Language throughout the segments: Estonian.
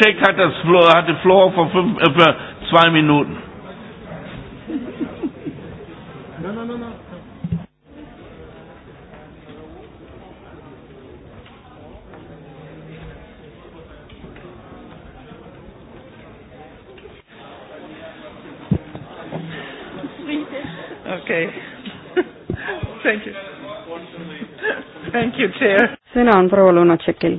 Check hat das Floor, hatte Floor vor fünf, äh, für zwei Minuten. Nein, nein, nein, nein. Okay. Thank you. Thank you, Chair. sõna on proua Lunatšekil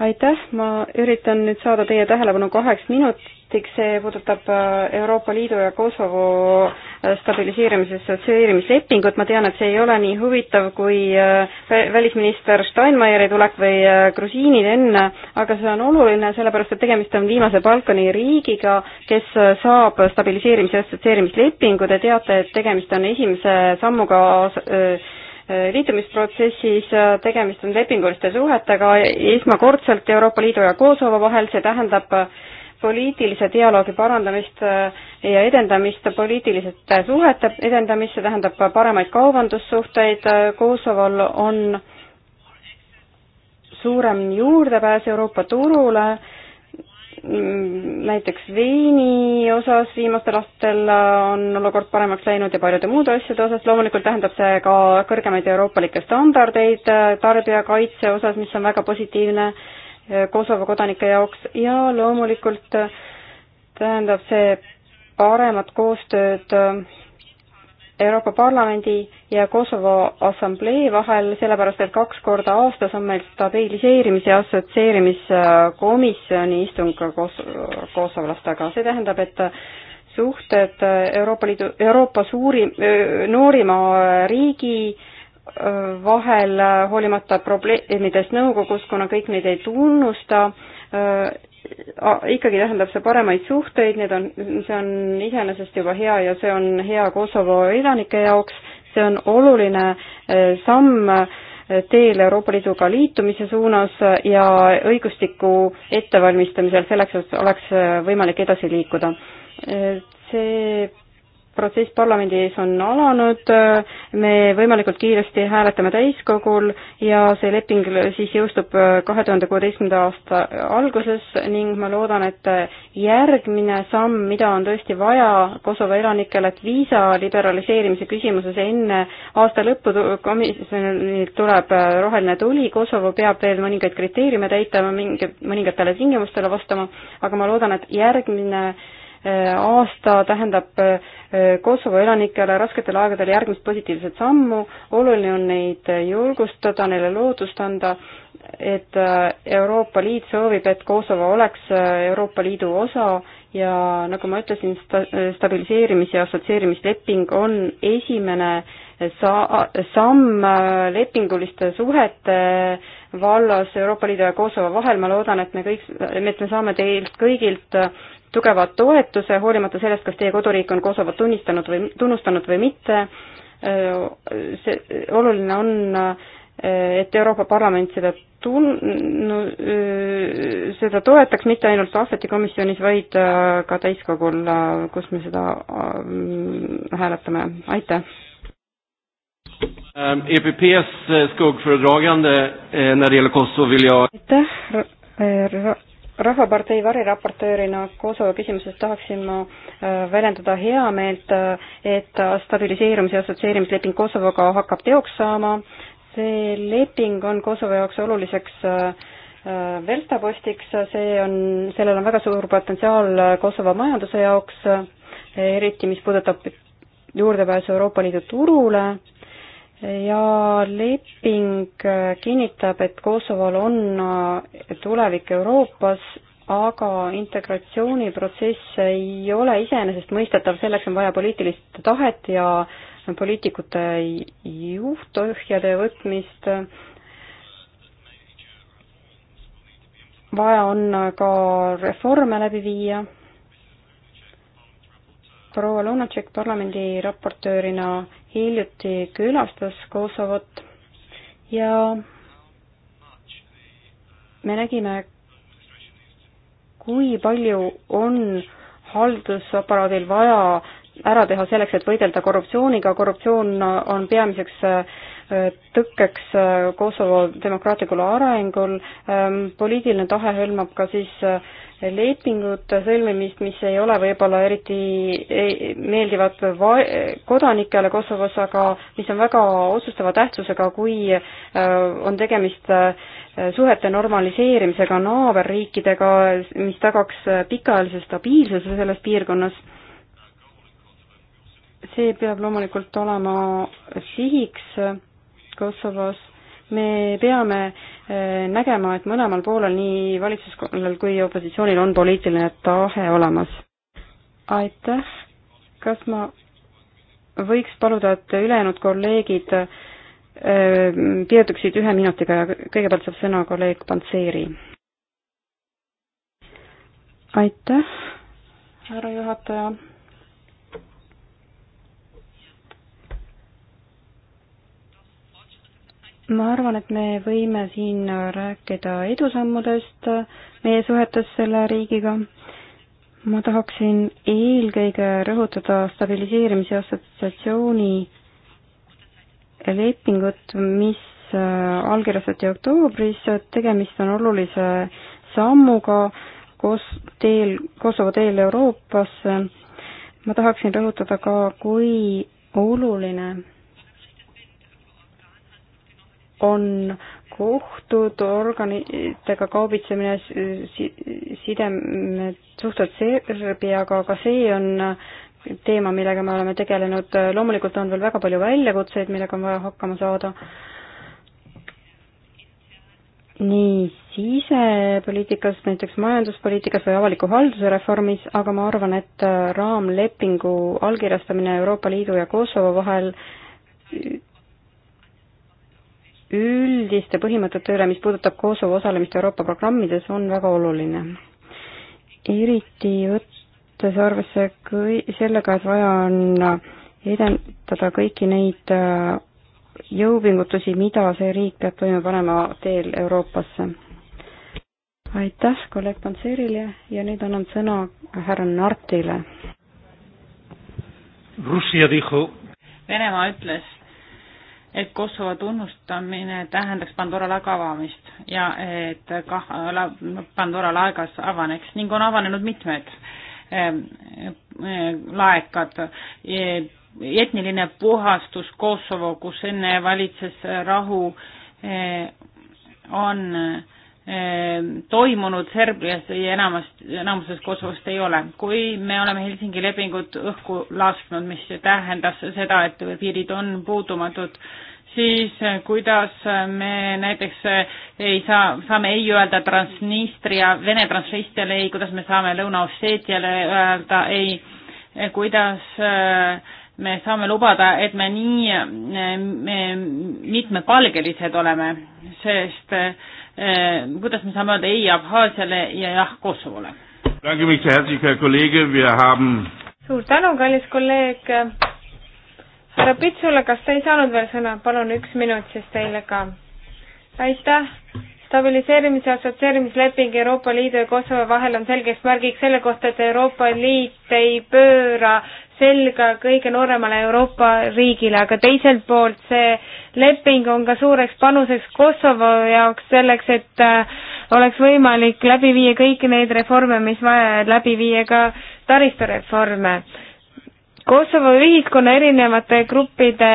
aitäh, ma üritan nüüd saada teie tähelepanu kaheks minutiks, see puudutab äh, Euroopa Liidu ja Kosovo äh, stabiliseerimise assotsieerimislepingut, ma tean, et see ei ole nii huvitav kui äh, välisminister Steinmeieri tulek või grusiinid enne, aga see on oluline, sellepärast et tegemist on viimase Balkani riigiga, kes saab stabiliseerimise assotsieerimislepingu, te teate, et tegemist on esimese sammuga äh, liitumisprotsessis äh, tegemist on lepinguliste suhetega esmakordselt Euroopa Liidu ja Kosovo vahel, see tähendab äh, poliitilise dialoogi parandamist äh, ja edendamist, poliitiliste suhete edendamist, see tähendab paremaid kaubandussuhteid, Kosovol on suurem juurdepääs Euroopa turule, Mm, näiteks veini osas viimastel aastatel on olukord paremaks läinud ja paljude muude asjade osas. loomulikult tähendab see ka kõrgemaid euroopalikke standardeid äh, tarbijakaitse osas, mis on väga positiivne äh, Kosovo kodanike jaoks ja loomulikult äh, tähendab see paremat koostööd Euroopa Parlamendi ja Kosovo Assamblee vahel, sellepärast et kaks korda aastas on meil stabiliseerimise ja assotsieerimiskomisjoni istung kos-, kosovlastega, see tähendab, et suhted Euroopa Liidu, Euroopa suurim, noorima riigi vahel, hoolimata probleemidest nõukogus, kuna kõik neid ei tunnusta, ikkagi tähendab see paremaid suhteid, need on, see on iseenesest juba hea ja see on hea Kosovo elanike jaoks, see on oluline e, samm e, teel Euroopa Liiduga liitumise suunas ja õigustiku ettevalmistamisel selleks, et oleks e, võimalik edasi liikuda. see protsess parlamendi ees on alanud, me võimalikult kiiresti hääletame täiskogul ja see leping siis jõustub äh, kahe tuhande kuueteistkümnenda aasta alguses ning ma loodan, et järgmine samm, mida on tõesti vaja Kosovo elanikele, et viisa liberaliseerimise küsimuses enne aasta lõppu komisjonilt tuleb äh, roheline tuli, Kosovo peab veel mõningaid kriteeriume täitma, mingid, mõningatele tingimustele vastama, aga ma loodan, et järgmine aasta tähendab eh, Kosovo elanikele rasketel aegadel järgmist positiivset sammu, oluline on neid julgustada, neile lootust anda, et eh, Euroopa Liit soovib, et Kosovo oleks eh, Euroopa Liidu osa ja nagu ma ütlesin, sta-, stabiliseerimis- ja assotsieerimisleping on esimene sa-, samm lepinguliste suhete vallas Euroopa Liidu ja Kosovo vahel, ma loodan, et me kõik, et me saame teilt kõigilt tugeva toetuse, hoolimata sellest, kas teie koduriik on Kosovot tunnistanud või, tunnustanud või mitte. see, oluline on, et Euroopa Parlament seda tun-, seda toetaks mitte ainult Ahveti komisjonis, vaid ka täiskogul, kus me seda mm, hääletame, aitäh! Ähm, EPPs äh, skuggföredragande äh, när det gäller Kosovo vill jag... Aitäh, äh, Rahvapartei variraportöörina Kosovo küsimuses tahaksin ma äh, väljendada heameelt, äh, et stabiliseerumise ja assotsieerimisleping Kosovoga hakkab teoks saama. see leping on Kosovo jaoks oluliseks äh, verstapostiks, see on, sellel on väga suur potentsiaal Kosovo majanduse jaoks, eriti mis puudutab juurdepääsu Euroopa Liidu turule ja leping äh, kinnitab, et Kosovol on äh, tulevik Euroopas, aga integratsiooniprotsess ei ole iseenesestmõistetav, selleks on vaja poliitilist tahet ja poliitikute juhtohjade võtmist. vaja on äh, ka reforme läbi viia. proua Lunatšek parlamendi raportöörina hiljuti külastas Kosovot ja me nägime, kui palju on haldusaparaadil vaja ära teha selleks, et võidelda korruptsiooniga, korruptsioon on peamiseks äh, tõkkeks äh, Kosovo demokraatlikul arengul, ähm, poliitiline tahe hõlmab ka siis äh, lepingute sõlmimist, mis ei ole võib-olla eriti meeldivad kodanikele Kosovos, aga mis on väga otsustava tähtsusega, kui äh, on tegemist äh, suhete normaliseerimisega naaberriikidega, mis tagaks äh, pikaajalise stabiilsuse selles piirkonnas. see peab loomulikult olema sihiks Kosovos me peame äh, nägema, et mõlemal poolel, nii valitsuskonnal kui opositsioonil on poliitiline tahe olemas. aitäh, kas ma võiks paluda, et ülejäänud kolleegid äh, piirduksid ühe minutiga ja kõigepealt saab sõna kolleeg Pantseeri. aitäh, härra juhataja ma arvan, et me võime siin rääkida edusammudest meie suhetes selle riigiga. ma tahaksin eelkõige rõhutada stabiliseerimise assotsiatsiooni lepingut, mis äh, allkirjastati oktoobris, tegemist on olulise sammuga koos teel, Kosovo teel Euroopasse. ma tahaksin rõhutada ka, kui oluline on kohtud, organitega kaubitsemine si, sidemed, suhted Serbiaga, ka see on teema, millega me oleme tegelenud, loomulikult on veel väga palju väljakutseid, millega on vaja hakkama saada. nii sisepoliitikas, näiteks majanduspoliitikas või avaliku halduse reformis, aga ma arvan, et raamlepingu allkirjastamine Euroopa Liidu ja Kosovo vahel üldiste põhimõtete üle, mis puudutab Kosovo osalemist Euroopa programmides, on väga oluline. eriti võttes arvesse kõi-, sellega, et vaja on edendada kõiki neid äh, jõupingutusi, mida see riik peab toime panema teel Euroopasse. aitäh kolleeg Panserile ja nüüd annan sõna härra Nartile. Venemaa ütles et Kosovo tunnustamine tähendaks Pandora laega avamist ja et kah la, Pandora laegas avaneks ning on avanenud mitmed ehm, ehm, laekad. E, etniline puhastus Kosovo, kus enne valitses rahu, e, on Ehm, toimunud Serbias või enamast, enamuses Kosovost ei ole. kui me oleme Helsingi lepingut õhku lasknud, mis tähendas seda, et piirid on puudumatud, siis kuidas me näiteks ei saa, saame ei öelda Transnistria, Vene Transnistriale ei, kuidas me saame Lõuna-Osseetiale öelda ei, kuidas äh, me saame lubada, et me nii eh, me mitmepalgelised oleme, sest äh, Eh, kuidas me saame öelda ei Abhaasiale ja jah Kosovole? suur tänu, kallis kolleeg. härra Pitsula, kas te ei saanud veel sõna, palun üks minut siis teile ka. aitäh stabiliseerimise assotsieerimisleping Euroopa Liidu ja Kosovo vahel on selgeks märgiks selle kohta, et Euroopa Liit ei pööra selga kõige nooremale Euroopa riigile, aga teiselt poolt see leping on ka suureks panuseks Kosovo jaoks selleks, et äh, oleks võimalik läbi viia kõiki neid reforme, mis vaja, et läbi viia ka taristureforme. Kosovo ühiskonna erinevate gruppide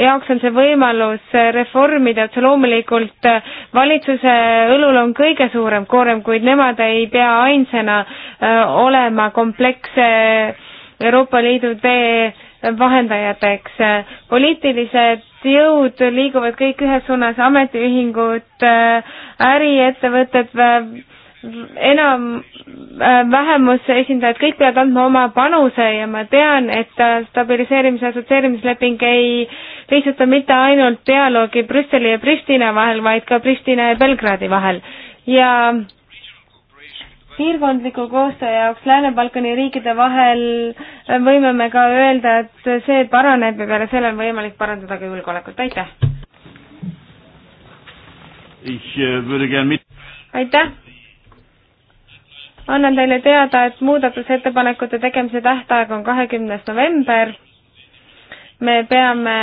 jaoks on see võimalus reformida, otse loomulikult äh, valitsuse õlul on kõige suurem koorem, kuid nemad ei pea ainsana äh, olema kompleksse Euroopa Liidu tee vahendajateks. poliitilised jõud liiguvad kõik ühes suunas, ametiühingud, äriettevõtted, enam, äh, vähemuse esindajad, kõik peavad andma oma panuse ja ma tean, et stabiliseerimise assotsieerimisleping ei lihtsusta mitte ainult dialoogi Brüsseli ja Pristina vahel, vaid ka Pristina ja Belgradi vahel. ja piirkondliku koostöö jaoks Lääne-Balkani riikide vahel äh, võime me ka öelda, et see paraneb ja peale selle on võimalik parandada ka julgeolekut, aitäh! Äh, aitäh! annan teile teada, et muudatusettepanekute tegemise tähtaeg on kahekümnes november me peame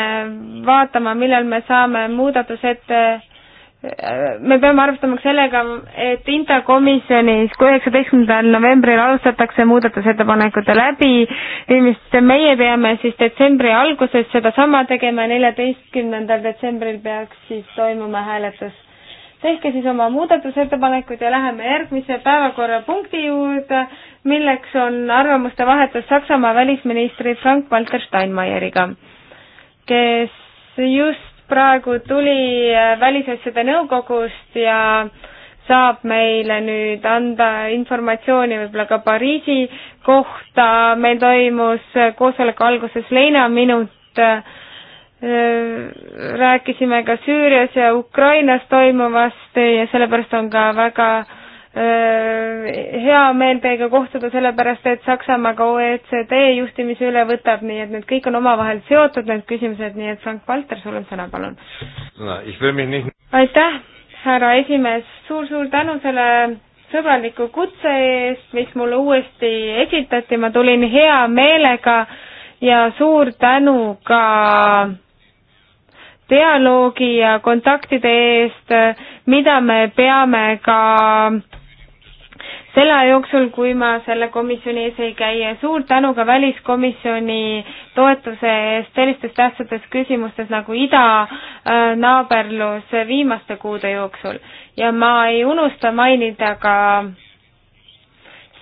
vaatama, millal me saame muudatusette me peame arvestama sellega, et Inta komisjonis, kui üheksateistkümnendal novembril alustatakse muudatusettepanekute läbiviimist, meie peame siis detsembri alguses sedasama tegema ja neljateistkümnendal detsembril peaks siis toimuma hääletus. tehke siis oma muudatusettepanekud ja läheme järgmise päevakorrapunkti juurde, milleks on arvamuste vahetus Saksamaa välisministri Frank-Walter Steinmeieriga, kes just praegu tuli äh, Välisasjade Nõukogust ja saab meile nüüd anda informatsiooni võib-olla ka Pariisi kohta, meil toimus äh, koosoleku alguses leinaminut, äh, rääkisime ka Süürias ja Ukrainas toimuvast ja sellepärast on ka väga hea meel teiega kohtuda, sellepärast et Saksamaa ka OECD juhtimise üle võtab, nii et need kõik on omavahel seotud, need küsimused, nii et Frank Valter, sul on sõna, palun no,. Nicht... aitäh, härra esimees suur,, suur-suur tänu selle sõbraliku kutse eest, mis mulle uuesti esitati, ma tulin hea meelega ja suur tänu ka dialoogi ja kontaktide eest, mida me peame ka selle aja jooksul, kui ma selle komisjoni ees ei käi ja suur tänu ka väliskomisjoni toetuse eest sellistes tähtsates küsimustes nagu idanaaberlus viimaste kuude jooksul. ja ma ei unusta mainida ka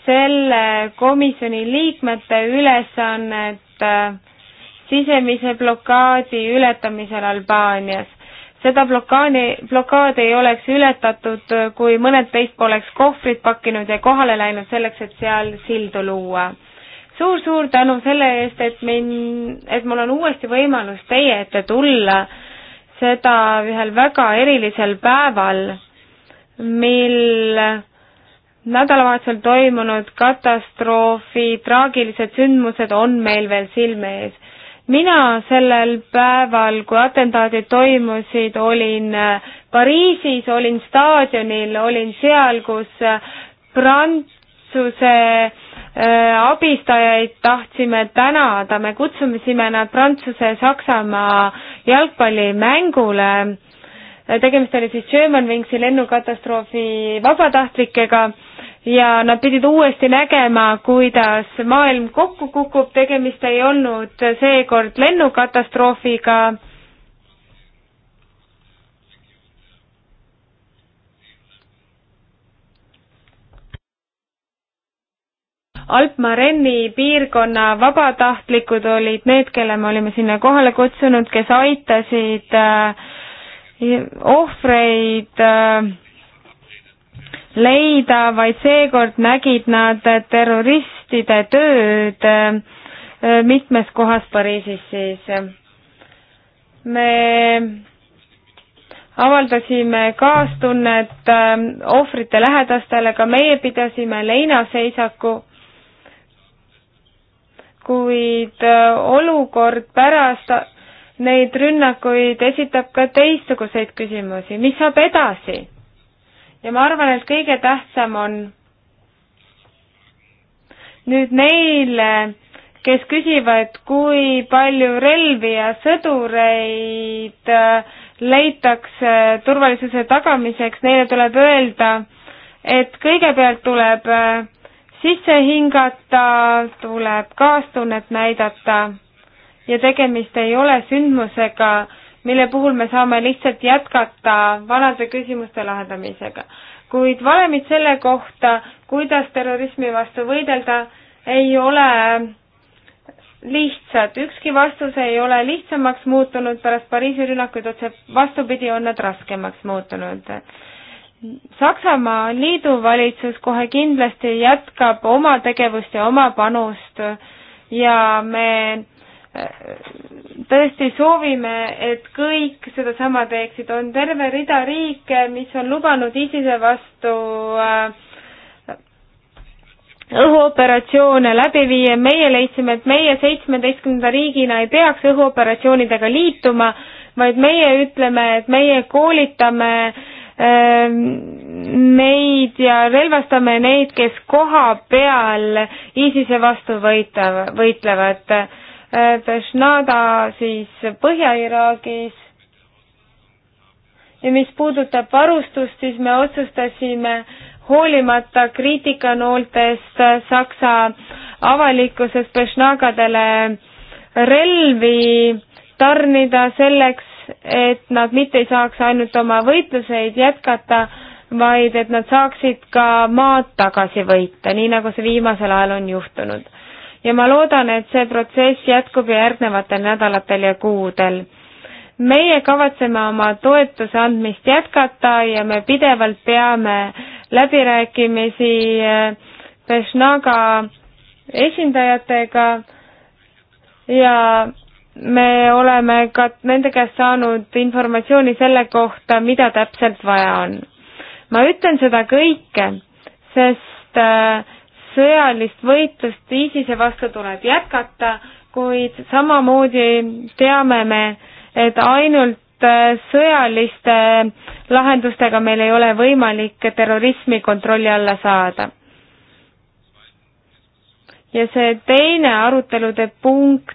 selle komisjoni liikmete ülesannet sisemise blokaadi ületamisel Albaanias seda blokaadi, blokaad ei oleks ületatud, kui mõned teist poleks kohvrid pakkinud ja kohale läinud selleks, et seal sildu luua suur,. suur-suur tänu selle eest, et mind, et mul on uuesti võimalus teie ette tulla, seda ühel väga erilisel päeval, mil nädalavahetusel toimunud katastroofi traagilised sündmused on meil veel silme ees mina sellel päeval, kui atentaadid toimusid, olin äh, Pariisis, olin staadionil, olin seal, kus äh, Prantsuse äh, abistajaid tahtsime tänada, me kutsumisime nad Prantsuse ja Saksamaa jalgpallimängule. tegemist oli siis Germanwingsi lennukatastroofi vabatahtlikega ja nad pidid uuesti nägema, kuidas maailm kokku kukub, tegemist ei olnud seekord lennukatastroofiga. Alpmarenni piirkonna vabatahtlikud olid need, kelle me olime sinna kohale kutsunud, kes aitasid äh, ohvreid äh, leida, vaid seekord nägid nad terroristide tööd äh, mitmes kohas Pariisis siis. me avaldasime kaastunnet äh, ohvrite lähedastele, ka meie pidasime leinaseisaku, kuid äh, olukord pärast neid rünnakuid esitab ka teistsuguseid küsimusi, mis saab edasi? ja ma arvan, et kõige tähtsam on nüüd neile, kes küsivad, kui palju relvi ja sõdureid äh, leitakse turvalisuse tagamiseks, neile tuleb öelda, et kõigepealt tuleb äh, sisse hingata, tuleb kaastunnet näidata ja tegemist ei ole sündmusega, mille puhul me saame lihtsalt jätkata vanade küsimuste lahendamisega. kuid valemid selle kohta, kuidas terrorismi vastu võidelda, ei ole lihtsad, ükski vastus ei ole lihtsamaks muutunud pärast Pariisi rünnakuid, otse vastupidi, on nad raskemaks muutunud. Saksamaa liiduvalitsus kohe kindlasti jätkab oma tegevust ja oma panust ja me Äh, tõesti soovime, et kõik sedasama teeksid, on terve rida riike, mis on lubanud ISISe vastu äh, õhuoperatsioone läbi viia, meie leidsime, et meie seitsmeteistkümnenda riigina ei peaks õhuoperatsioonidega liituma, vaid meie ütleme, et meie koolitame ähm, neid ja relvastame neid, kes koha peal ISISe vastu võita, võitlevad Peshnada äh, siis Põhja-Iraagis. ja mis puudutab varustust, siis me otsustasime hoolimata kriitikanooltest Saksa avalikkuses Peshnagadele relvi tarnida selleks, et nad mitte ei saaks ainult oma võitluseid jätkata, vaid et nad saaksid ka maad tagasi võita, nii nagu see viimasel ajal on juhtunud ja ma loodan, et see protsess jätkub järgnevatel nädalatel ja kuudel meie kavatseme oma toetuse andmist jätkata ja me pidevalt peame läbirääkimisi eh, Peshnaga esindajatega ja me oleme ka nende käest saanud informatsiooni selle kohta, mida täpselt vaja on. ma ütlen seda kõike, sest äh, sõjalist võitlust ISISe vastu tuleb jätkata, kuid samamoodi teame me, et ainult äh, sõjaliste äh, lahendustega meil ei ole võimalik terrorismi kontrolli alla saada. ja see teine arutelude punkt,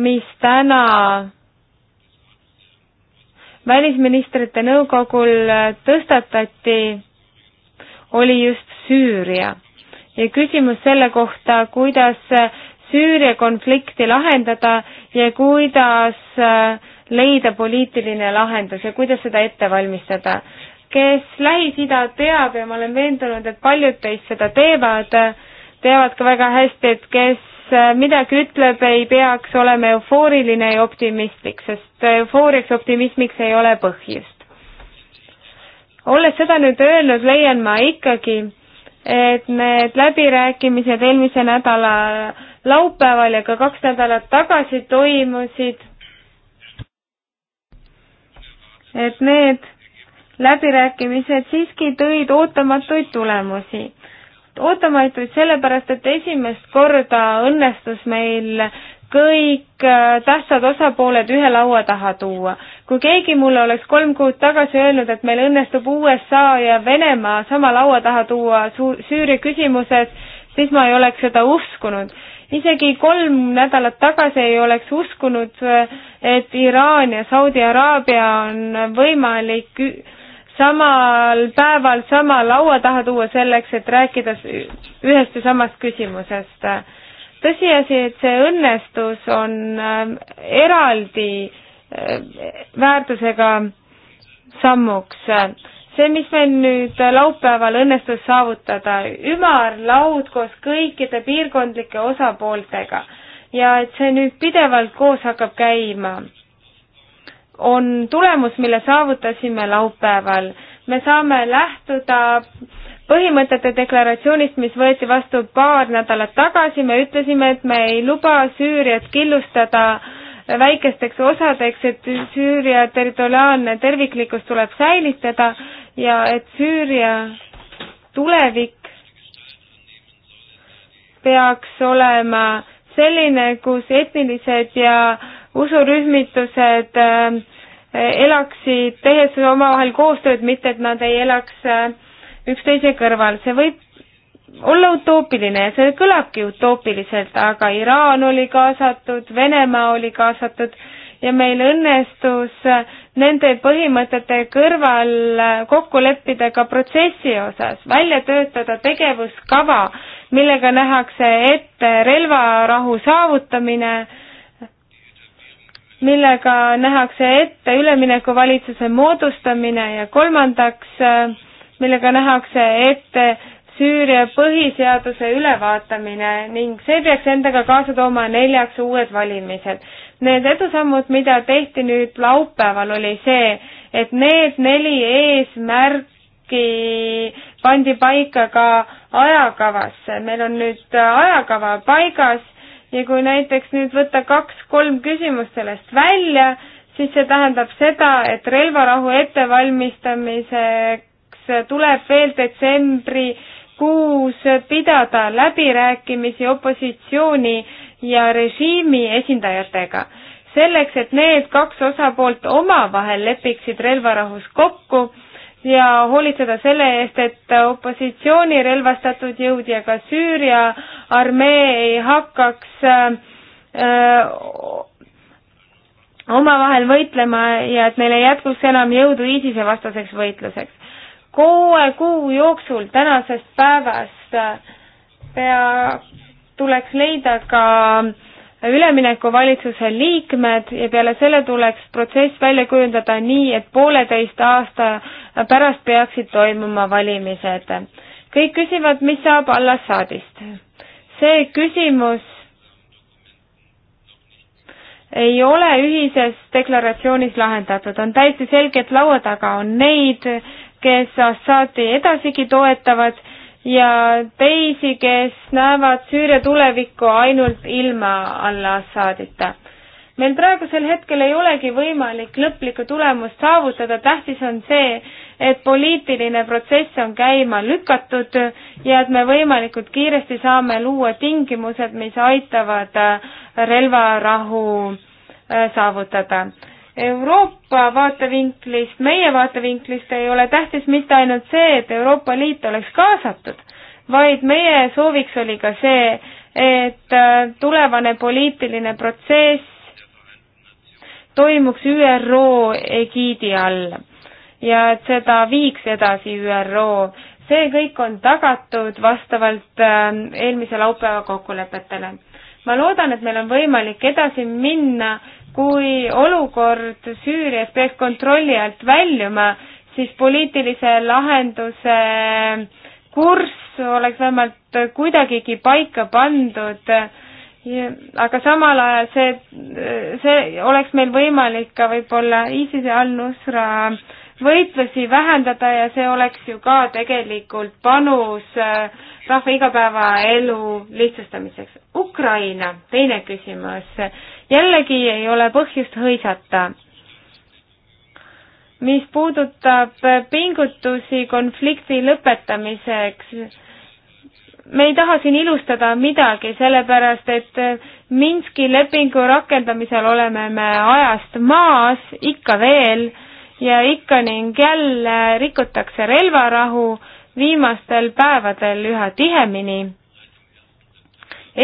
mis täna välisministrite nõukogul äh, tõstatati, oli just Süüria. ja küsimus selle kohta, kuidas Süüria konflikti lahendada ja kuidas äh, leida poliitiline lahendus ja kuidas seda ette valmistada. kes Lähis-Ida teab ja ma olen veendunud, et paljud teist seda teevad, teavad ka väga hästi, et kes äh, midagi ütleb, ei peaks olema eufooriline ja optimistlik, sest eufooriaks optimismiks ei ole põhjust. olles seda nüüd öelnud, leian ma ikkagi, et need läbirääkimised eelmise nädala laupäeval ja ka kaks nädalat tagasi toimusid. et need läbirääkimised siiski tõid ootamatuid tulemusi ootamatuid sellepärast, et esimest korda õnnestus meil kõik äh, tähtsad osapooled ühe laua taha tuua. kui keegi mulle oleks kolm kuud tagasi öelnud, et meil õnnestub USA ja Venemaa sama laua taha tuua Süüria küsimuses, siis ma ei oleks seda uskunud. isegi kolm nädalat tagasi ei oleks uskunud, äh, et Iraan ja Saudi Araabia on võimalik samal päeval sama laua taha tuua selleks, et rääkida ühest ja samast küsimusest tõsiasi, et see õnnestus on ähm, eraldi äh, väärtusega sammuks. see, mis meil nüüd laupäeval õnnestus saavutada, ümarlaud koos kõikide piirkondlike osapooltega ja et see nüüd pidevalt koos hakkab käima, on tulemus, mille saavutasime laupäeval. me saame lähtuda põhimõtete deklaratsioonist, mis võeti vastu paar nädalat tagasi, me ütlesime, et me ei luba Süüriat killustada väikesteks osadeks, et Süüria territoriaalne terviklikkus tuleb säilitada ja et Süüria tulevik peaks olema selline, kus etnilised ja usurühmitused äh, elaksid, tehes omavahel koostööd, mitte et nad ei elaks äh, üksteise kõrval, see võib olla utoopiline ja see kõlabki utoopiliselt, aga Iraan oli kaasatud, Venemaa oli kaasatud ja meil õnnestus nende põhimõtete kõrval kokku leppida ka protsessi osas, välja töötada tegevuskava, millega nähakse ette relvarahu saavutamine, millega nähakse ette üleminekuvalitsuse moodustamine ja kolmandaks äh, millega nähakse ette Süüria põhiseaduse ülevaatamine ning see peaks endaga kaasa tooma neljaks uued valimised. Need edusammud, mida tehti nüüd laupäeval, oli see, et need neli eesmärki pandi paika ka ajakavasse. meil on nüüd ajakava paigas ja kui näiteks nüüd võtta kaks-kolm küsimust sellest välja, siis see tähendab seda, et relvarahu ettevalmistamise tuleb veel detsembrikuus pidada läbirääkimisi opositsiooni ja režiimi esindajatega selleks, et need kaks osapoolt omavahel lepiksid relvarahus kokku ja hoolitseda selle eest, et opositsiooni relvastatud jõud ja ka Süüria armee ei hakkaks äh, omavahel võitlema ja et neil ei jätkuks enam jõudu ISISe vastaseks võitluseks kuue kuu jooksul tänasest päevast äh, pea, tuleks leida ka üleminekuvalitsuse liikmed ja peale selle tuleks protsess välja kujundada nii, et pooleteist aasta pärast peaksid toimuma valimised. kõik küsivad, mis saab Al-Assadist. see küsimus ei ole ühises deklaratsioonis lahendatud, on täiesti selge, et laua taga on neid, kes Assaadi edasigi toetavad ja teisi, kes näevad Süüria tulevikku ainult ilma al-Assadita. meil praegusel hetkel ei olegi võimalik lõplikku tulemust saavutada, tähtis on see, et poliitiline protsess on käima lükatud ja et me võimalikult kiiresti saame luua tingimused, mis aitavad relvarahu äh, saavutada Euroopa vaatevinklist, meie vaatevinklist ei ole tähtis mitte ainult see, et Euroopa Liit oleks kaasatud, vaid meie sooviks oli ka see, et äh, tulevane poliitiline protsess toimuks ÜRO egiidi all ja et seda viiks edasi ÜRO. see kõik on tagatud vastavalt äh, eelmise laupäeva kokkulepetele. ma loodan, et meil on võimalik edasi minna kui olukord Süürias peaks kontrolli alt väljuma, siis poliitilise lahenduse kurss oleks vähemalt kuidagigi paika pandud, aga samal ajal see, see oleks meil võimalik ka võib-olla ISISe al-Nusra võitlusi vähendada ja see oleks ju ka tegelikult panus äh, rahva igapäevaelu lihtsustamiseks. Ukraina, teine küsimus jällegi ei ole põhjust hõisata. mis puudutab pingutusi konflikti lõpetamiseks, me ei taha siin ilustada midagi, sellepärast et Minski lepingu rakendamisel oleme me ajast maas ikka veel ja ikka ning jälle rikutakse relvarahu viimastel päevadel üha tihemini.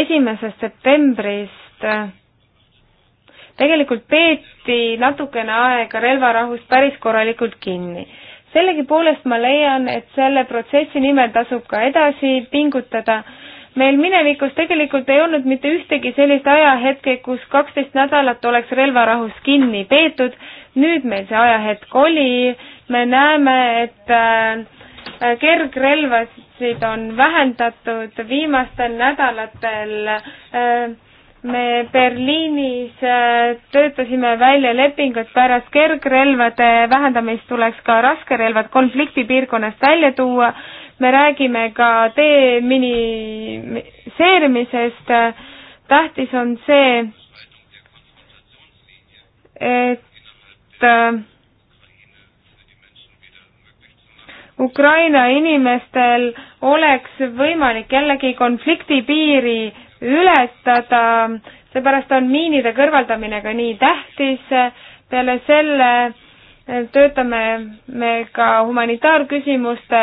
esimesest septembrist tegelikult peeti natukene aega relvarahust päris korralikult kinni. sellegipoolest ma leian, et selle protsessi nimel tasub ka edasi pingutada. meil minevikus tegelikult ei olnud mitte ühtegi sellist ajahetke, kus kaksteist nädalat oleks relvarahust kinni peetud, nüüd meil see ajahetk oli, me näeme, et äh, kergrelvasid on vähendatud viimastel nädalatel äh, me Berliinis äh, töötasime välja lepingut, pärast kergrelvade vähendamist tuleks ka raskerelvad konfliktipiirkonnast välja tuua. me räägime ka tee miniseerimisest. tähtis on see, et äh, Ukraina inimestel oleks võimalik jällegi konfliktipiiri ületada, seepärast on miinide kõrvaldamine ka nii tähtis, peale selle eh, töötame me ka humanitaarküsimuste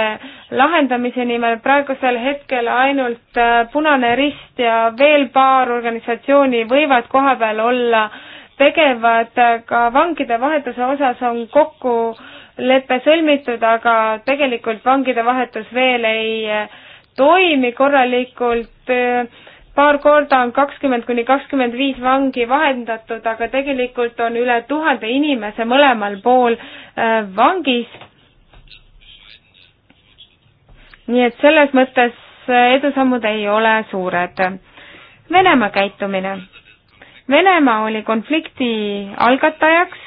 lahendamise nimel, praegusel hetkel ainult eh, Punane Rist ja veel paar organisatsiooni võivad kohapeal olla tegevad, ka vangide vahetuse osas on kokkulepe sõlmitud, aga tegelikult vangide vahetus veel ei eh, toimi korralikult paar korda on kakskümmend kuni kakskümmend viis vangi vahendatud, aga tegelikult on üle tuhande inimese mõlemal pool äh, vangis. nii et selles mõttes äh, edusammud ei ole suured. Venemaa käitumine. Venemaa oli konflikti algatajaks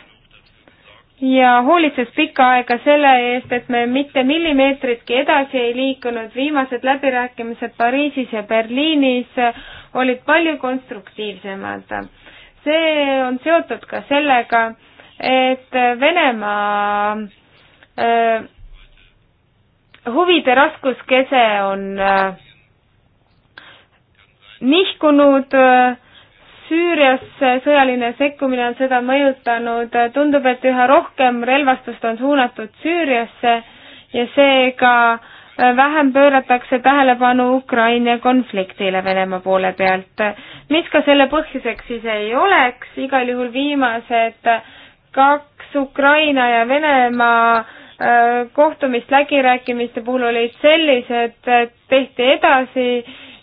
ja hoolitses pikka aega selle eest, et me mitte millimeetritki edasi ei liikunud. viimased läbirääkimised Pariisis ja Berliinis olid palju konstruktiivsemad. see on seotud ka sellega, et Venemaa äh, huvide raskuskese on äh, nihkunud äh, Süüriasse sõjaline sekkumine on seda mõjutanud, tundub, et üha rohkem relvastust on suunatud Süüriasse ja seega äh, vähem pööratakse tähelepanu Ukraina konfliktile Venemaa poole pealt. mis ka selle põhjuseks siis ei oleks, igal juhul viimased kaks Ukraina ja Venemaa äh, kohtumist läbirääkimiste puhul olid sellised, tehti edasi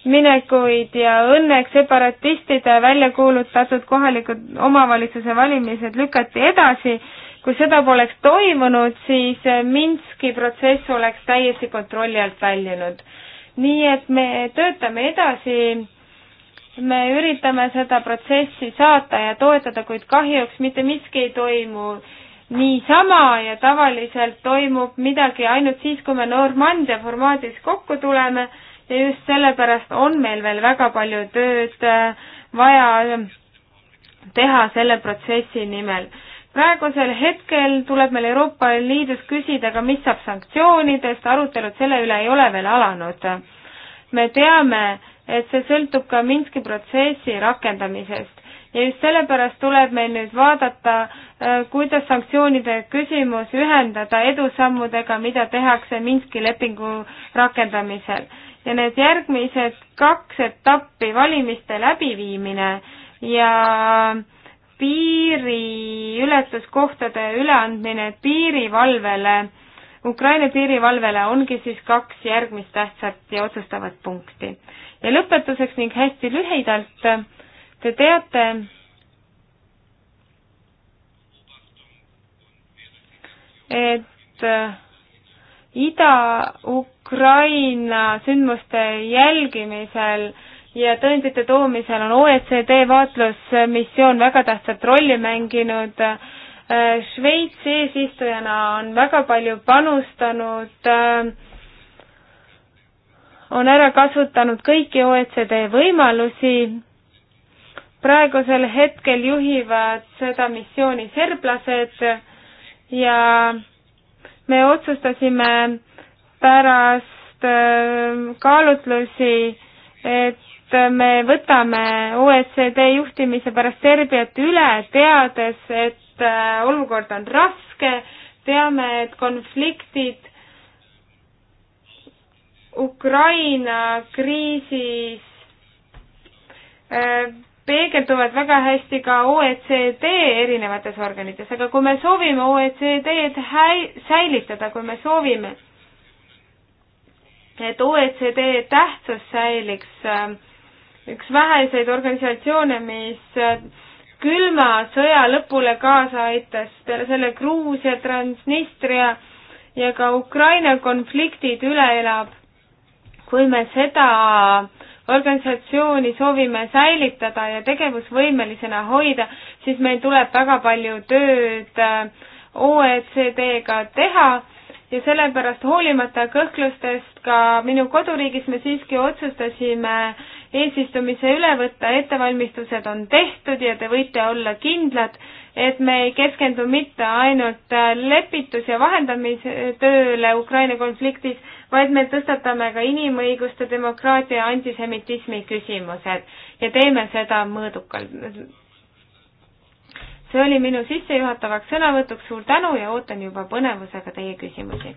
minekuid ja õnneks separatistide välja kuulutatud kohalikud omavalitsuse valimised lükati edasi. kui seda poleks toimunud, siis Minski protsess oleks täiesti kontrolli alt väljunud. nii et me töötame edasi, me üritame seda protsessi saata ja toetada, kuid kahjuks mitte miski ei toimu niisama ja tavaliselt toimub midagi ainult siis, kui me Normandia formaadis kokku tuleme ja just sellepärast on meil veel väga palju tööd äh, vaja äh, teha selle protsessi nimel. praegusel hetkel tuleb meil Euroopa Liidus küsida ka, mis saab sanktsioonidest, arutelud selle üle ei ole veel alanud. me teame, et see sõltub ka Minski protsessi rakendamisest ja just sellepärast tuleb meil nüüd vaadata, äh, kuidas sanktsioonide küsimus ühendada edusammudega, mida tehakse Minski lepingu rakendamisel ja need järgmised kaks etappi, valimiste läbiviimine ja piiriületuskohtade üleandmine piirivalvele, Ukraina piirivalvele ongi siis kaks järgmist tähtsat ja otsustavat punkti. ja lõpetuseks ning hästi lühidalt, te teate, et äh, Ida-Uk-, Ukraina sündmuste jälgimisel ja tõendite toomisel on OECD vaatlusmissioon väga tähtsat rolli mänginud. Šveits eesistujana on väga palju panustanud, on ära kasutanud kõiki OECD võimalusi. praegusel hetkel juhivad seda missiooni serblased ja me otsustasime pärast äh, kaalutlusi, et me võtame OECD juhtimise pärast Serbiat üle, teades, et äh, olukord on raske, teame, et konfliktid Ukraina kriisis äh, peegelduvad väga hästi ka OECD erinevates organites, aga kui me soovime OECD-d häi-, säilitada, kui me soovime, et OECD tähtsus säiliks. üks väheseid organisatsioone, mis külma sõja lõpule kaasa aitas, peale selle Gruusia, Transnistria ja ka Ukraina konfliktid üle elab. kui me seda organisatsiooni soovime säilitada ja tegevusvõimelisena hoida, siis meil tuleb väga palju tööd OECD-ga teha ja sellepärast hoolimata kõhklustest ka minu koduriigis me siiski otsustasime eesistumise üle võtta, ettevalmistused on tehtud ja te võite olla kindlad, et me ei keskendu mitte ainult lepitus- ja vahendamistööle Ukraina konfliktis, vaid me tõstatame ka inimõiguste, demokraatia ja antisemitismi küsimused ja teeme seda mõõdukalt see oli minu sissejuhatavaks sõnavõtuks, suur tänu ja ootan juba põnevusega teie küsimusi.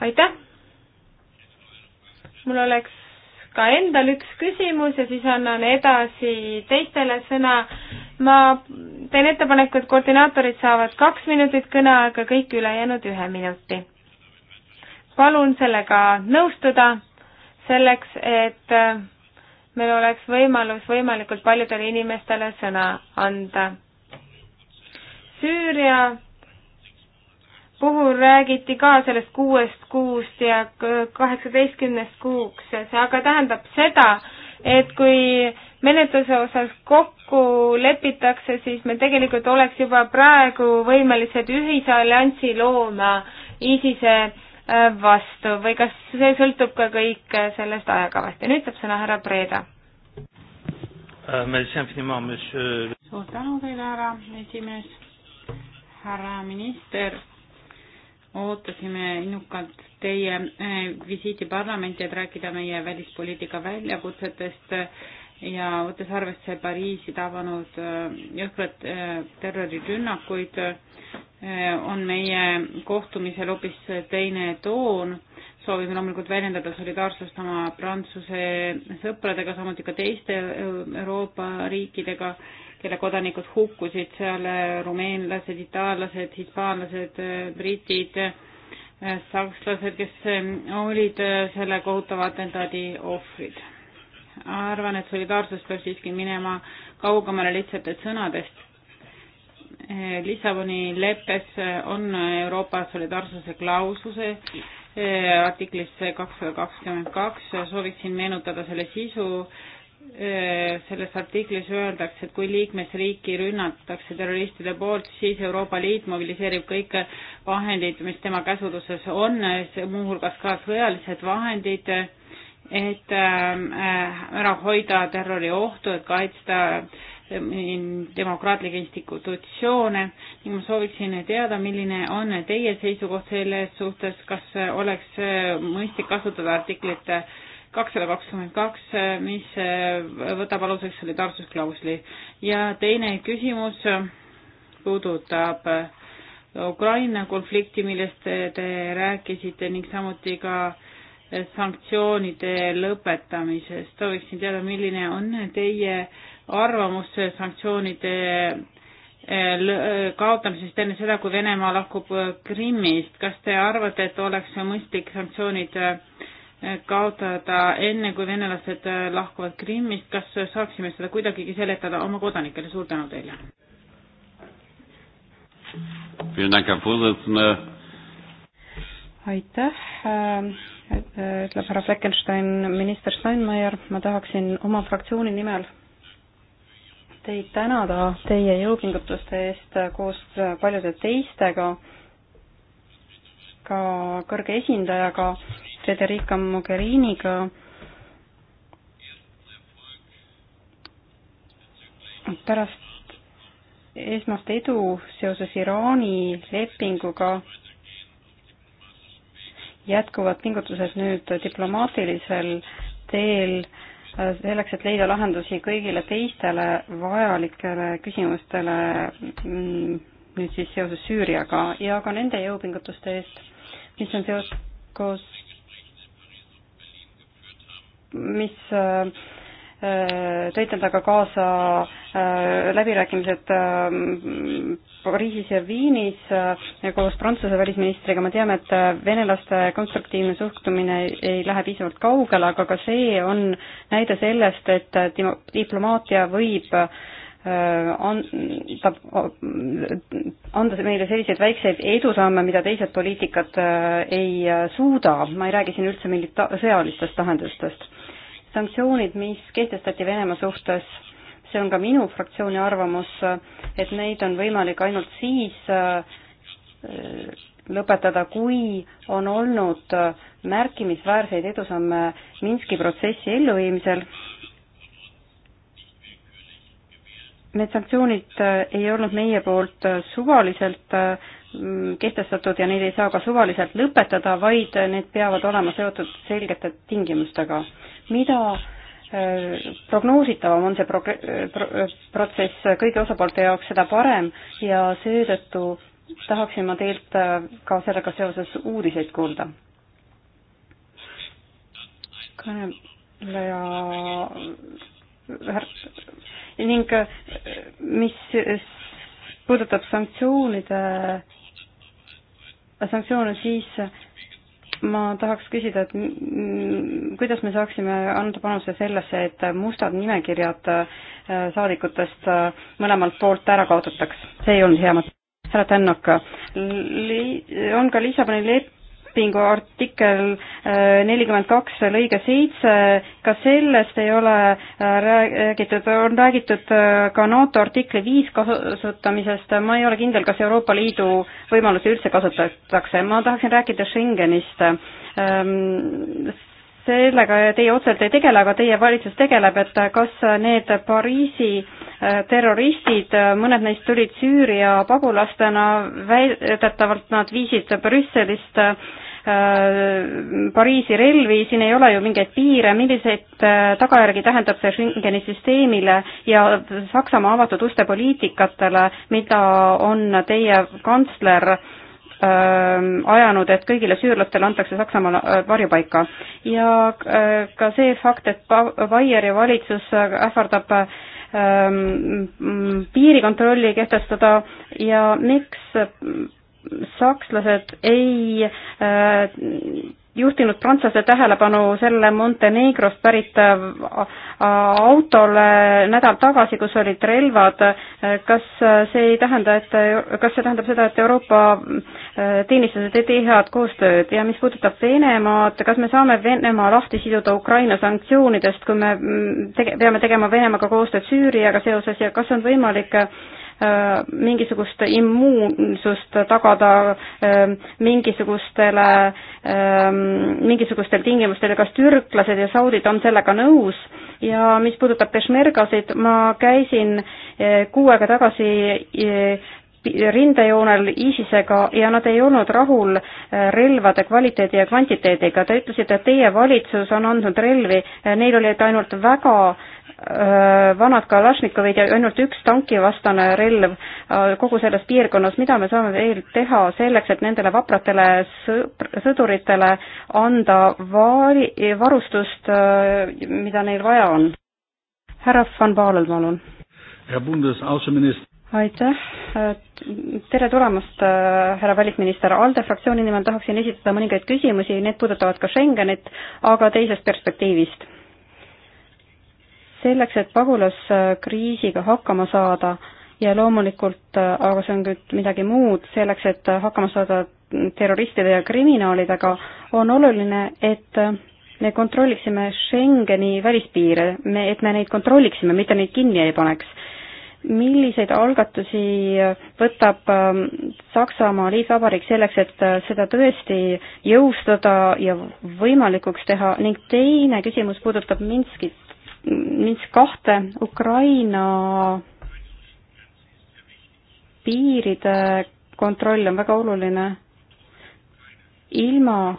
aitäh! mul oleks ka endal üks küsimus ja siis annan edasi teistele sõna. ma teen ettepaneku, et koordinaatorid saavad kaks minutit kõneaega, kõik ülejäänud ühe minuti. palun sellega nõustuda, selleks et meil oleks võimalus võimalikult paljudele inimestele sõna anda. Süüria puhul räägiti ka sellest kuuest kuust ja kaheksateistkümnest kuuks, see aga tähendab seda, et kui menetluse osas kokku lepitakse, siis me tegelikult oleks juba praegu võimelised ühise alliansi looma ISISe vastu või kas see sõltub ka kõik sellest ajakavast ja nüüd saab sõna härra Preeda. Euh, suur tänu teile, härra esimees, härra minister, ootasime innukalt teie eh, visiiti parlamenti, et rääkida meie välispoliitika väljakutsetest ja võttes arvesse Pariisi tabanud äh, jõhkrat äh, terrorirünnakuid, äh, on meie kohtumisel hoopis teine toon. soovime loomulikult väljendada solidaarsust oma Prantsuse sõpradega, samuti ka teiste Euroopa riikidega, kelle kodanikud hukkusid seal, rumeenlased, itaallased, hispaanlased, britid, sakslased, kes olid selle kohutava atentaadi ohvrid arvan, et solidaarsus peab siiski minema kaugemale lihtsatest sõnadest. Eh, Lissaboni leppes eh, on Euroopa solidaarsuse klausluse eh, artiklis kakssada kakskümmend kaks, sooviksin meenutada selle sisu. selles artiklis öeldakse, et kui liikmesriiki rünnatakse terroristide poolt, siis Euroopa Liit mobiliseerib kõik vahendid, mis tema käsutuses on, muuhulgas ka sõjalised vahendid et ähm, äh, ära hoida terroriohtu, et kaitsta ähm, demokraatlikke institutsioone ning ma sooviksin teada, milline on teie seisukoht selles suhtes, kas oleks äh, mõistlik kasutada artiklit kakssada kakskümmend kaks, äh, mis võtab aluseks solidaarsusklausli. ja teine küsimus puudutab Ukraina konflikti, millest te rääkisite ning samuti ka äh, sanktsioonide lõpetamisest. sooviksin teada, milline on teie arvamus sanktsioonide eh, kaotamisest enne seda, kui Venemaa lahkub eh, Krimmist. kas te arvate, et oleks mõistlik sanktsioonid eh, kaotada enne, kui venelased lahkuvad Krimmist, kas saaksime seda kuidagigi seletada oma kodanikele? suur tänu teile! aitäh ähm, Äh, ütleb härra Fleckenstein, minister Steinmeier, ma tahaksin oma fraktsiooni nimel teid tänada teie jõupingutuste eest koos paljude teistega, ka kõrge esindajaga Federica Mogheriniga, pärast esmast edu seoses Iraani lepinguga jätkuvad pingutused nüüd diplomaatilisel teel äh, selleks, et leida lahendusi kõigile teistele vajalikele küsimustele mm, nüüd siis seoses Süüriaga ja ka nende jõupingutuste eest, mis on seotud koos, mis äh, äh tõid endaga kaasa äh, läbirääkimised äh, Pariisis ja Viinis äh, koos Prantsuse välisministriga, me teame, et äh, venelaste konstruktiivne suhtumine ei lähe piisavalt kaugele, aga ka see on näide sellest, et äh, diplomaatia võib anda, anda meile selliseid väikseid edusamme, mida teised poliitikad ei suuda, ma ei räägi siin üldse mingit sõjalistest lahendustest. sanktsioonid, mis kehtestati Venemaa suhtes see on ka minu fraktsiooni arvamus, et neid on võimalik ainult siis äh, lõpetada, kui on olnud märkimisväärseid edusamme Minski protsessi elluviimisel. Need sanktsioonid äh, ei olnud meie poolt äh, suvaliselt kehtestatud ja neid ei saa ka suvaliselt lõpetada, vaid need peavad olema seotud selgete tingimustega. mida Äh, prognoositavam on see prog-, äh, pro-, äh, protsess kõigi osapoolte jaoks, seda parem ja seetõttu tahaksin ma teilt ka sellega seoses uudiseid kuulda. kõneleja ning mis puudutab sanktsioonide, sanktsioone, siis ma tahaks küsida, et kuidas me saaksime anda panuse sellesse, et mustad nimekirjad äh, saadikutest äh, mõlemalt poolt ära kaotataks, see ei olnud hea mõte. härra Tännok, on ka Liisaboni lep-, lepingu artikkel äh, nelikümmend kaks lõige seitse, ka sellest ei ole äh, räägitud, on räägitud äh, ka NATO artikli viis kasutamisest, ma ei ole kindel, kas Euroopa Liidu võimalusi üldse kasutatakse, ma tahaksin rääkida Schengenist ähm, sellega teie otseselt ei tegele, aga teie valitsus tegeleb, et kas need Pariisi terroristid, mõned neist tulid Süüria pagulastena, väidetavalt nad viisid Brüsselist äh, Äh, Pariisi relvi, siin ei ole ju mingeid piire, milliseid äh, tagajärgi tähendab see Schengeni süsteemile ja Saksamaa avatud uste poliitikatele, mida on teie kantsler äh, ajanud, et kõigile süürlastele antakse Saksamaal varjupaika. ja ka see fakt, et Baieri valitsus ähvardab piirikontrolli kehtestada ja miks sakslased ei äh, juhtinud prantslaste tähelepanu selle Montenegrost pärit äh, autole nädal tagasi, kus olid relvad. kas see ei tähenda, et, kas see tähendab seda, et Euroopa äh, teenistused ei tee head koostööd ja mis puudutab Venemaad, kas me saame Venemaa lahti siduda Ukraina sanktsioonidest, kui me mm, tege, peame tegema Venemaaga koostööd Süüriaga seoses ja kas on võimalik äh, Äh, mingisugust immuunsust tagada äh, mingisugustele, äh, mingisugustel tingimustel ja kas türklased ja saudid on sellega nõus ja mis puudutab peshmergasid, ma käisin kuu aega tagasi rindejoonel ISISega ja nad ei olnud rahul relvade kvaliteedi ja kvantiteediga. Te ütlesite, et teie valitsus on andnud relvi, neil olid ainult väga äh, Äh, vanad Kalašnikovid ja ainult üks tankivastane relv äh, kogu selles piirkonnas, mida me saame veel teha selleks, et nendele vapratele sõduritele anda vaari, varustust, äh, mida neil vaja on? härra Van Baalel, palun. härra Bundesaußenminister aitäh, tere tulemast, härra välisminister, ALDE fraktsiooni nimel tahaksin esitada mõningaid küsimusi, need puudutavad ka Schengenit, aga teisest perspektiivist selleks, et pagulaskriisiga hakkama saada ja loomulikult, aga see on nüüd midagi muud, selleks, et hakkama saada terroristide ja kriminaalidega, on oluline, et me kontrolliksime Schengeni välispiire, me, et me neid kontrolliksime, mitte neid kinni ei paneks. milliseid algatusi võtab ähm, Saksamaa liitvabariik selleks, et äh, seda tõesti jõustada ja võimalikuks teha ning teine küsimus puudutab Minskit Minsk kahte Ukraina piiride kontroll on väga oluline. ilma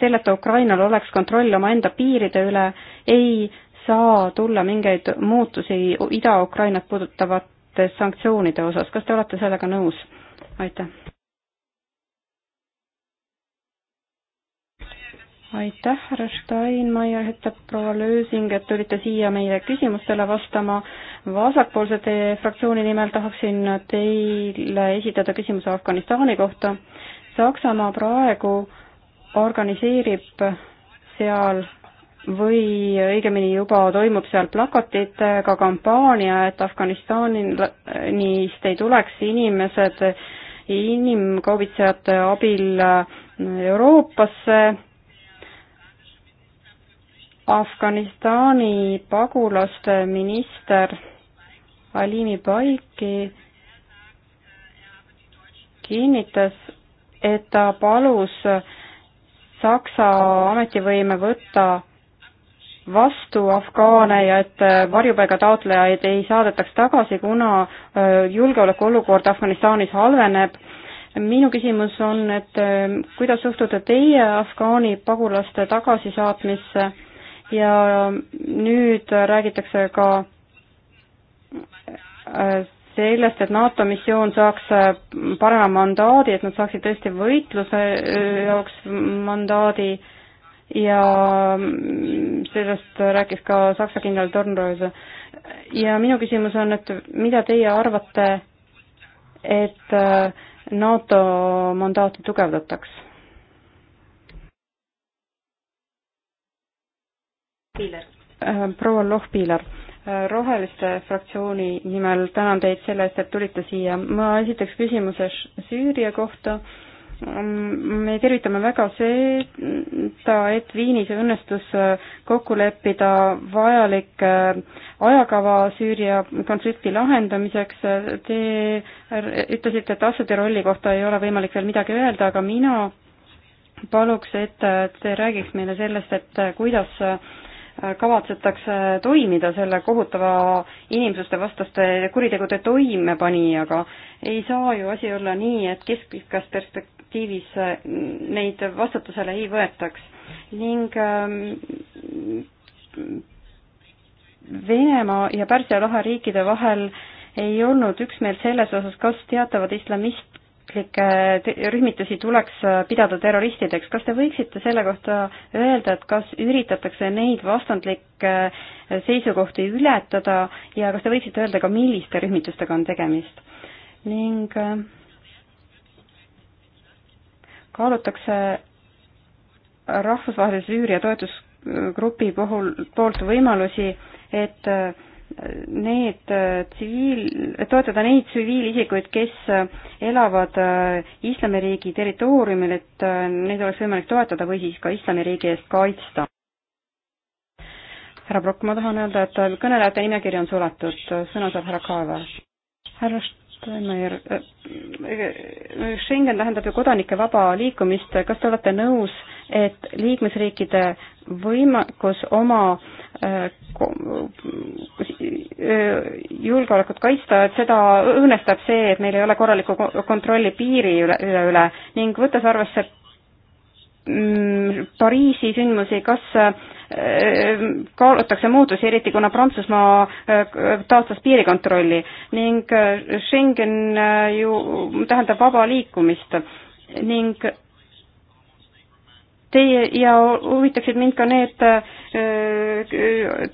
selleta Ukrainal oleks kontroll omaenda piiride üle, ei saa tulla mingeid muutusi Ida-Ukrainat puudutavates sanktsioonide osas. kas te olete sellega nõus? aitäh aitäh, härra Steinmeier, ütleb proua Lösing, et tulite siia meie küsimustele vastama. vasakpoolsete fraktsiooni nimel tahaksin teile esitada küsimuse Afganistani kohta. Saksamaa praegu organiseerib seal või õigemini juba toimub seal plakatitega kampaania, et Afganistanist ei tuleks inimesed inimkaubitsejate abil Euroopasse Afganistani pagulaste minister Alimi Baiki kinnitas, et ta palus Saksa ametivõime võtta vastu afgaane ja et äh, varjupaiga taotlejaid ei saadetaks tagasi, kuna äh, julgeolekuolukord Afganistanis halveneb. minu küsimus on, et äh, kuidas suhtute teie afgaani pagulaste tagasisaatmisse ja nüüd räägitakse ka äh, sellest, et NATO missioon saaks äh, parema mandaadi, et nad saaksid tõesti võitluse äh, jaoks mandaadi ja mm, sellest rääkis ka Saksa kindral Tornrööse. ja minu küsimus on, et mida teie arvate, et NATO mandaati tugevdataks? Lohpiiler. Äh, proua Lohpiiler äh, Roheliste fraktsiooni nimel tänan teid selle eest, et tulite siia. ma esitaks küsimuse Süüria kohta. Mm, me tervitame väga seda, et Viinis õnnestus äh, kokku leppida vajalik ajakava Süüria konflikti lahendamiseks. Te ütlesite, et Assadi rolli kohta ei ole võimalik veel midagi öelda, aga mina paluks, et te räägiks meile sellest, et kuidas kavatsetakse toimida selle kohutava inimsuste vastaste kuritegude toimepanijaga. ei saa ju asi olla nii, et keskpikas perspektiivis neid vastutusele ei võetaks ning ähm, Venemaa ja Pärsia lahe riikide vahel ei olnud üksmeelt selles osas, kas teatavad islamist terroristlikke rühmitusi tuleks äh, pidada terroristideks. kas te võiksite selle kohta öelda, et kas üritatakse neid vastandlikke äh, seisukohti ületada ja kas te võiksite öelda ka, milliste rühmitustega on tegemist? ning äh, kaalutakse rahvusvahelise Süüria toetusgrupi puhul, poolt võimalusi, et äh, need äh, tsiviil, toetada neid tsiviilisikuid, kes äh, elavad äh, Islamiriigi territooriumil, et neid oleks võimalik toetada või siis ka Islamiriigi eest kaitsta. härra Prokk, ma tahan öelda, et kõnelejate nimekiri on suletud, sõna saab härra Kaeva. härra Steinmeier, Schengen tähendab ju kodanike vaba liikumist, kas te olete nõus et liikmesriikide võimekus oma äh, äh, julgeolekut kaitsta, et seda õõnestab see, et meil ei ole korralikku kontrolli piiri üle, üle, üle ning võttes arvesse mm, Pariisi sündmusi, kas äh, kaalutakse muutusi, eriti kuna Prantsusmaa taotles piirikontrolli ning Schengen ju tähendab vaba liikumist ning teie ja huvitaksid mind ka need äh,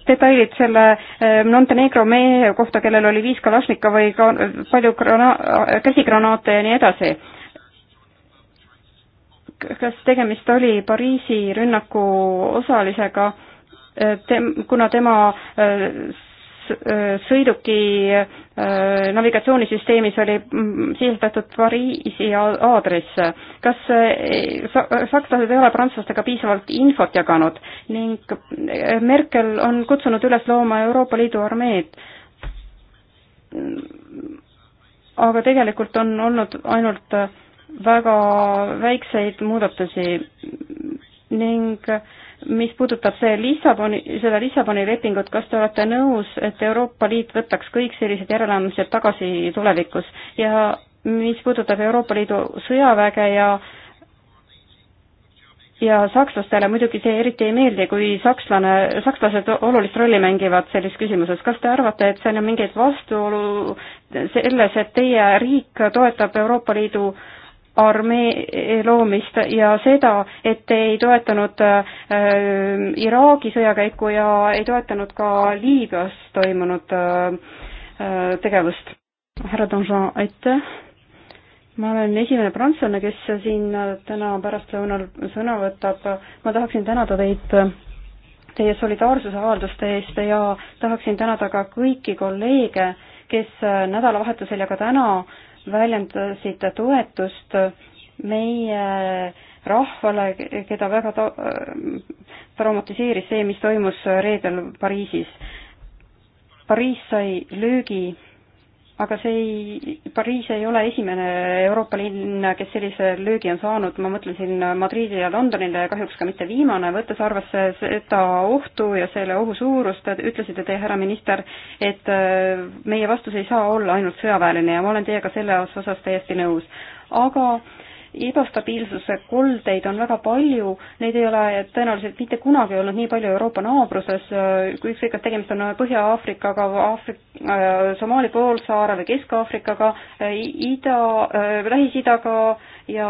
detailid selle äh, Montenegro mehe kohta, kellel oli viis Kalašnikovi, palju grana-, käsigranaate ja nii edasi. kas tegemist oli Pariisi rünnaku osalisega, äh, tem-, kuna tema Äh, sõiduki äh, navigatsioonisüsteemis oli mm, sisestatud Pariisi aadress. kas äh, sakslased ei ole prantslastega piisavalt infot jaganud ning Merkel on kutsunud üles looma Euroopa Liidu armeed? aga tegelikult on olnud ainult väga väikseid muudatusi ning äh, mis puudutab see Lissaboni, seda Lissaboni lepingut, kas te olete nõus, et Euroopa Liit võtaks kõik sellised järeleandmised tagasi tulevikus ja mis puudutab Euroopa Liidu sõjaväge ja ja sakslastele muidugi see eriti ei meeldi, kui sakslane, sakslased olulist rolli mängivad selles küsimuses. kas te arvate, et seal on mingeid vastuolu selles, et teie riik toetab Euroopa Liidu äh, armee loomist ja seda, et te ei toetanud äh, Iraagi sõjakäiku ja ei toetanud ka Liibüas toimunud äh, tegevust. härra Donjon, aitäh! ma olen esimene prantslane, kes siin täna pärastlõunal sõna võtab. ma tahaksin tänada teid teie solidaarsuse avalduste eest ja tahaksin tänada ka kõiki kolleege, kes nädalavahetusel ja ka täna äh, väljendasid toetust meie rahvale, keda väga ta-, traumatiseeris see, mis toimus reedel Pariisis. Pariis sai löögi aga see ei, Pariis ei ole esimene Euroopa linn, kes sellise löögi on saanud, ma mõtlen siin Madriidi ja Londonile ja kahjuks ka mitte viimane, võttes arvesse seda ohtu ja selle ohu suurust, ütlesite te, härra minister, et äh, meie vastus ei saa olla ainult sõjaväeline ja ma olen teiega selles osas täiesti nõus. aga äh, ebastabiilsuse koldeid on väga palju, neid ei ole tõenäoliselt mitte kunagi olnud nii palju Euroopa naabruses, kui ükskõik, kas tegemist on Põhja-Aafrikaga, Aafrik-, äh, Somaali poolsaare või Kesk-Aafrikaga, äh, Ida, äh, Lähis-Idaga ja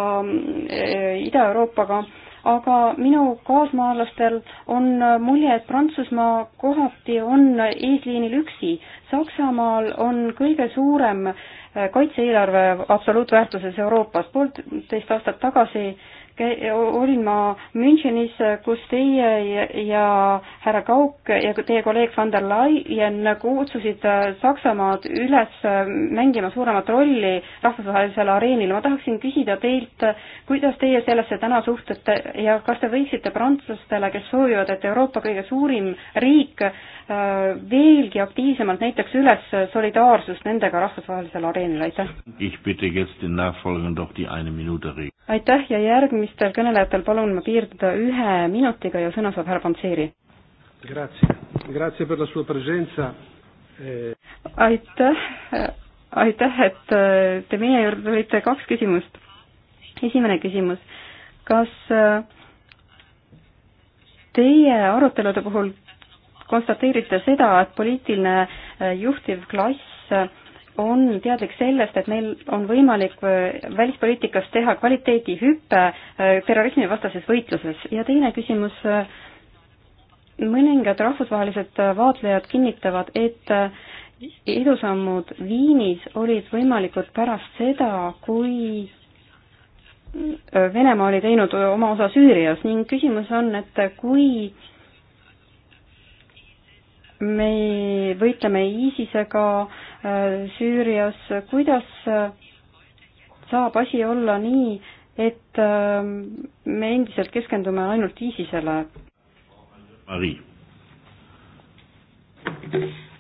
Ida-Euroopaga, aga minu kaasmaalastel on mulje, et Prantsusmaa kohati on eesliinil üksi. Saksamaal on kõige suurem äh, kaitse-eelarve absoluutväärtuses Euroopas. poolteist aastat tagasi äh, olin ma Münchenis, kus teie ja, ja härra Kauk ja teie kolleeg van der Leyen kutsusid Saksamaad üles mängima suuremat rolli rahvusvahelisel areenil. ma tahaksin küsida teilt, kuidas teie sellesse täna suhtute ja kas te võiksite prantslastele, kes soovivad, et Euroopa kõige suurim riik veelgi aktiivsemalt näitaks üles solidaarsust nendega rahvusvahelisel areenil, aitäh! aitäh ja järgmine järgmistel kõnelejatel palun ma piirduda ühe minutiga ja sõna saab härra Pantseri. Eh. aitäh, aitäh, et eh, te meie juurde tulite, kaks küsimust. esimene küsimus, kas eh, teie arutelude puhul konstateerite seda, et poliitiline juhtiv klass on teadlik sellest, et meil on võimalik äh, välispoliitikas teha kvaliteedihüpe äh, terrorismivastases võitluses ja teine küsimus, äh, mõningad rahvusvahelised vaatlejad kinnitavad, et edusammud Viinis olid võimalikud pärast seda, kui Venemaa oli teinud oma osa Süürias ning küsimus on, et kui me võitleme ISISega äh, Süürias, kuidas äh, saab asi olla nii, et äh, me endiselt keskendume ainult ISISele? Marii.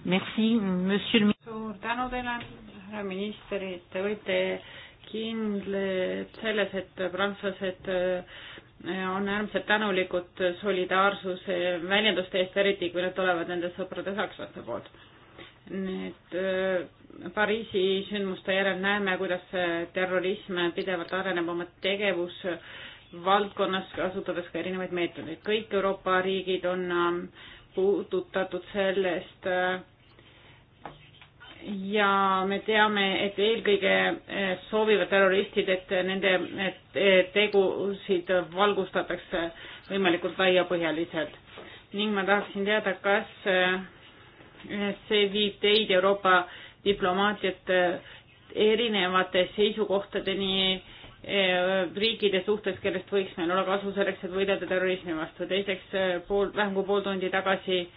Merci, monsieur. suur tänu teile, härra minister, et te võite kindlad selles, et prantslased äh, on äärmiselt tänulikud solidaarsuse väljenduste eest, eriti kui need tulevad nende sõprade sakslaste poolt Need äh, Pariisi sündmuste järel näeme, kuidas terrorism pidevalt areneb oma tegevusvaldkonnas, kasutades ka erinevaid meetodeid. kõik Euroopa riigid on ähm, puudutatud sellest äh, ja me teame, et eelkõige äh, soovivad terroristid, et nende et tegusid valgustatakse võimalikult laiapõhjaliselt. ning ma tahaksin teada, kas see viib teid Euroopa diplomaatiat äh, erinevate seisukohtadeni äh, riikide suhtes, kellest võiks meil olla kasu selleks, et võidelda terrorismi vastu. teiseks, äh, pool, vähem kui pool tundi tagasi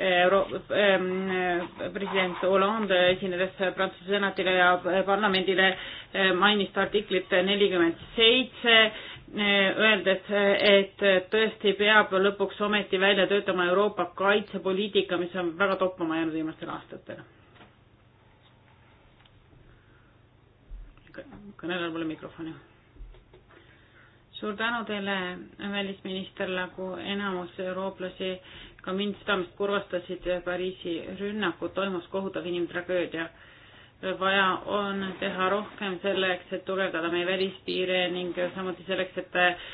Euro-, ähm, president Hollande esinedes Prantsuse senatile ja parlamendile mainis ta artiklit nelikümmend seitse Eh, öeldes, et tõesti peab lõpuks ometi välja töötama Euroopa kaitsepoliitika, mis on väga toppama jäänud viimastel aastatel. kõnelejal pole mikrofoni. suur tänu teile, välisminister, nagu enamus eurooplasi ka mind südamest kurvastasid Pariisi rünnakud, toimus kohutav inimtragöödia vaja on teha rohkem selleks, et tugevdada meie välispiire ning samuti selleks, et eh,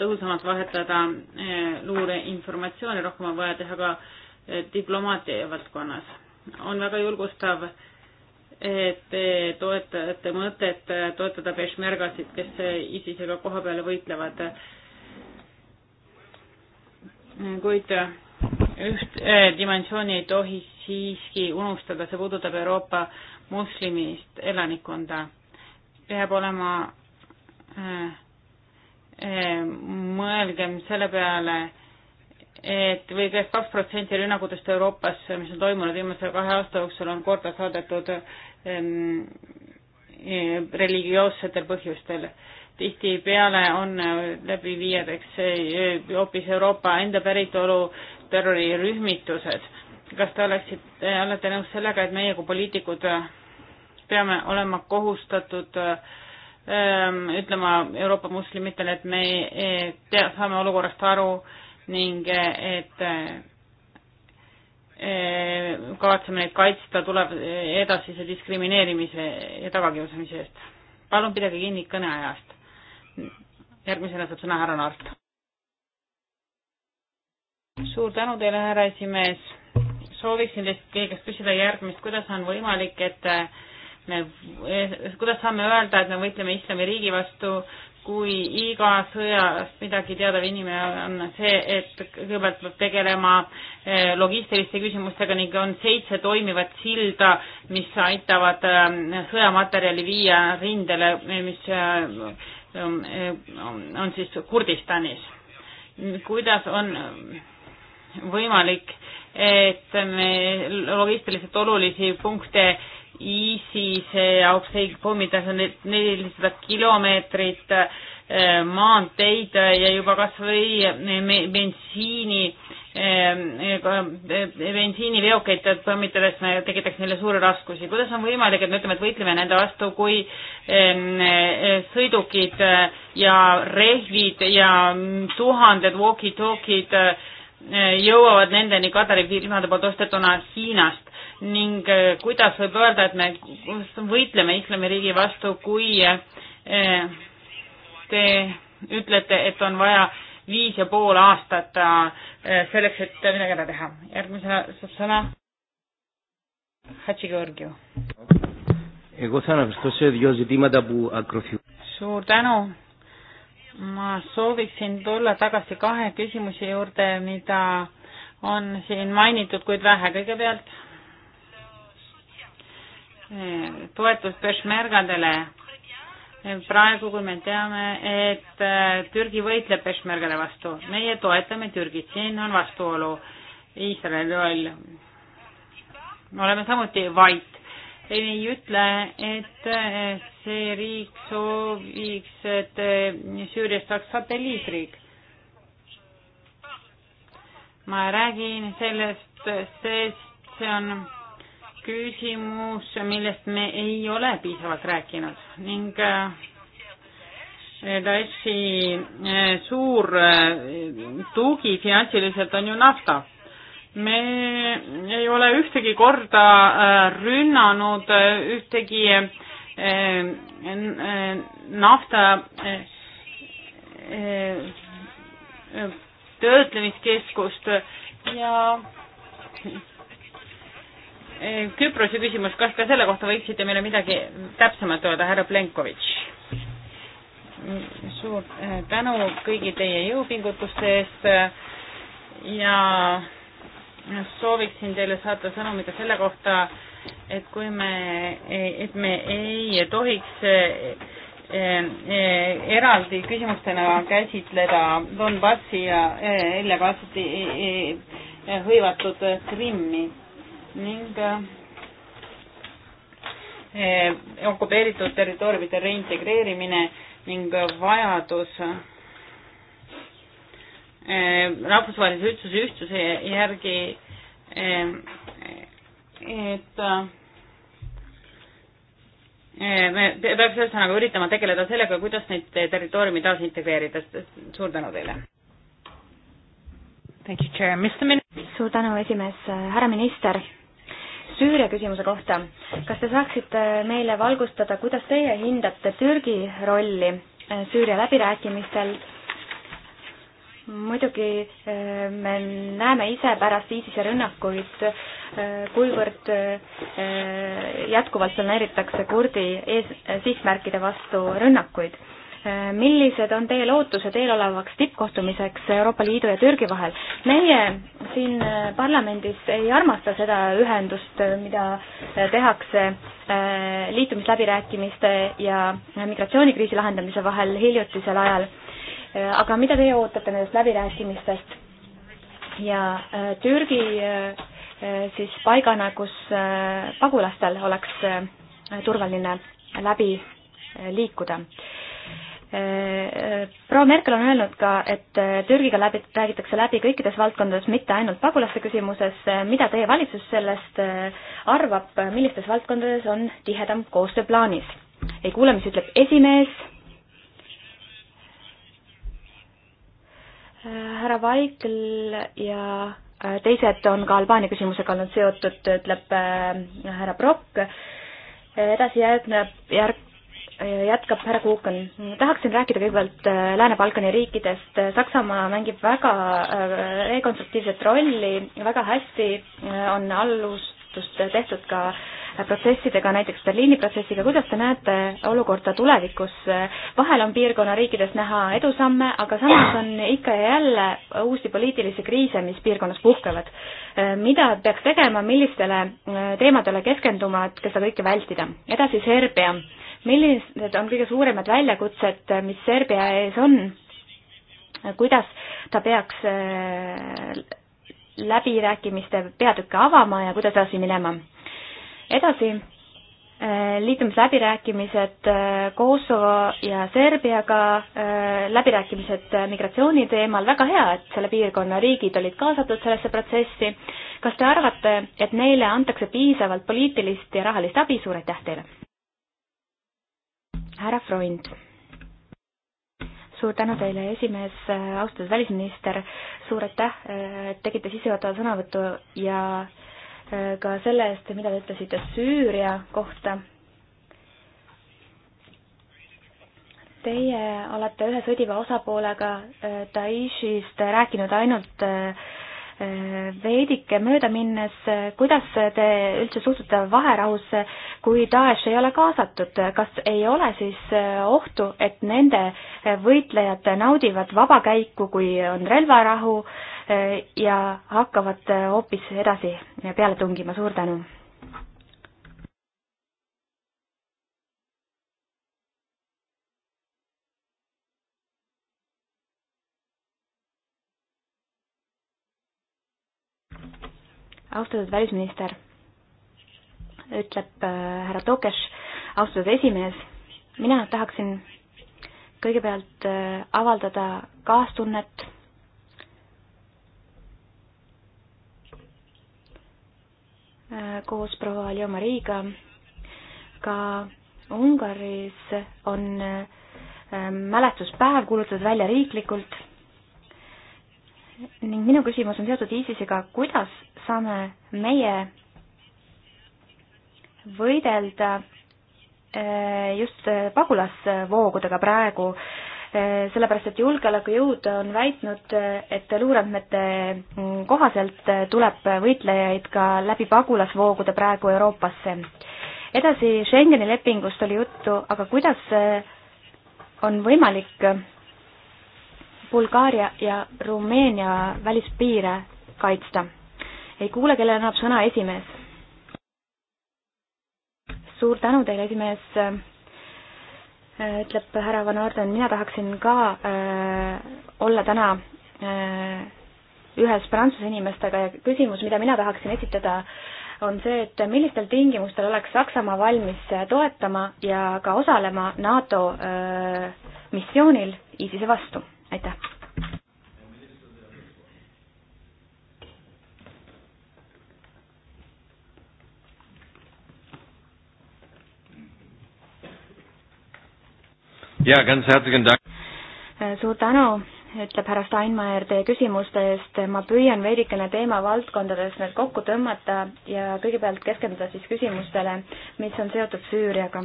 tõhusamalt vahetada eh, luureinformatsiooni, rohkem on vaja teha ka eh, diplomaatia valdkonnas. on väga julgustav, et te toetate mõtet toetada peshmergasid, kes ISISega koha peal võitlevad. kuid üht dimensiooni ei tohi siiski unustada, see puudutab Euroopa äh, muslimist elanikkonda. peab olema äh,, äh, mõelgem selle peale, et või kas kaks protsenti rünnakutest Euroopas, mis on toimunud viimase kahe aasta jooksul, on korda saadetud ähm, äh, religioossetel põhjustel. tihtipeale on äh, läbiviijadeks äh, hoopis Euroopa enda päritolu terrorirühmitused kas te oleksite, olete nõus sellega, et meie kui poliitikud äh, peame olema kohustatud ähm, ütlema Euroopa moslemitele, et me äh, tea, saame olukorrast aru ning äh, et kavatseme neid kaitsta tuleb edasise diskrimineerimise ja tagakiusamise eest. palun pidage kinni kõneajast. järgmisena saab sõna härra Naart. suur tänu teile, härra esimees sooviksin teilt keegi käest küsida järgmist, kuidas on võimalik, et äh, me, eh, kuidas saame öelda, et me võitleme islamiriigi vastu, kui iga sõjast midagi teadav inimene on see, et kõigepealt peab tegelema eh, logistiliste küsimustega ning on seitse toimivat silda, mis aitavad ähm, sõjamaterjali viia rindele, mis äh, ähm, äh, on siis Kurdistanis. kuidas on võimalik et me logistiliselt olulisi punkte ISISe jaoks ei pommita, see on nelisada kilomeetrit äh, maanteid ja juba kas või äh, bensiini, äh, bensiiniveokeid pommitades me tekitaks neile suuri raskusi. kuidas on võimalik, et me ütleme, et võitleme nende vastu, kui ähm, sõidukid ja rehvid ja mm, tuhanded walkie-talkid Eh, jõuavad nendeni kadarifirmade poolt ostetuna Hiinast ning eh, kuidas võib öelda, et me võitleme islamiriigi vastu, kui eh, te ütlete, et on vaja viis ja pool aastat selleks, et midagi ära teha. järgmisena saab sõna Hatši Georgiu. suur tänu ma sooviksin tulla tagasi kahe küsimuse juurde, mida on siin mainitud, kuid vähe. kõigepealt eh, toetus peshmergadele. Eh, praegu, kui me teame, et eh, Türgi võitleb peshmergade vastu, meie toetame Türgit, siin on vastuolu Iisraeli roll. me oleme samuti vait ei ütle, et see riik sooviks, et eh, Süüriast saaks satelliitriik. ma räägin sellest, sest see on küsimus, millest me ei ole piisavalt rääkinud ning eh, Daeshi eh, suur tugi finantsiliselt on ju nafta me ei ole ühtegi korda äh, rünnanud äh, ühtegi äh, nafta töötlemiskeskust ja Küprose küsimus, kas ka selle kohta võiksite meile midagi täpsemat öelda, härra Plenkovitš? suur tänu kõigi teie jõupingutuste eest ja sooviksin teile saata sõnumite selle kohta, et kui me, et me ei tohiks eh, eh, eraldi küsimustena käsitleda Donbassi ja illegaalselt eh, hõivatud Krimmi ning okupeeritud territooriumide reintegreerimine ning vajadus Äh, rahvusvahelise üldsuse ühtsuse järgi, ähm, et äh, äh, me peaks ühesõnaga üritama tegeleda sellega, kuidas neid territooriumi taasintegreerida. suur tänu teile! suur tänu, esimees, härra minister! Süüria küsimuse kohta, kas te saaksite meile valgustada, kuidas teie hindate Türgi rolli Süüria läbirääkimistel muidugi eh, me näeme ise pärast ISISe rünnakuid, eh, kuivõrd eh, jätkuvalt planeeritakse kurdi ees, sihtmärkide vastu rünnakuid. millised on teie lootused eelolevaks tippkohtumiseks Euroopa Liidu ja Türgi vahel? meie siin parlamendis ei armasta seda ühendust, mida tehakse liitumisläbirääkimiste ja migratsioonikriisi lahendamise vahel hiljutisel ajal Äh, aga mida teie ootate nendest läbirääkimistest? ja äh, Türgi äh, siis paigana, kus pagulastel oleks turvaline läbi liikuda. proua Merkel on öelnud ka, et Türgiga läbi, räägitakse läbi kõikides valdkondades, mitte ainult pagulaste küsimuses. mida teie valitsus sellest arvab, millistes valdkondades on tihedam koostöö plaanis? ei kuule, mis ütleb esimees härra Vaikl ja äh, teised on ka Albaania küsimusega olnud seotud, ütleb äh, härra Brock. Äh, edasi järgneb järk jätkab härra Kuukan. tahaksin rääkida kõigepealt Lääne-Balkani riikidest. Saksamaa mängib väga rekonstruktiivset rolli, väga hästi on alust arvestust tehtud ka protsessidega, näiteks Berliini protsessiga, kuidas te näete olukorda tulevikus? vahel on piirkonna riikides näha edusamme, aga samas on ikka ja jälle uusi poliitilisi kriise, mis piirkonnas puhkevad. mida peaks tegema, millistele äh, teemadele keskenduma, et seda kõike vältida? edasi Serbia. millised on kõige suuremad väljakutsed, mis Serbia ees on? kuidas ta peaks äh, läbirääkimiste peatükke avama ja kuidas edasi minema. edasi, äh, liitumisläbirääkimised äh, Kosovo ja Serbiaga, äh, läbirääkimised migratsiooni teemal, väga hea, et selle piirkonna riigid olid kaasatud sellesse protsessi. kas te arvate, et neile antakse piisavalt poliitilist ja rahalist abi, suur aitäh teile! härra Freund suur tänu teile, esimees, austatud välisminister, suur aitäh, et tegite sissejuhatava sõnavõtu ja äh, ka selle eest, mida te ütlesite Süüria kohta. Teie olete ühe sõdiva osapoolega äh, Daeshist rääkinud ainult äh, veidike mööda minnes, kuidas te üldse suhtute vaherahusse kui Daesh ei ole kaasatud, kas ei ole siis äh, ohtu, et nende äh, võitlejad naudivad vaba käiku, kui on relvarahu äh, ja hakkavad hoopis edasi peale tungima, suur tänu! austatud välisminister ütleb äh, härra Tokes, austatud esimees. mina tahaksin kõigepealt äh, avaldada kaastunnet koos proua Leo Mariga. ka Ungaris on äh, mälestuspäev kuulutatud välja riiklikult ning minu küsimus on seotud ISISega, kuidas saame meie võidelda eh, just eh, pagulasvoogudega praegu, eh, sellepärast et julgeolekujõud on väitnud, et luureandmete mm, kohaselt tuleb võitlejaid ka läbi pagulasvoogude praegu Euroopasse. edasi Schengeni lepingust oli juttu, aga kuidas on võimalik Bulgaaria ja Rumeenia välispiire kaitsta? ei kuule, kellele annab sõna esimees suur tänu teile, esimees, ütleb härra Van Orden, mina tahaksin ka äh, olla täna äh, ühes Prantsuse inimestega ja küsimus, mida mina tahaksin esitada äh, on see, et millistel tingimustel oleks Saksamaa valmis toetama ja ka osalema NATO äh, missioonil ISISe vastu, aitäh! ja, ganz herzlichen Dank. Äh, suur tänu, ütleb härra Steinmeier teie küsimuste eest. ma püüan veidikene teemavaldkondades need kokku tõmmata ja kõigepealt keskenduda siis küsimustele, mis on seotud Süüriaga.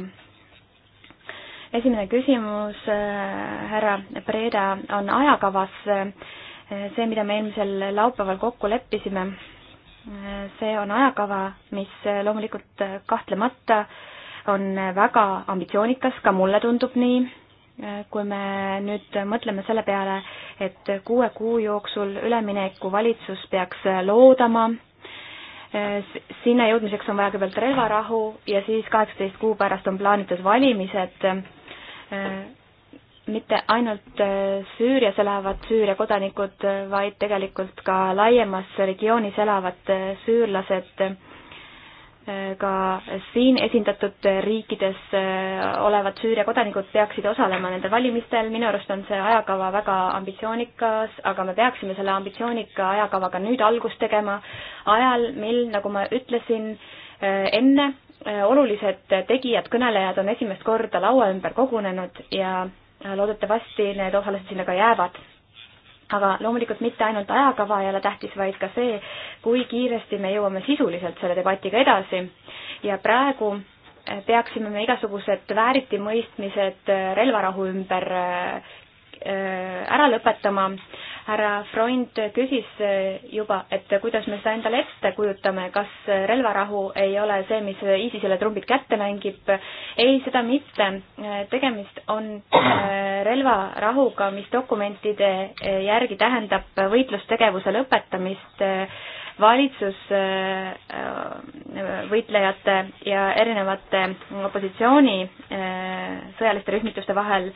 esimene küsimus, äh, härra Breda, on ajakavas äh, see, mida me eelmisel laupäeval kokku leppisime. see on ajakava, mis loomulikult kahtlemata on väga ambitsioonikas, ka mulle tundub nii kui me nüüd mõtleme selle peale, et kuue kuu jooksul ülemineku valitsus peaks loodama, sinna jõudmiseks on vaja kõigepealt relvarahu ja siis kaheksateist kuu pärast on plaanitud valimised, mitte ainult Süürias elavad Süüria kodanikud, vaid tegelikult ka laiemas regioonis elavad süürlased ka siin esindatud riikides äh, olevad Süüria kodanikud peaksid osalema nendel valimistel, minu arust on see ajakava väga ambitsioonikas, aga me peaksime selle ambitsioonika ajakavaga nüüd algust tegema, ajal, mil, nagu ma ütlesin äh, enne, äh, olulised tegijad, kõnelejad on esimest korda laua ümber kogunenud ja loodetavasti need osalised sinna ka jäävad aga loomulikult mitte ainult ajakava ei ole tähtis, vaid ka see, kui kiiresti me jõuame sisuliselt selle debatiga edasi ja praegu eh, peaksime me igasugused vääritimõistmised eh, relvarahu ümber eh, ära lõpetama, härra Freund küsis juba, et kuidas me seda endale ette kujutame, kas relvarahu ei ole see, mis ISISele trumbid kätte mängib. ei, seda mitte. tegemist on äh, relvarahuga, mis dokumentide äh, järgi tähendab võitlustegevuse lõpetamist äh, valitsus võitlejate ja erinevate opositsiooni sõjaliste rühmituste vahel.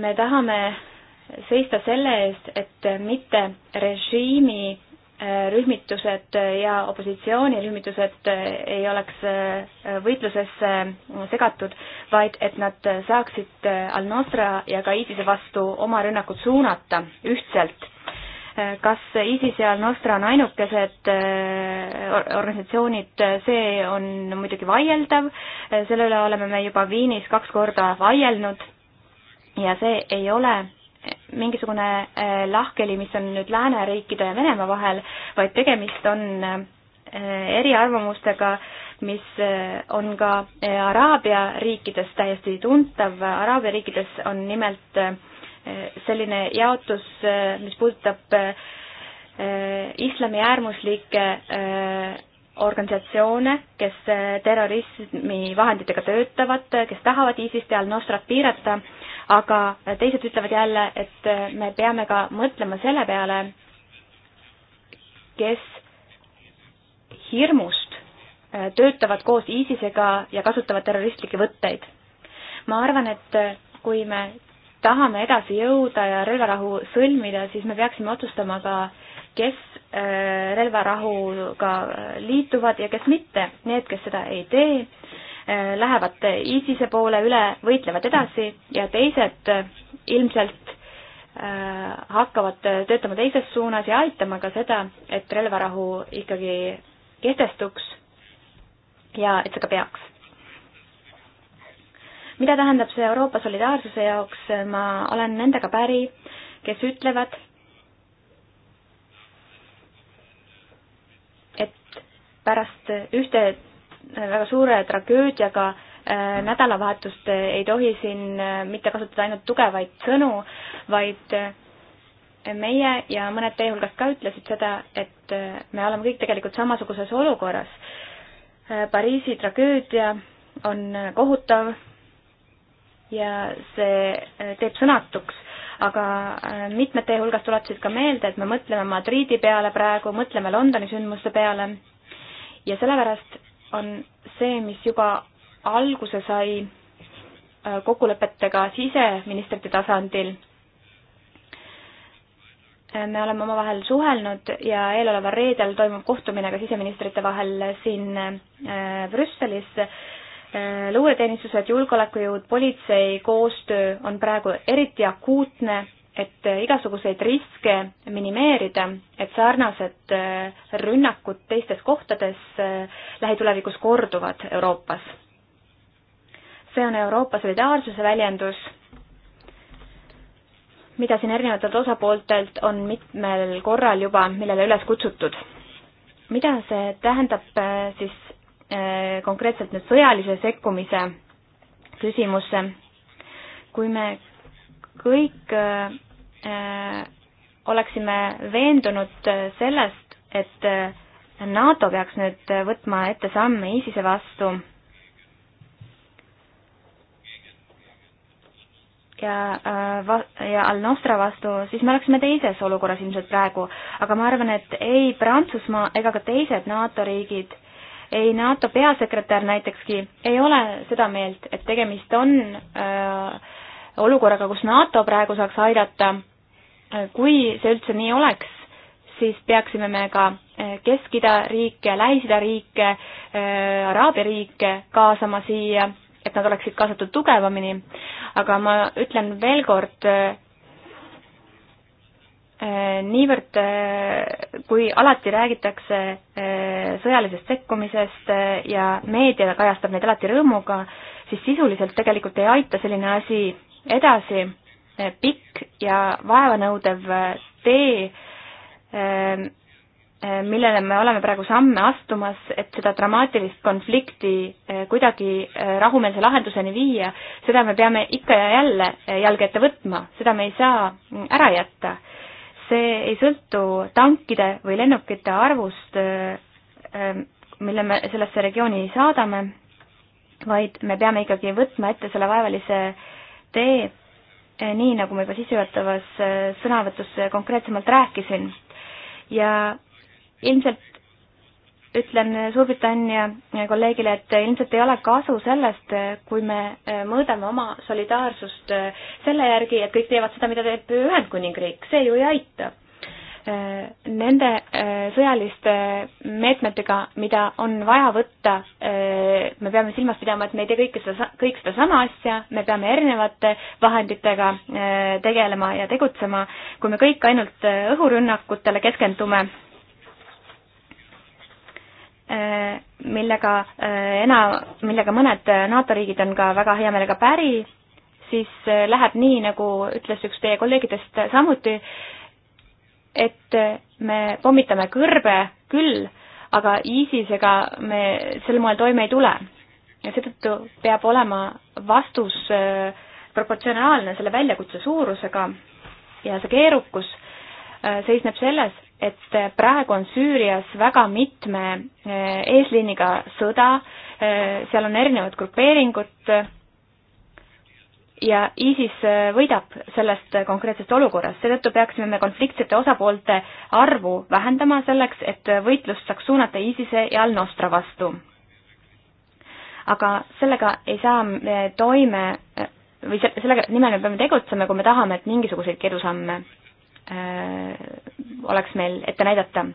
me tahame seista selle eest, et mitte režiimi äh, rühmitused ja opositsioonirühmitused äh, ei oleks äh, võitlusesse segatud, vaid et nad saaksid Al-Nusra ja ka ISISe vastu oma rünnakud suunata ühtselt. kas ISIS ja Al-Nusra on ainukesed organisatsioonid, see on muidugi vaieldav, selle üle oleme me juba Viinis kaks korda vaielnud ja see ei ole mingisugune äh, lahkheli, mis on nüüd lääneriikide ja Venemaa vahel, vaid tegemist on äh, eriarvamustega, mis äh, on ka Araabia riikides täiesti tuntav, Araabia riikides on nimelt selline jaotus, mis puudutab islami äärmuslikke organisatsioone, kes terrorismi vahenditega töötavad, kes tahavad ISIS-t ja Al-Nostrat piirata, aga teised ütlevad jälle, et me peame ka mõtlema selle peale, kes hirmust äh, töötavad koos ISISega ja kasutavad terroristlikke võtteid. ma arvan, et äh, kui me tahame edasi jõuda ja relvarahu sõlmida, siis me peaksime otsustama ka, kes äh, relvarahuga liituvad ja kes mitte. Need, kes seda ei tee, lähevad ISISe poole üle, võitlevad edasi ja teised ilmselt äh, hakkavad töötama teises suunas ja aitama ka seda, et relvarahu ikkagi kehtestuks ja et see ka peaks. mida tähendab see Euroopa solidaarsuse jaoks, ma olen nendega päri, kes ütlevad, et pärast ühte väga suure tragöödiaga. Äh, nädalavahetust äh, ei tohi siin äh, mitte kasutada ainult tugevaid sõnu, vaid meie ja mõned teie hulgast ka ütlesid seda, et me oleme kõik tegelikult samasuguses olukorras. Pariisi tragöödia on kohutav ja see teeb sõnatuks aga mitmed teie hulgast tuletasid ka meelde, et me mõtleme Madriidi peale praegu, mõtleme Londoni sündmuste peale ja sellepärast on see, mis juba alguse sai äh, kokkulepetega siseministrite tasandil. Äh, me oleme omavahel suhelnud ja eeloleval reedel toimub kohtumine ka siseministrite vahel siin äh, Brüsselis. luureteenistused, julgeolekujõud, politsei koostöö on praegu eriti akuutne et äh, igasuguseid riske minimeerida, et sarnased äh, rünnakud teistes kohtades äh, lähitulevikus korduvad Euroopas. see on Euroopa solidaarsuse väljendus, mida siin erinevatelt osapooltelt on mitmel korral juba, millele üles kutsutud. mida see tähendab siis konkreetselt nüüd sõjalise sekkumise küsimusse, kui me kõik Äh, oleksime veendunud äh, sellest, et äh, NATO peaks nüüd võtma ette samme ISISe vastu ja äh,, ja Al-Nostra vastu, siis me oleksime teises olukorras ilmselt praegu. aga ma arvan, et ei Prantsusmaa ega ka teised NATO riigid, ei NATO peasekretär näitekski, ei ole seda meelt, et tegemist on äh, olukorraga, kus NATO praegu saaks aidata äh, kui see üldse nii oleks, siis peaksime me ka eh, Kesk-Ida riike, Lähis-Ida riike, eh, Araabia riike kaasama siia, et nad oleksid kaasatud tugevamini. aga ma ütlen veel kord, eh, niivõrd, kui alati räägitakse sõjalisest sekkumisest ja meedia kajastab neid alati rõõmuga, siis sisuliselt tegelikult ei aita selline asi edasi pikk ja vaevanõudev tee, ähm, äh, millele me oleme praegu samme astumas, et seda dramaatilist konflikti äh, kuidagi äh, rahumeelse lahenduseni viia, seda me peame ikka ja jälle jalge ette võtma, seda me ei saa mm, ära jätta. see ei sõltu tankide või lennukite arvust, ähm, mille me sellesse regiooni saadame, vaid me peame ikkagi võtma ette selle vaevalise tee Eh, nii nagu ma juba sissejuhatavas eh, sõnavõtus eh, konkreetsemalt rääkisin. ja ilmselt ütlen Suurbritannia kolleegile, et ilmselt ei ole kasu sellest, kui me mõõdame oma solidaarsust selle järgi, et kõik teevad seda, mida teeb Ühendkuningriik, see ju ei aita. Äh, nende äh, sõjaliste meetmetega, mida on vaja võtta, äh, me peame silmas pidama, et me ei tee kõike seda, kõik sedasama asja, me peame erinevate vahenditega tegelema ja tegutsema. kui me kõik ainult õhurünnakutele keskendume, millega ena-, millega mõned NATO riigid on ka väga hea meelega päri, siis läheb nii, nagu ütles üks teie kolleegidest samuti, et me pommitame kõrbe küll, aga ISISega me sel moel toime ei tule. ja seetõttu peab olema vastus äh, proportsionaalne selle väljakutse suurusega ja see keerukus äh, seisneb selles, et äh, praegu on Süürias väga mitme eesliiniga sõda, seal on erinevad grupeeringud, ja ISIS äh, võidab sellest konkreetsest olukorrast, seetõttu peaksime me konfliktsete osapoolte arvu vähendama selleks, et võitlust saaks suunata ISISe ja Al-Nostra vastu. aga sellega ei saa me toime äh, või sellega nimel me peame tegutsema, kui me tahame, et mingisuguseid edusamme äh, oleks meil ette näidata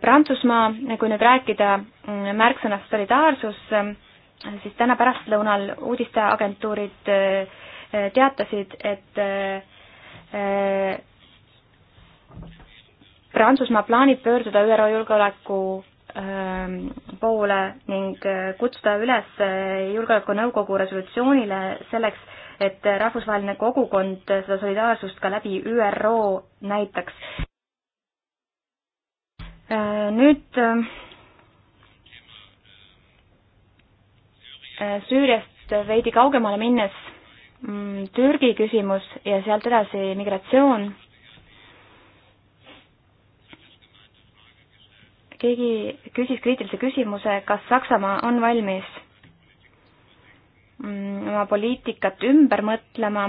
Prantsusmaa, kui nüüd rääkida mm, märksõnast solidaarsus, siis täna pärastlõunal uudisteagentuurid äh, äh, teatasid, et äh, Prantsusmaa plaanib pöörduda ÜRO Julgeoleku poole ning kutsuda üles Julgeolekunõukogu resolutsioonile selleks, et rahvusvaheline kogukond seda solidaarsust ka läbi ÜRO näitaks. Nüüd Süüriast veidi kaugemale minnes mm, Türgi küsimus ja sealt edasi migratsioon. keegi küsis kriitilise küsimuse, kas Saksamaa on valmis mm, oma poliitikat ümber mõtlema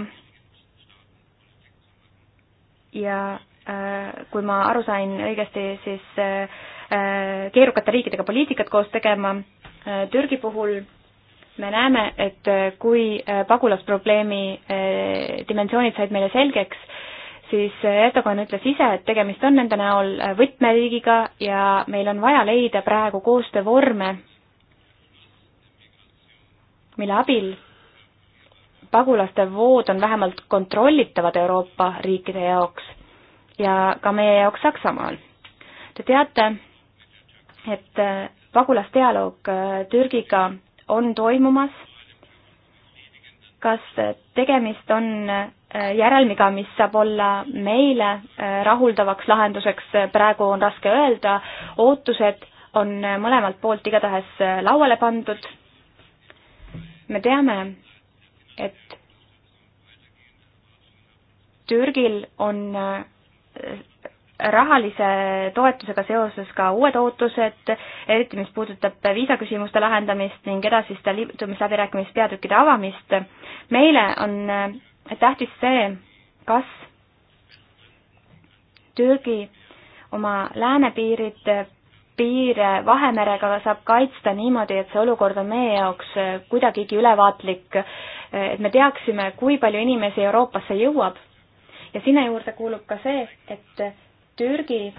ja äh, kui ma aru sain õigesti, siis äh, äh, keerukate riikidega poliitikat koos tegema. Türgi puhul me näeme, et äh, kui äh, pagulasprobleemi äh, dimensioonid said meile selgeks, siis Erdogan ütles ise, et tegemist on nende näol võtmeriigiga ja meil on vaja leida praegu koostöövorme, mille abil pagulaste vood on vähemalt kontrollitavad Euroopa riikide jaoks ja ka meie jaoks Saksamaal. Te teate, et pagulasdialoog Türgiga on toimumas, kas tegemist on äh, järelmiga, mis saab olla meile äh, rahuldavaks lahenduseks, äh, praegu on raske öelda, ootused on mõlemalt poolt igatahes lauale pandud. me teame, et Türgil on rahalise toetusega seoses ka uued ootused, eriti mis puudutab viisaküsimuste lahendamist ning edasiste liitumisläbirääkimiste peatükkide avamist. meile on äh, tähtis see, kas Türgi oma läänepiirid, piire Vahemerega saab kaitsta niimoodi, et see olukord on meie jaoks äh, kuidagigi ülevaatlik, äh, et me teaksime, kui palju inimesi Euroopasse jõuab ja sinna juurde kuulub ka see, et Türgi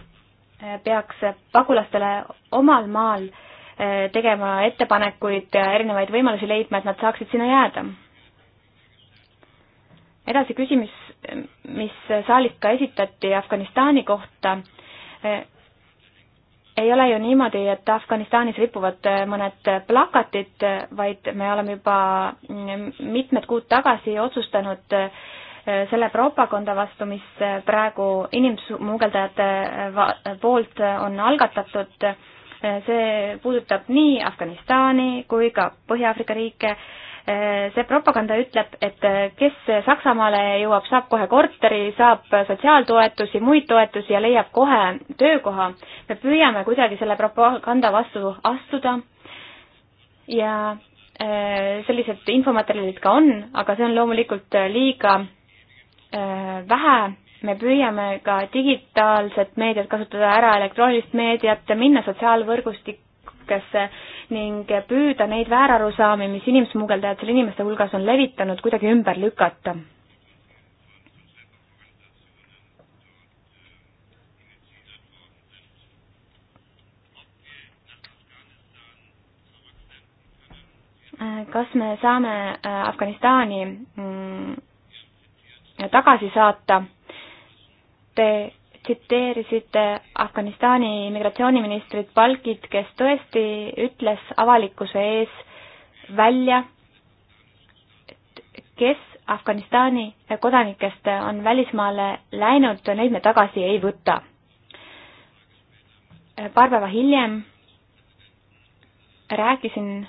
äh, peaks pagulastele omal maal äh, tegema ettepanekuid ja erinevaid võimalusi leidma, et nad saaksid sinna jääda. edasi küsimus, mis saalist ka esitati Afganistani kohta. Äh, ei ole ju niimoodi, et Afganistanis ripuvad mõned plakatid, vaid me oleme juba mm, mitmed kuud tagasi otsustanud Äh, selle propaganda vastu, mis äh, praegu inimsmugeldajate äh, poolt on algatatud. see puudutab nii Afganistani kui ka Põhja-Aafrika riike. see propaganda ütleb, et kes Saksamaale jõuab, saab kohe korteri, saab sotsiaaltoetusi, muid toetusi ja leiab kohe töökoha. me püüame kuidagi selle propaganda vastu astuda ja sellised infomaterjalid ka on, aga see on loomulikult liiga Äh, vähe, me püüame ka digitaalset meediat kasutada ära, elektroonilist meediat, minna sotsiaalvõrgustikesse ning püüda neid väärarusaami, mis inimsmugeldajad seal inimeste hulgas on levitanud, kuidagi ümber lükata äh, kas me saame äh, Afganistani mm, tagasi saata. Te tsiteerisite Afganistani immigratsiooniministrit Balkit, kes tõesti ütles avalikkuse ees välja, kes Afganistani kodanikest on välismaale läinud, neid me tagasi ei võta. paar päeva hiljem rääkisin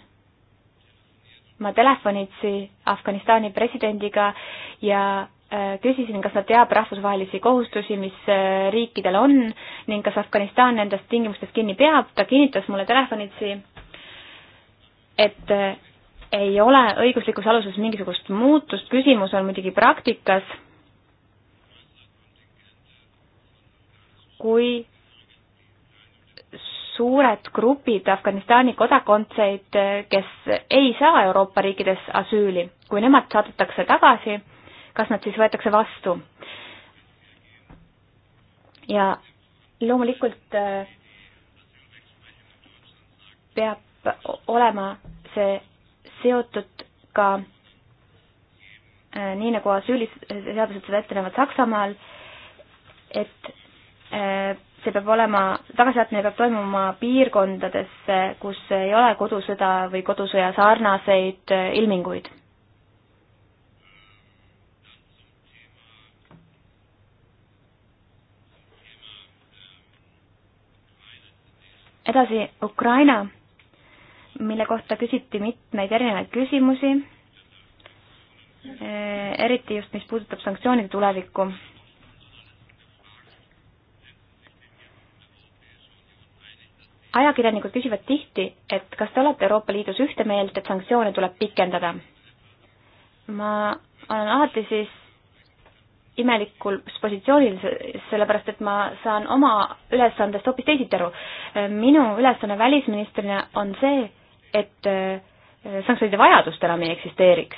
ma telefonitsi Afganistani presidendiga ja küsisin, kas ta teab rahvusvahelisi kohustusi, mis äh, riikidel on ning kas Afganistan nendest tingimustest kinni peab, ta kinnitas mulle telefonitsi, et äh, ei ole õiguslikus aluses mingisugust muutust, küsimus on muidugi praktikas, kui suured grupid Afganistani kodakondseid, äh, kes ei saa Euroopa riikides asüüli, kui nemad saadetakse tagasi kas nad siis võetakse vastu. ja loomulikult äh, peab olema see seotud ka äh, nii, nagu asüüliseadused seda ette näevad Saksamaal, et äh, see peab olema, tagasisaatmine peab toimuma piirkondadesse, kus ei ole kodusõda või kodusõja sarnaseid ilminguid edasi Ukraina, mille kohta küsiti mitmeid erinevaid küsimusi, eh, eriti just, mis puudutab sanktsioonide tulevikku. ajakirjanikud küsivad tihti, et kas te olete Euroopa Liidus ühte meelt, et sanktsioone tuleb pikendada? ma olen alati siis imelikul positsioonil, sellepärast et ma saan oma ülesandest hoopis teisiti aru. minu ülesanne välisministrina on see, et äh, sanktsioonide vajadust enam ei eksisteeriks.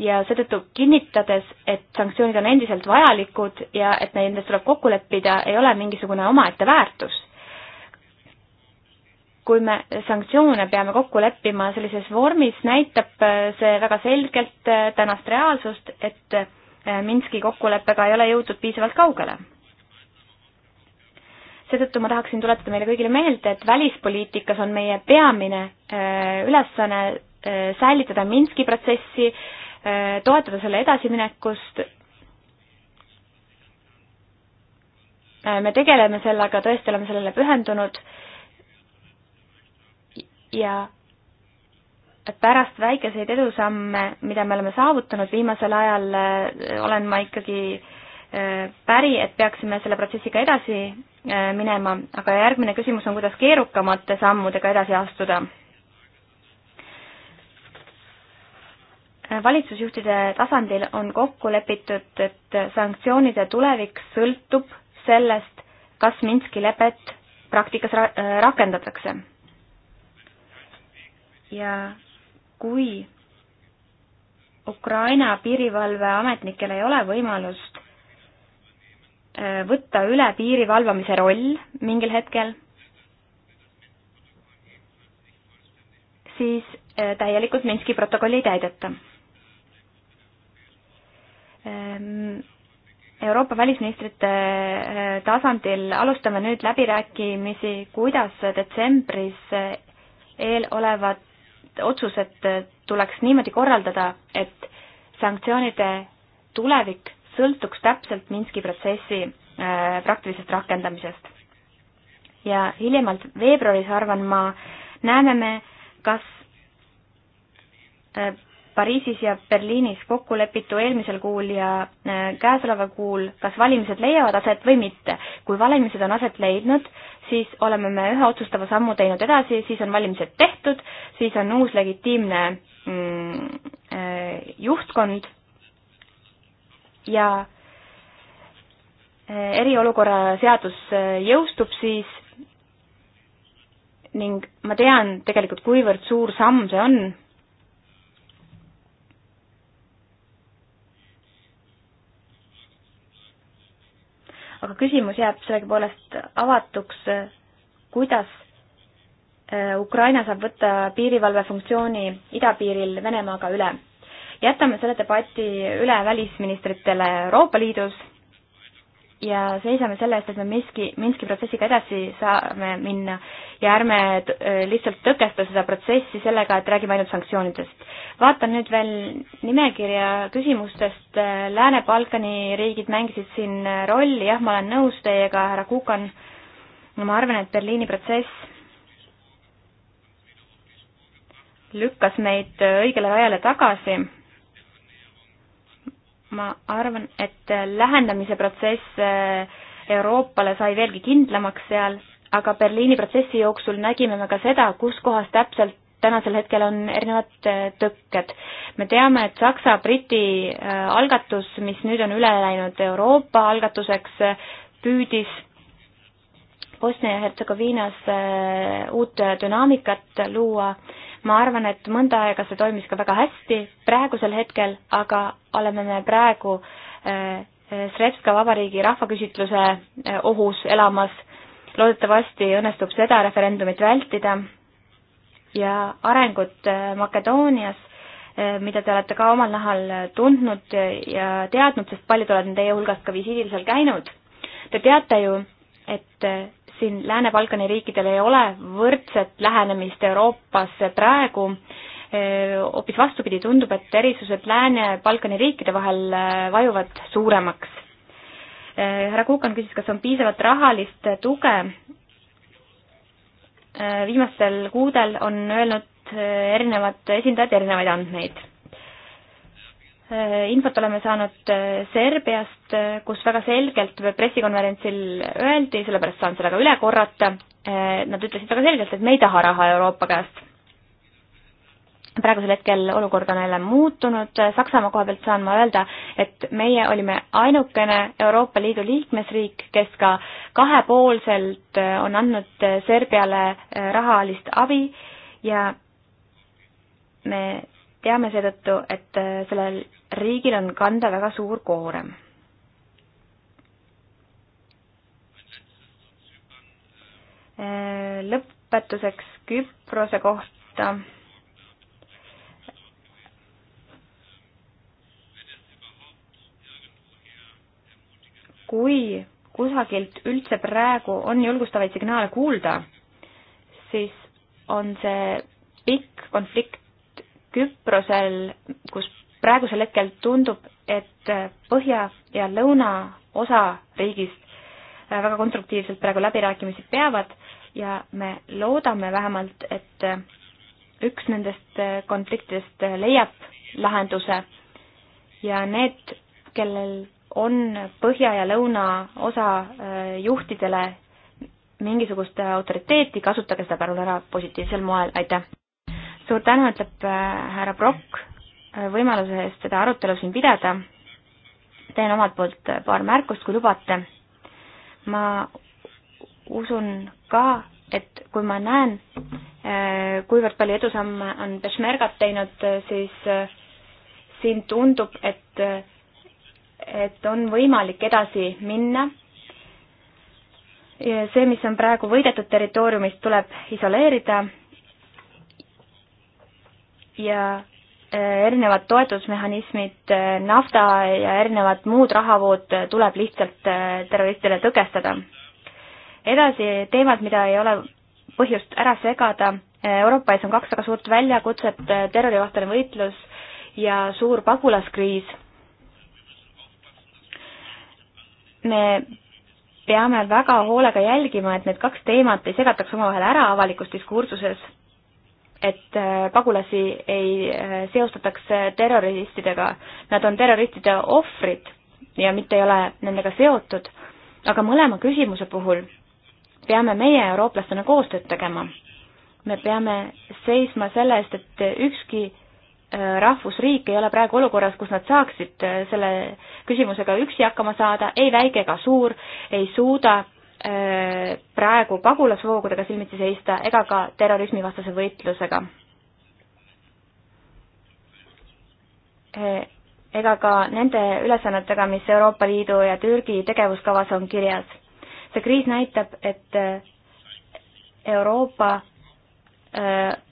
ja seetõttu kinnitades, et sanktsioonid on endiselt vajalikud ja et nendes tuleb kokku leppida, ei ole mingisugune omaette väärtus kui me sanktsioone peame kokku leppima sellises vormis, näitab äh, see väga selgelt äh, tänast reaalsust, et äh, Minski kokkuleppega ei ole jõutud piisavalt kaugele. seetõttu ma tahaksin tuletada meile kõigile meelde, et välispoliitikas on meie peamine ülesanne säilitada Minski protsessi, toetada selle edasiminekust me tegeleme sellega, tõesti oleme sellele pühendunud ja pärast väikeseid edusamme, mida me oleme saavutanud viimasel ajal, äh, olen ma ikkagi äh, päri, et peaksime selle protsessiga edasi äh, minema, aga järgmine küsimus on, kuidas keerukamate sammudega edasi astuda. valitsusjuhtide tasandil on kokku lepitud, et sanktsioonide tulevik sõltub sellest, kas Minski lepet praktikas ra-, rakendatakse ja kui Ukraina piirivalveametnikel ei ole võimalust äh, võtta üle piiri valvamise roll mingil hetkel, siis äh, täielikult Minski protokolli ei täideta. Ähm, Euroopa välisministrite äh, tasandil alustame nüüd läbirääkimisi, kuidas detsembris eelolevat otsused tuleks niimoodi korraldada, et sanktsioonide tulevik sõltuks täpselt Minski protsessi äh, praktilisest rakendamisest. ja hiljemalt veebruaris, arvan ma, näeme me, kas äh, Pariisis ja Berliinis kokku lepitu eelmisel kuul ja äh, käesoleval kuul, kas valimised leiavad aset või mitte. kui valimised on aset leidnud, siis oleme me ühe otsustava sammu teinud edasi, siis on valimised tehtud, siis on uus legitiimne mm, äh, juhtkond ja äh, eriolukorra seadus jõustub siis ning ma tean tegelikult, kuivõrd suur samm see on aga küsimus jääb sellegipoolest avatuks, kuidas äh, Ukraina saab võtta piirivalve funktsiooni idapiiril Venemaaga üle. jätame selle debati üle välisministritele Euroopa Liidus ja seisame selle eest, et me Minski, Minski protsessiga edasi saame minna ja ärme äh, lihtsalt tõkesta seda protsessi sellega, et räägime ainult sanktsioonidest. vaatan nüüd veel nimekirja küsimustest, äh, Lääne-Balkani riigid mängisid siin äh, rolli, jah, ma olen nõus teiega, härra Kukan, ma arvan, et Berliini protsess lükkas meid õigele rajale tagasi ma arvan, et lähendamise protsess eh, Euroopale sai veelgi kindlamaks seal, aga Berliini protsessi jooksul nägime me ka seda, kus kohas täpselt tänasel hetkel on erinevad eh, tõkked. me teame, et Saksa-Briti eh, algatus, mis nüüd on üle läinud Euroopa algatuseks, püüdis Bosnia ja Hertsegoviinas uut dünaamikat luua ma arvan, et mõnda aega see toimis ka väga hästi, praegusel hetkel aga oleme me praegu eh, eh, Srebska vabariigi rahvaküsitluse eh, ohus elamas. loodetavasti õnnestub seda referendumit vältida ja arengut Makedoonias, mida te olete ka omal nahal tundnud ja teadnud, sest paljud olete teie hulgast ka visiidil seal käinud. Te teate ju, et siin Lääne-Balkani riikidel ei ole võrdset lähenemist Euroopasse praegu, hoopis vastupidi, tundub, et erisused Lääne-Balkani riikide vahel äh, vajuvad suuremaks. Äh, härra Kuukan küsis, kas on piisavalt rahalist tuge. Äh, viimastel kuudel on öelnud erinevad esindajad erinevaid andmeid Eh, infot oleme saanud eh, Serbiast, eh, kus väga selgelt pressikonverentsil öeldi, sellepärast saan seda ka üle korrata, nad ütlesid väga selgelt, et me ei taha raha Euroopa käest. praegusel hetkel olukord on jälle muutunud, Saksamaa koha pealt saan ma öelda, et meie olime ainukene Euroopa Liidu liikmesriik, kes ka kahepoolselt on andnud Serbiale rahalist abi ja me teame seetõttu, et äh, sellel riigil on kanda väga suur koorem. Äh, lõpetuseks Küprose kohta kui kusagilt üldse praegu on julgustavaid signaale kuulda, siis on see pikk konflikt Küprosel, kus praegusel hetkel tundub, et põhja ja lõuna osa riigist äh, väga konstruktiivselt praegu läbirääkimisi peavad ja me loodame vähemalt, et äh, üks nendest äh, konfliktidest leiab lahenduse ja need, kellel on põhja ja lõuna osa juhtidele mingisugust autoriteeti, kasutage seda palun ära positiivsel moel, aitäh! suur tänu, ütleb äh, härra Brock äh, võimaluse eest seda arutelu siin pidada. teen omalt poolt äh, paar märkust, kui lubate. ma usun ka, et kui ma näen, kuivõrd palju edusamme on Peshmergat teinud, siis siin tundub, et, et on võimalik edasi minna. see, mis on praegu võidetud territooriumist, tuleb isoleerida ja äh, erinevad toetusmehhanismid, äh, nafta ja erinevad muud rahavood äh, tuleb lihtsalt terroristidele tõkestada. edasi teemad, mida ei ole põhjust ära segada, Euroopa ees on kaks väga suurt väljakutset, terrorivastane võitlus ja suur pagulaskriis. me peame väga hoolega jälgima, et need kaks teemat ei segataks omavahel ära avalikus diskursuses et äh, pagulasi ei äh, seostataks äh, terroristidega. Nad on terroristide ohvrid ja mitte ei ole nendega seotud, aga mõlema küsimuse puhul peame meie eurooplastena koostööd tegema. me peame seisma selle eest, et ükski rahvusriik ei ole praegu olukorras, kus nad saaksid selle küsimusega üksi hakkama saada, ei väike ega suur, ei suuda Äh, praegu pagulasvoogudega silmitsi seista ega ka terrorismivastase võitlusega. Äh, ega ka nende ülesannetega, mis Euroopa Liidu ja Türgi tegevuskavas on kirjas. see kriis näitab, et äh, Euroopa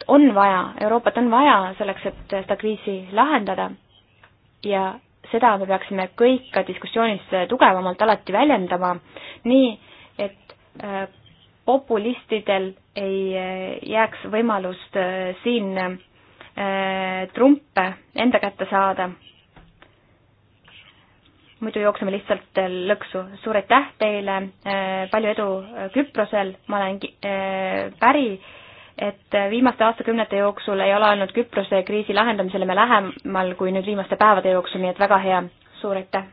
on vaja, Euroopat on vaja selleks, et seda kriisi lahendada ja seda me peaksime kõik ka diskussioonis tugevamalt alati väljendama, nii populistidel ei eh, jääks võimalust eh, siin eh, trumpe enda kätte saada. muidu jookseme lihtsalt lõksu. suur aitäh teile, palju edu Küprosel, ma olen päri, et viimaste aastakümnete jooksul ei ole olnud Küprose kriisi lahendamisele me lähemal kui nüüd viimaste päevade jooksul, nii et väga hea, suur aitäh!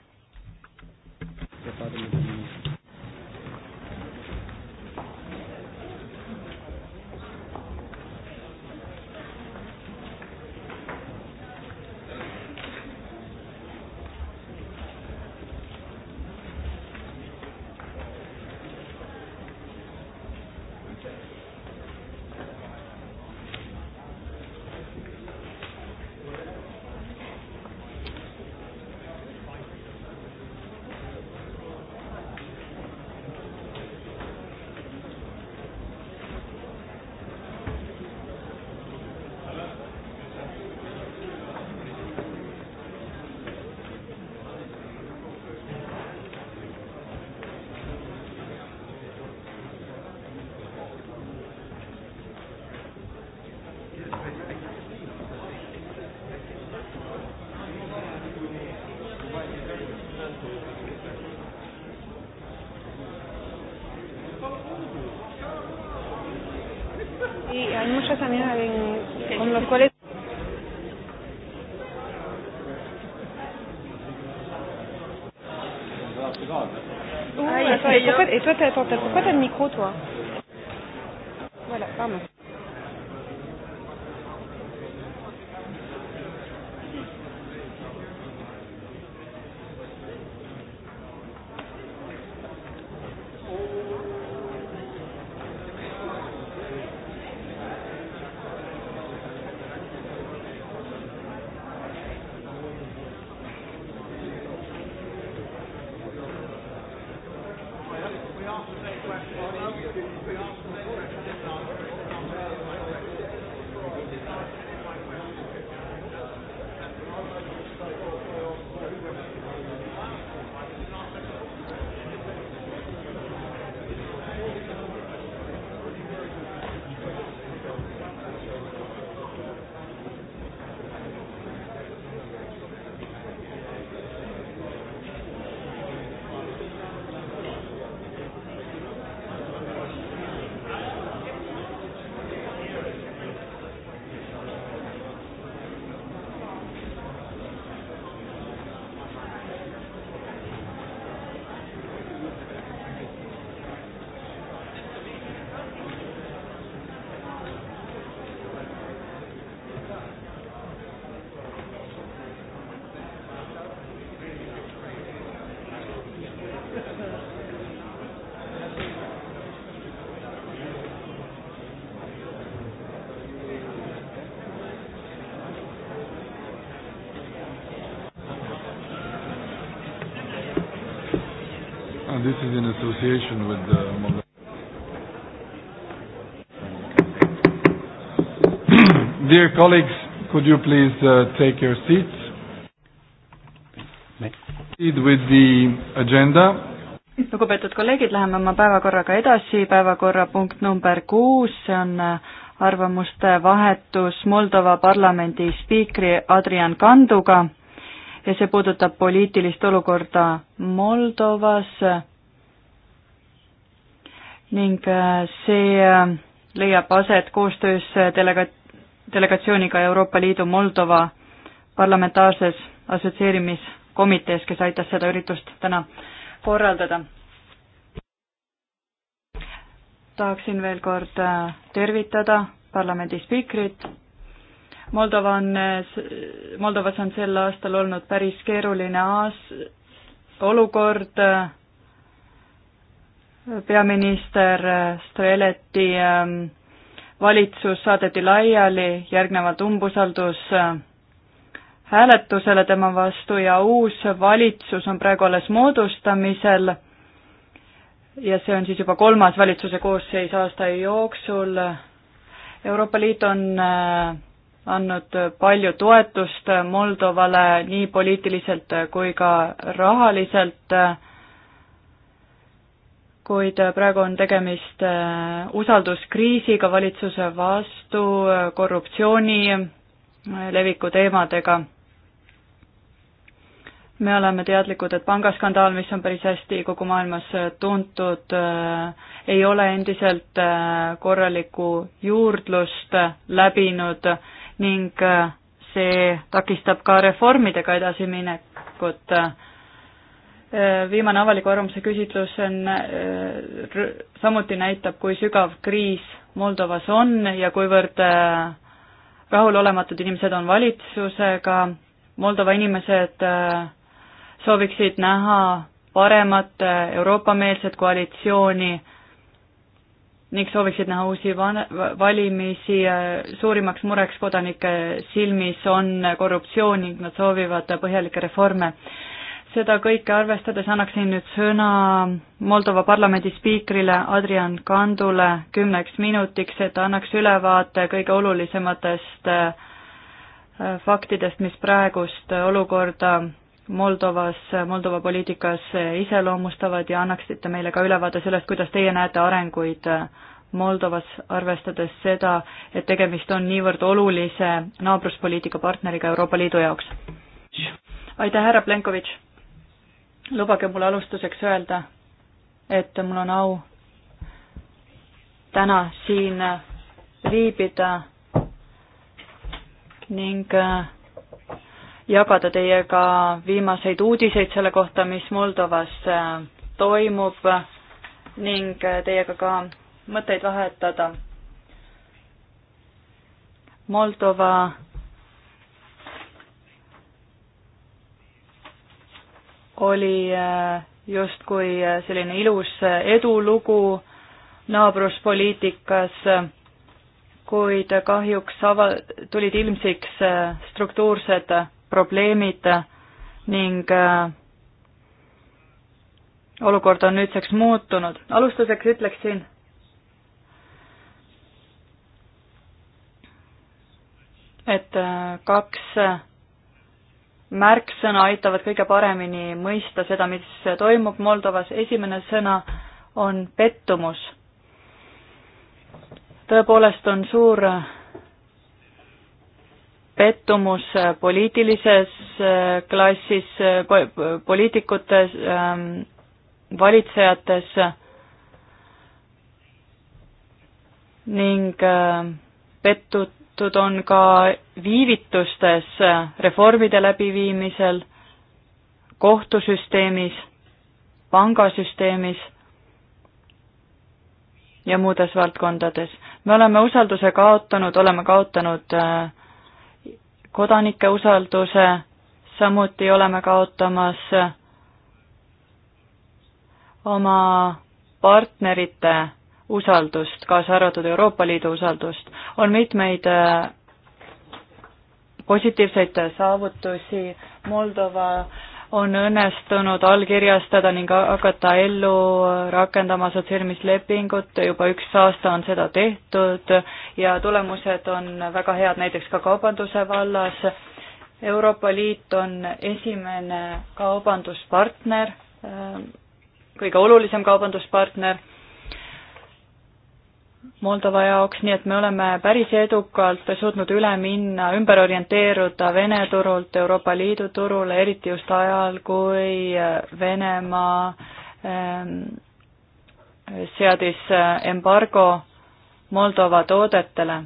association with uh, the Moldavian. Dear colleagues, could you please uh, take your seats? Proceed with the agenda. lugupeetud kolleegid, läheme oma päevakorraga edasi, päevakorrapunkt number kuus, see on äh, arvamuste vahetus Moldova parlamendi spiikri Adrian Kanduga ja see puudutab poliitilist olukorda Moldovas ning äh, see äh, leiab aset koostöös äh, delega-, delegatsiooniga Euroopa Liidu Moldova parlamentaarses assotsieerimiskomitees, kes aitas seda üritust täna korraldada. tahaksin veel kord tervitada parlamendi spiikrit. Moldova on, Moldovas on sel aastal olnud päris keeruline aas-, olukord äh, peaminister Streleti ähm, valitsus saadeti laiali, järgnevad umbusaldus äh, hääletusele tema vastu ja uus valitsus on praegu alles moodustamisel ja see on siis juba kolmas valitsuse koosseis aasta jooksul. Euroopa Liit on äh, andnud palju toetust Moldovale nii poliitiliselt kui ka rahaliselt kuid äh, praegu on tegemist äh, usalduskriisiga valitsuse vastu, äh, korruptsiooni leviku teemadega. me oleme teadlikud, et pangaskandaal, mis on päris hästi kogu maailmas tuntud, ei ole endiselt korralikku juurdlust läbinud ning see takistab ka reformidega edasiminekut Äh, viimane avaliku arvamuse küsitlus on, äh, samuti näitab, kui sügav kriis Moldovas on ja kuivõrd äh, rahulolematud inimesed on valitsusega, Moldova inimesed sooviksid näha paremat Euroopa-meelset koalitsiooni ning sooviksid näha uusi valimisi, suurimaks mureks kodanike silmis on korruptsioon ning nad soovivad põhjalikke reforme seda kõike arvestades annaksin nüüd sõna Moldova parlamendi spiikrile Adrian Kandule kümneks minutiks, et annaks ülevaate kõige olulisematest äh, faktidest, mis praegust olukorda Moldovas, Moldova poliitikas iseloomustavad ja annaksite meile ka ülevaade sellest, kuidas teie näete arenguid äh, Moldovas, arvestades seda, et tegemist on niivõrd olulise naabruspoliitika partneriga Euroopa Liidu jaoks. aitäh, härra Plenkovitš! lubage mul alustuseks öelda, et mul on au täna siin viibida ning äh, jagada teiega viimaseid uudiseid selle kohta, mis Moldovas äh, toimub ning äh, teiega ka mõtteid vahetada. Moldova oli äh, justkui äh, selline ilus äh, edulugu naabruspoliitikas, kuid kahjuks ava-, tulid ilmsiks struktuursed probleemid ning olukord on nüüdseks muutunud. alustuseks ütleksin, et kaks märksõna aitavad kõige paremini mõista seda, mis toimub Moldovas. esimene sõna on pettumus. tõepoolest on suur pettumus poliitilises äh, klassis, poliitikutes, ähm, valitsejates ning äh, pettud seotud on ka viivitustes reformide läbiviimisel, kohtusüsteemis, pangasüsteemis ja muudes valdkondades. me oleme usalduse kaotanud, oleme kaotanud äh, kodanike usalduse, samuti oleme kaotamas äh, oma partnerite usaldust, kaasa arvatud Euroopa Liidu usaldust. on mitmeid äh, positiivseid saavutusi, Moldova on õnnestunud allkirjastada ning hakata ellu rakendama assotsieerimislepingut, juba üks aasta on seda tehtud ja tulemused on väga head näiteks ka kaubanduse vallas. Euroopa Liit on esimene kaubanduspartner, äh, kõige olulisem kaubanduspartner Moldova jaoks, nii et me oleme päris edukalt suutnud üle minna, ümber orienteeruda Vene turult Euroopa Liidu turule, eriti just ajal, kui äh, Venemaa ähm, seadis äh, embargo Moldova toodetele.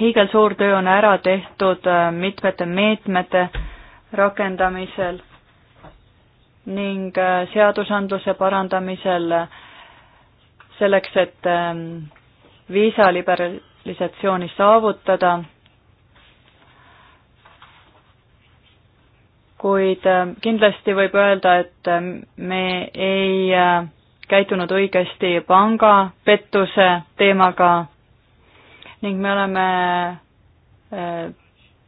hiigelsuur töö on ära tehtud äh, mitmete meetmete rakendamisel ning seadusandluse parandamisel äh, selleks, et ähm, viisa liberalisatsiooni saavutada, kuid ähm, kindlasti võib öelda, et ähm, me ei äh, käitunud õigesti pangapettuse teemaga ning me oleme äh,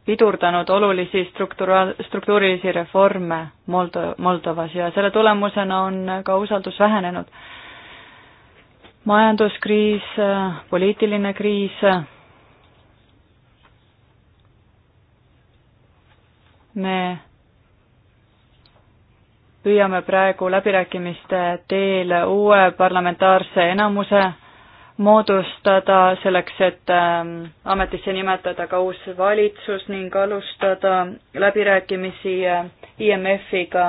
pidurdanud olulisi struktura-, struktuurilisi reforme Moldo-, Moldovas ja selle tulemusena on ka usaldus vähenenud majanduskriis, poliitiline kriis, me püüame praegu läbirääkimiste teel uue parlamentaarse enamuse moodustada selleks, et ähm, ametisse nimetada ka uus valitsus ning alustada läbirääkimisi äh, IMF-iga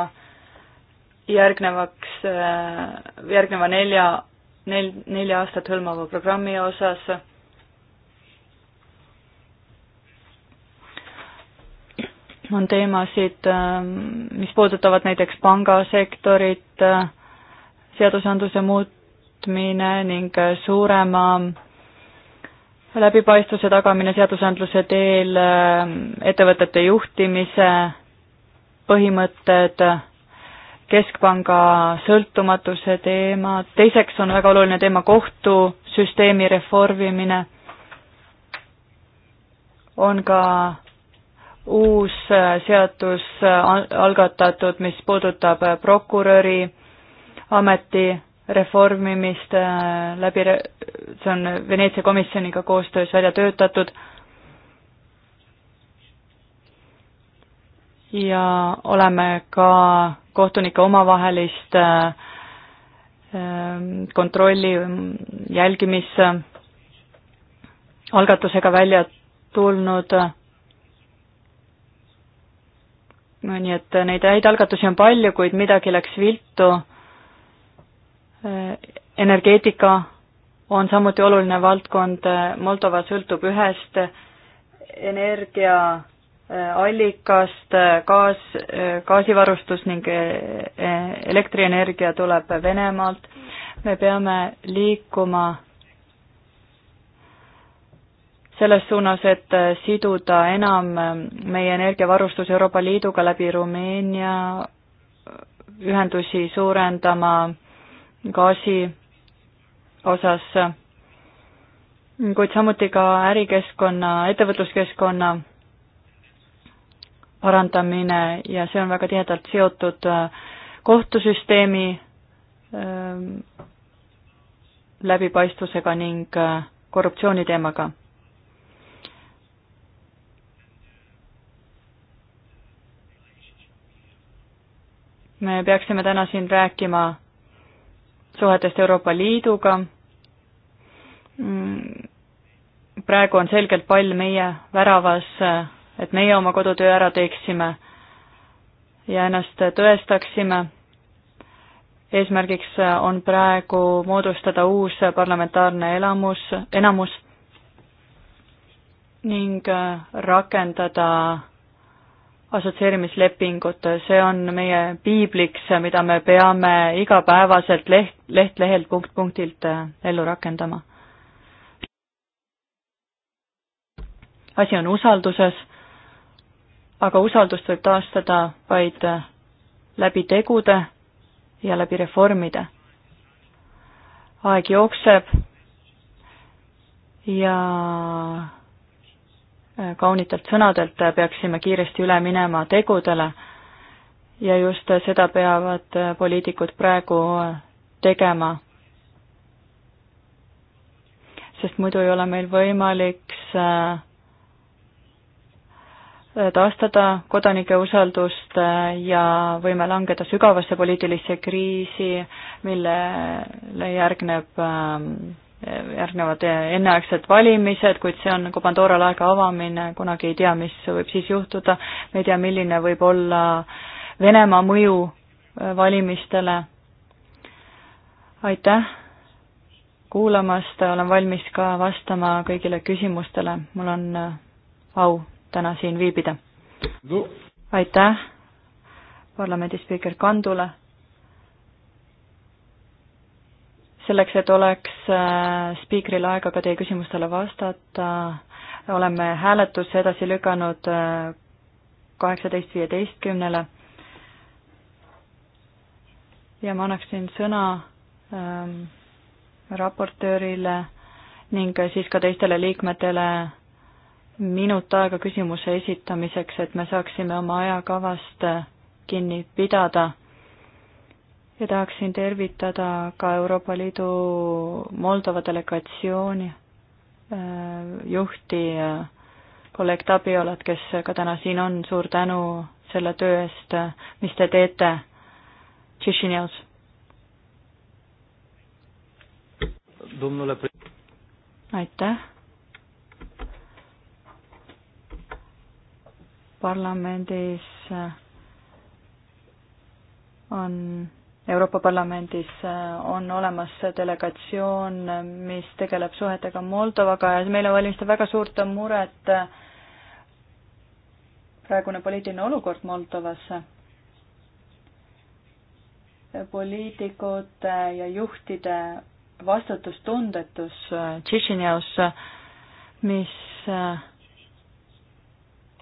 järgnevaks, äh, järgneva nelja nel-, nelja aastat hõlmava programmi osas. on teemasid, ähm, mis puudutavad näiteks pangasektorit, äh, seadusandluse muutmine ning äh, suurema läbipaistvuse tagamine seadusandluse teel, äh, ettevõtete juhtimise põhimõtted keskpanga sõltumatuse teema, teiseks on väga oluline teema kohtusüsteemi reformimine, on ka uus seadus algatatud, mis puudutab prokuröri ameti reformimist läbi, see on Veneetsia komisjoniga koostöös välja töötatud ja oleme ka kohtunike omavahelist äh, äh, kontrolli jälgimisalgatusega välja tulnud. no nii, et neid häid algatusi on palju, kuid midagi läks viltu. Äh, energeetika on samuti oluline valdkond, Moldova sõltub ühest energia Äh, allikast, äh, gaas, äh, gaasivarustus ning elektrienergia tuleb Venemaalt. me peame liikuma selles suunas, et siduda enam meie energiavarustus Euroopa Liiduga läbi Rumeenia, ühendusi suurendama gaasi osas, kuid samuti ka ärikeskkonna, ettevõtluskeskkonna parandamine ja see on väga tihedalt seotud äh, kohtusüsteemi äh, läbipaistvusega ning äh, korruptsiooni teemaga. me peaksime täna siin rääkima suhetest Euroopa Liiduga. Mm, praegu on selgelt pall meie väravas et meie oma kodutöö ära teeksime ja ennast tõestaksime. eesmärgiks on praegu moodustada uus parlamentaarne elamus, enamus ning äh, rakendada assotsieerimislepingut, see on meie piibliks, mida me peame igapäevaselt leht, leht-lehelt, punkt-punktilt äh, ellu rakendama. asi on usalduses aga usaldust võib taastada vaid läbi tegude ja läbi reformide. aeg jookseb ja kaunitelt sõnadelt peaksime kiiresti üle minema tegudele ja just seda peavad poliitikud praegu tegema. sest muidu ei ole meil võimalik äh, Äh, taastada kodanike usaldust äh, ja võime langeda sügavasse poliitilisse kriisi, millele järgneb, ähm, järgnevad äh, enneaegsed valimised, kuid see on nagu Pandora laega avamine, kunagi ei tea, mis võib siis juhtuda, me ei tea, milline võib olla Venemaa mõju valimistele. aitäh kuulamast, olen valmis ka vastama kõigile küsimustele, mul on au täna siin viibida no.. aitäh parlamendi spiiker Kandule. selleks, et oleks äh, spiikril aega ka teie küsimustele vastata, oleme hääletuse edasi lükanud äh, kaheksateist viieteistkümnele. ja ma annaksin sõna ähm, raportöörile ning siis ka teistele liikmetele minut aega küsimuse esitamiseks, et me saaksime oma ajakavast kinni pidada. ja tahaksin tervitada ka Euroopa Liidu Moldova delegatsiooni äh, juhti äh, kolleeg Tabiolat, kes ka täna siin on, suur tänu selle töö eest, äh, mis te teete Tšišinjavs. aitäh parlamendis on, Euroopa Parlamendis on olemas delegatsioon, mis tegeleb suhetega Moldovaga ja meile valmistab väga suurt muret praegune poliitiline olukord Moldovas. poliitikute ja juhtide vastutustundetus Tšišinjaos, mis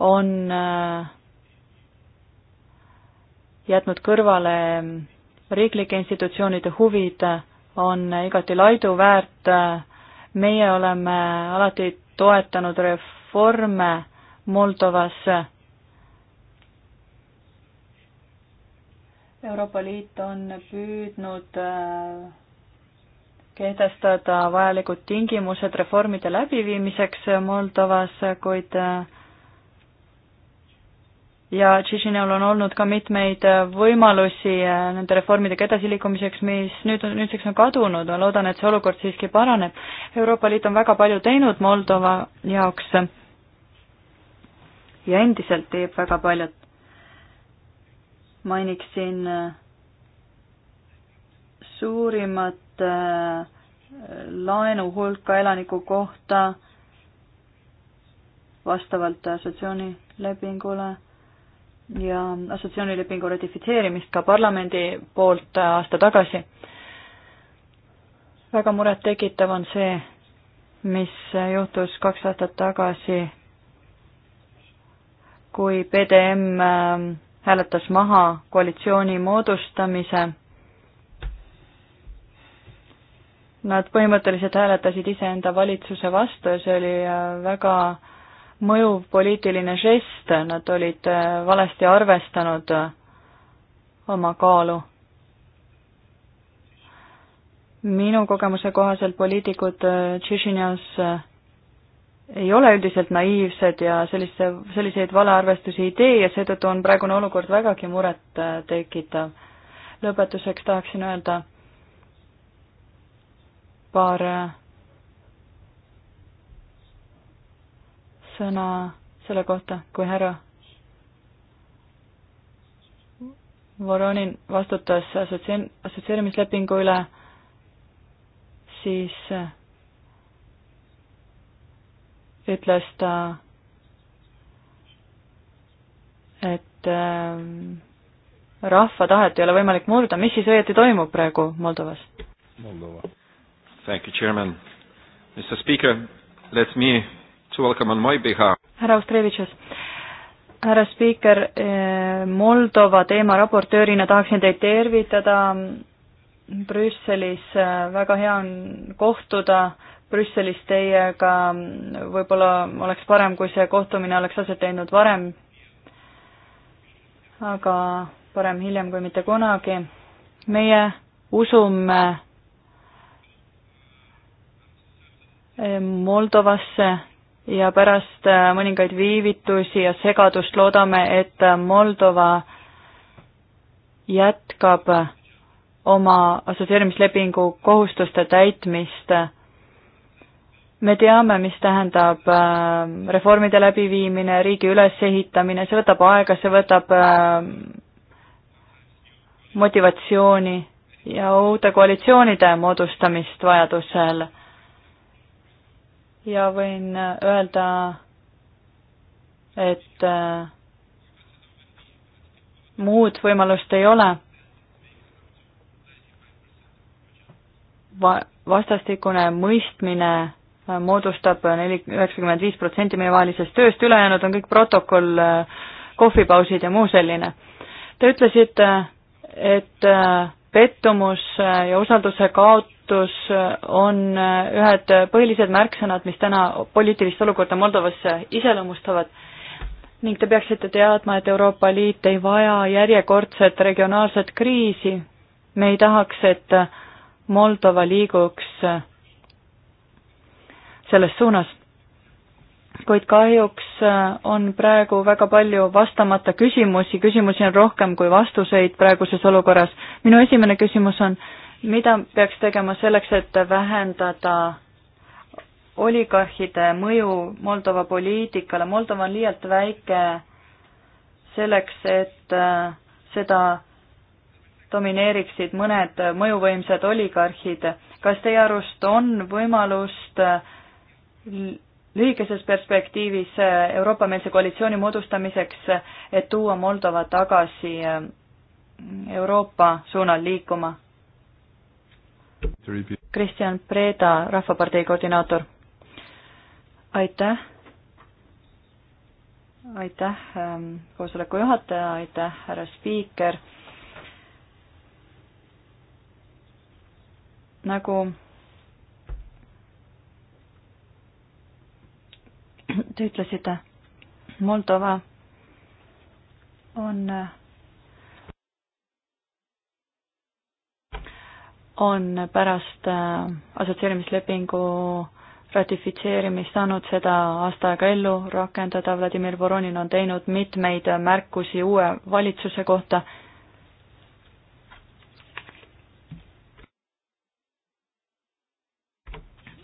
on äh, jätnud kõrvale riiklike institutsioonide huvid, on igati laiduväärt, meie oleme alati toetanud reforme Moldovas. Euroopa Liit on püüdnud äh, kehtestada vajalikud tingimused reformide läbiviimiseks Moldovas, kuid äh, ja Tšišinel on olnud ka mitmeid võimalusi äh, nende reformidega edasiliikumiseks, mis nüüd, nüüdseks on kadunud, ma loodan, et see olukord siiski paraneb. Euroopa Liit on väga palju teinud Moldova jaoks ja endiselt teeb väga paljut. mainiksin äh, suurimat äh, laenu hulka elaniku kohta vastavalt assotsiatsioonilepingule ja assotsiatsioonilepingu ratifitseerimist ka parlamendi poolt aasta tagasi. väga murettekitav on see, mis juhtus kaks aastat tagasi, kui PDM ähm, hääletas maha koalitsiooni moodustamise. Nad põhimõtteliselt hääletasid iseenda valitsuse vastu ja see oli äh, väga äh, mõjuv poliitiline žest, nad olid äh, valesti arvestanud äh, oma kaalu. minu kogemuse kohaselt poliitikud äh, Tšišinjas ei ole üldiselt naiivsed ja sellise, selliseid valearvestusi ei tee ja seetõttu on praegune olukord vägagi muret tekitav. lõpetuseks tahaksin öelda paar sõna selle kohta, kui härra Voronin vastutas assotsieer-, assotsieerimislepingu üle, siis ütles ta, et ähm, rahva tahet ei ole võimalik murda, mis siis õieti toimub praegu Moldovas? Moldova. Thank you, chairman. Mr Speaker, let me to welcome on my behalf. härra Ostrevitšus, härra spiiker, eh, Moldova teema raportöörina tahaksin teid tervitada Brüsselis, eh, väga hea on kohtuda Brüsselis teiega, võib-olla oleks parem, kui see kohtumine oleks aset leidnud varem, aga parem hiljem kui mitte kunagi. meie usume eh, Moldovasse ja pärast äh, mõningaid viivitusi ja segadust loodame, et äh, Moldova jätkab äh, oma assotsieerimislepingu kohustuste täitmist. me teame, mis tähendab reformide läbiviimine, riigi ülesehitamine, see võtab aega, see võtab motivatsiooni ja uute koalitsioonide moodustamist vajadusel ja võin äh, öelda, et äh, muud võimalust ei ole va-, vastastikune mõistmine äh, moodustab neli, üheksakümmend viis protsenti meievahelisest tööst, ülejäänud on kõik protokoll, kohvipausid ja muu selline. Te ütlesite, et pettumus ja usalduse kaot-, toetus äh, on äh, ühed äh, põhilised märksõnad, mis täna poliitilist olukorda Moldovas iseloomustavad ning te peaksite teadma, et Euroopa Liit ei vaja järjekordset regionaalset kriisi. me ei tahaks, et Moldova liiguks selles suunas. kuid kahjuks on praegu väga palju vastamata küsimusi, küsimusi on rohkem kui vastuseid praeguses olukorras. minu esimene küsimus on äh, mida peaks tegema selleks, et vähendada oligarhide mõju Moldova poliitikale, Moldova on liialt väike selleks, et äh, seda domineeriksid mõned mõjuvõimsad oligarhid. kas teie arust on võimalust äh, lühikeses perspektiivis äh, Euroopa-meelse koalitsiooni moodustamiseks, et tuua Moldova tagasi Euroopa suunal liikuma? Kristjan Preda, Rahvapartei koordinaator. aitäh. aitäh, ähm, koosoleku juhataja, aitäh, härra spiiker. nagu te ütlesite, Moldova on äh, on pärast äh, assotsieerimislepingu ratifitseerimist saanud seda aasta aega ellu rakendada, Vladimir Voronin on teinud mitmeid märkusi uue valitsuse kohta.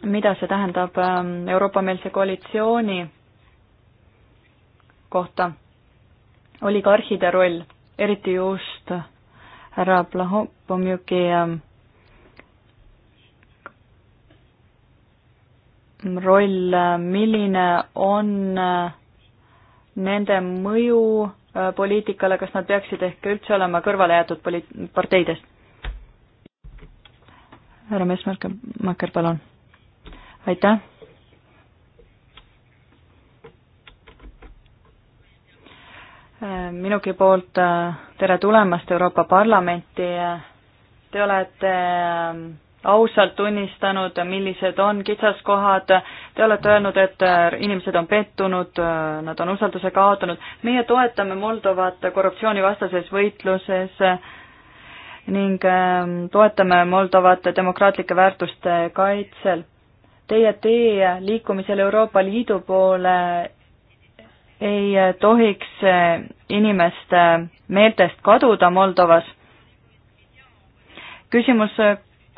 mida see tähendab ähm, Euroopa-meelse koalitsiooni kohta? oligarhide roll, eriti just härra Plahopomjuki ähm, roll, milline on äh, nende mõju äh, poliitikale, kas nad peaksid ehk üldse olema kõrvale jäetud poli-, parteidest? härra Messmarker, Makker, palun. aitäh. Äh, minugi poolt tere tulemast Euroopa Parlamenti. Te olete ausalt tunnistanud, millised on kitsaskohad, te olete öelnud, et äh, inimesed on pettunud, äh, nad on usalduse kaotanud, meie toetame Moldovat korruptsioonivastases võitluses ning ähm, toetame Moldovat demokraatlike väärtuste kaitsel. Teie tee liikumisel Euroopa Liidu poole ei äh, tohiks inimeste meeltest kaduda Moldovas. küsimus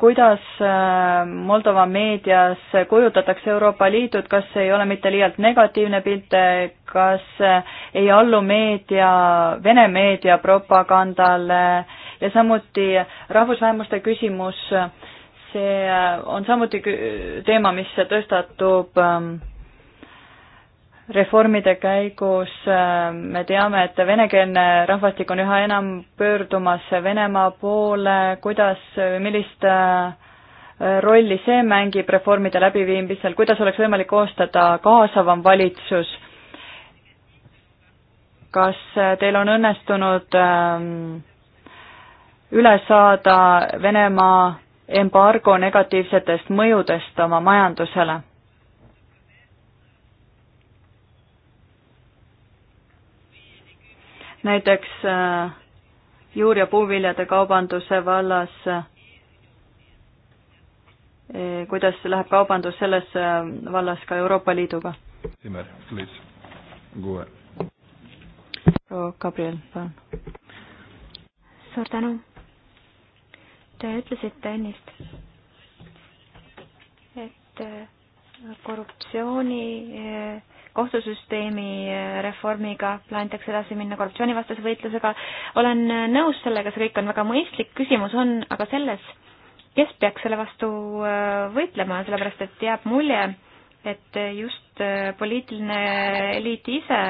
kuidas äh, Moldova meedias kujutatakse Euroopa Liidut, kas ei ole mitte liialt negatiivne pilt, kas äh, ei allu meedia, Vene meedia propagandale ja samuti rahvusvähemuste küsimus, see äh, on samuti teema, mis tõstatub ähm, reformide käigus äh, me teame, et venekeelne rahvastik on üha enam pöördumas Venemaa poole, kuidas, millist äh, rolli see mängib reformide läbiviimisel, kuidas oleks võimalik koostada kaasavam valitsus? kas äh, teil on õnnestunud üle saada Venemaa embargo negatiivsetest mõjudest oma majandusele? näiteks äh, juur- ja puuviljade kaubanduse vallas, äh, kuidas läheb kaubandus selles äh, vallas ka Euroopa Liiduga? Zimmer, please, go ahead. proua Gabriel, palun. suur tänu. Te ütlesite ennist, et korruptsiooni kohtusüsteemi reformiga, plaanitakse edasi minna korruptsioonivastase võitlusega. olen nõus sellega, see kõik on väga mõistlik, küsimus on aga selles, kes peaks selle vastu äh, võitlema, sellepärast et jääb mulje, et just äh, poliitiline eliit ise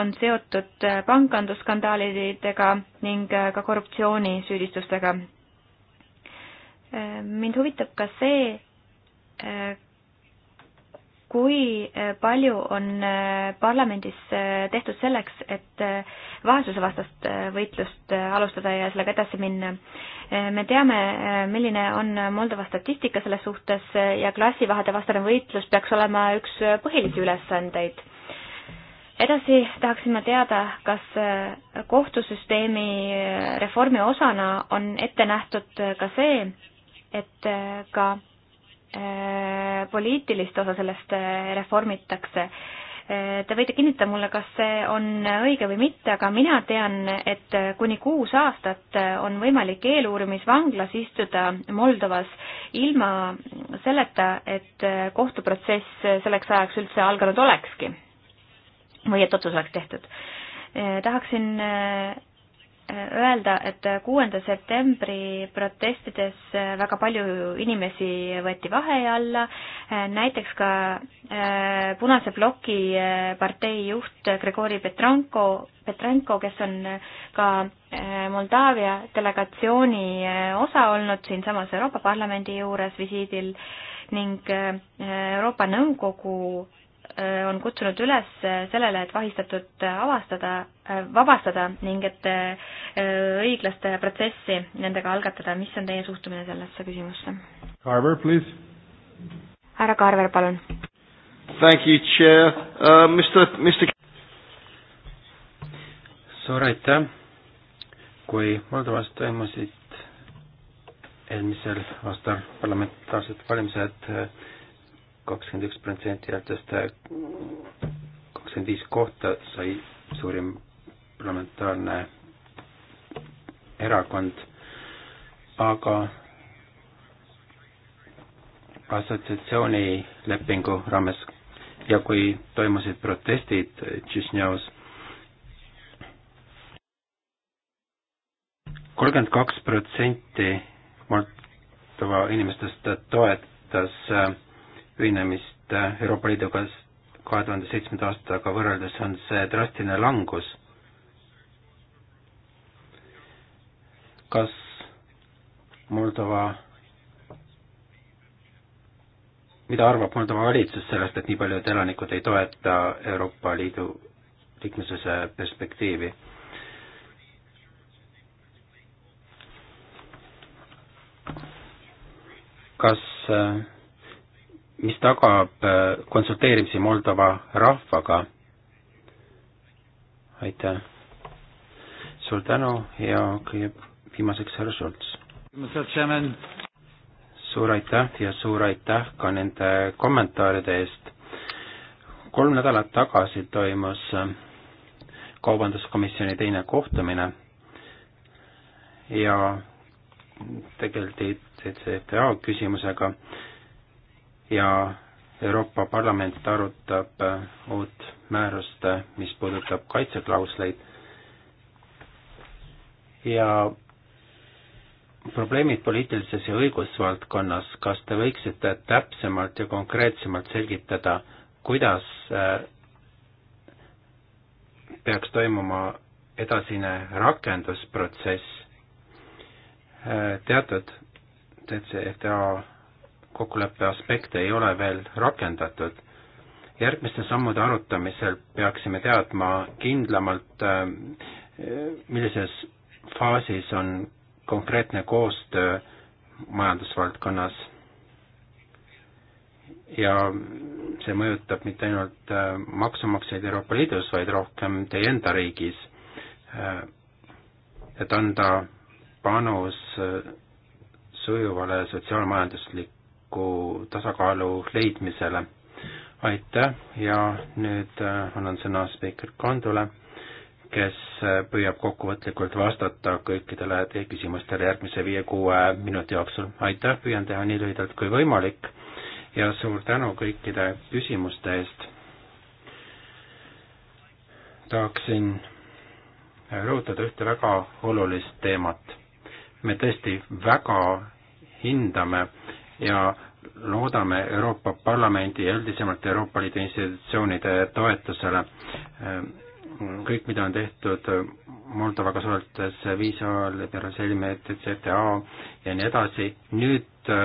on seotud äh, pangandusskandaalidega ning ka korruptsioonisüüdistustega. mind huvitab ka see, kui eh, palju on eh, parlamendis eh, tehtud selleks, et vaesusevastast võitlust alustada ja sellega edasi minna. me teame, milline on Moldova statistika selles suhtes ja klassivahede vastane võitlus peaks olema üks põhilisi ülesandeid. edasi tahaksin ma teada, kas kohtusüsteemi reformi osana on ette nähtud ka see, et ka Äh, poliitilist osa sellest äh, reformitakse. Äh, te võite kinnitada mulle, kas see on õige või mitte, aga mina tean, et kuni kuus aastat on võimalik eeluurimisvanglas istuda Moldovas ilma selleta, et kohtuprotsess selleks ajaks üldse alganud olekski või et otsus oleks tehtud. tahaksin öelda, et kuuenda septembri protestides väga palju inimesi võeti vahe alla, näiteks ka äh, Punase ploki äh, partei juht Grigori Petranko, Petranko, kes on ka äh, Moldaavia delegatsiooni osa olnud siinsamas Euroopa Parlamendi juures visiidil ning Euroopa Nõukogu Äh, on kutsunud üles äh, sellele, et vahistatud äh, avastada, vabastada ning et õiglaste protsessi nendega algatada. mis on teie suhtumine sellesse küsimusse? Carver, please. härra Carver, palun. Thank you, chair uh,. Mr, Mr. suur aitäh. kui Moldovas toimusid eelmisel aastal parlamentaarsed valimised uh, kakskümmend üks protsenti häältest kakskümmend viis kohta sai suurim parlamentaarne erakond, aga assotsiatsioonilepingu raames ja kui toimusid protestid Tšišnjavs, kolmkümmend kaks protsenti Moldova inimestest toetas äh, ühinemist äh, Euroopa Liiduga kahe tuhande seitsmenda aastaga võrreldes on see drastiline langus. kas Moldova, mida arvab Moldova valitsus sellest, et nii paljud elanikud ei toeta Euroopa Liidu liikmesuse perspektiivi? kas äh, mis tagab äh, konsulteerimise Moldova rahvaga. aitäh. suur tänu ja kõige viimaseks härra Schultz. suur aitäh ja suur aitäh ka nende kommentaaride eest. kolm nädalat tagasi toimus äh, kaubanduskomisjoni teine kohtumine ja tegeldi CCTA küsimusega ja Euroopa Parlament arutab äh, uut määrust, äh, mis puudutab kaitseklausleid ja probleemid poliitilises ja õigusvaldkonnas, kas te võiksite täpsemalt ja konkreetsemalt selgitada, kuidas äh, peaks toimuma edasine rakendusprotsess teatud DCFTA kokkuleppe aspekte ei ole veel rakendatud. järgmiste sammude arutamisel peaksime teadma kindlamalt, äh, millises faasis on konkreetne koostöö majandusvaldkonnas. ja see mõjutab mitte ainult äh, maksumaksjaid Euroopa Liidus, vaid rohkem teie enda riigis, äh, et anda panus sujuvale sotsiaalmajanduslik-, vajaliku tasakaalu leidmisele. aitäh ja nüüd äh, annan sõna spiiker Kandule, kes äh, püüab kokkuvõtlikult vastata kõikidele teie küsimustele järgmise viie-kuue minuti jooksul. aitäh, püüan teha nii lühidalt kui võimalik ja suur tänu kõikide küsimuste eest. tahaksin äh, rõhutada ühte väga olulist teemat. me tõesti väga hindame ja loodame Euroopa Parlamendi ja üldisemalt Euroopa Liidu institutsioonide toetusele. kõik, mida on tehtud Moldovaga suhetes, viisa, liberaliseerimine, CTA ja nii edasi, nüüd äh,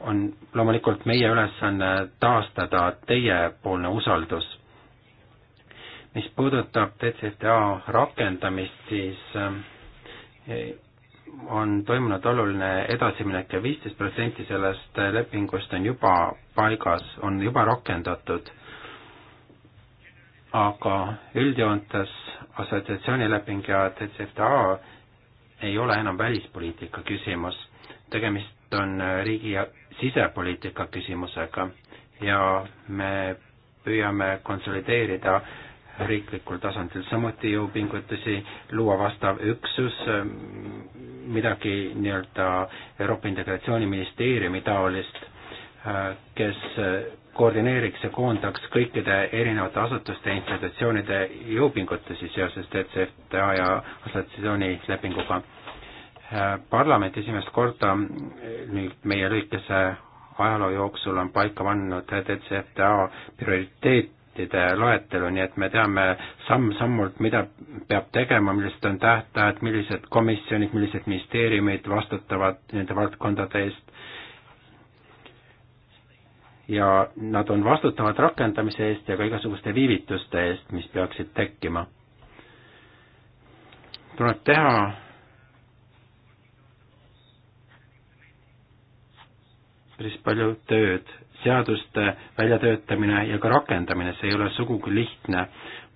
on loomulikult meie ülesanne taastada teiepoolne usaldus. mis puudutab DCFTA rakendamist, siis äh, on toimunud oluline edasiminek ja viisteist protsenti sellest lepingust on juba paigas, on juba rakendatud. aga üldjoontes assotsiatsioonileping ja DCFTA ei ole enam välispoliitika küsimus, tegemist on riigi sisepoliitika küsimusega ja me püüame konsolideerida äh, riiklikul tasandil samuti jõupingutusi, luua vastav üksus, ähm, midagi nii-öelda Euroopa Integratsiooniministeeriumi taolist, äh, kes äh, koordineeriks ja koondaks kõikide erinevate asutuste ja institutsioonide jõupingutusi seoses DCFTA ja assotsiatsioonilepinguga. Äh, parlament esimest korda nüüd meie lühikese ajaloo jooksul on paika pannud DCFTA prioriteet prioriteetide loetelu, nii et me teame samm-sammult, mida peab tegema, millised on tähtajad, millised komisjonid, millised ministeeriumid vastutavad nende valdkondade eest ja nad on vastutavad rakendamise eest ja ka igasuguste viivituste eest, mis peaksid tekkima. tuleb teha päris palju tööd seaduste väljatöötamine ja ka rakendamine, see ei ole sugugi lihtne.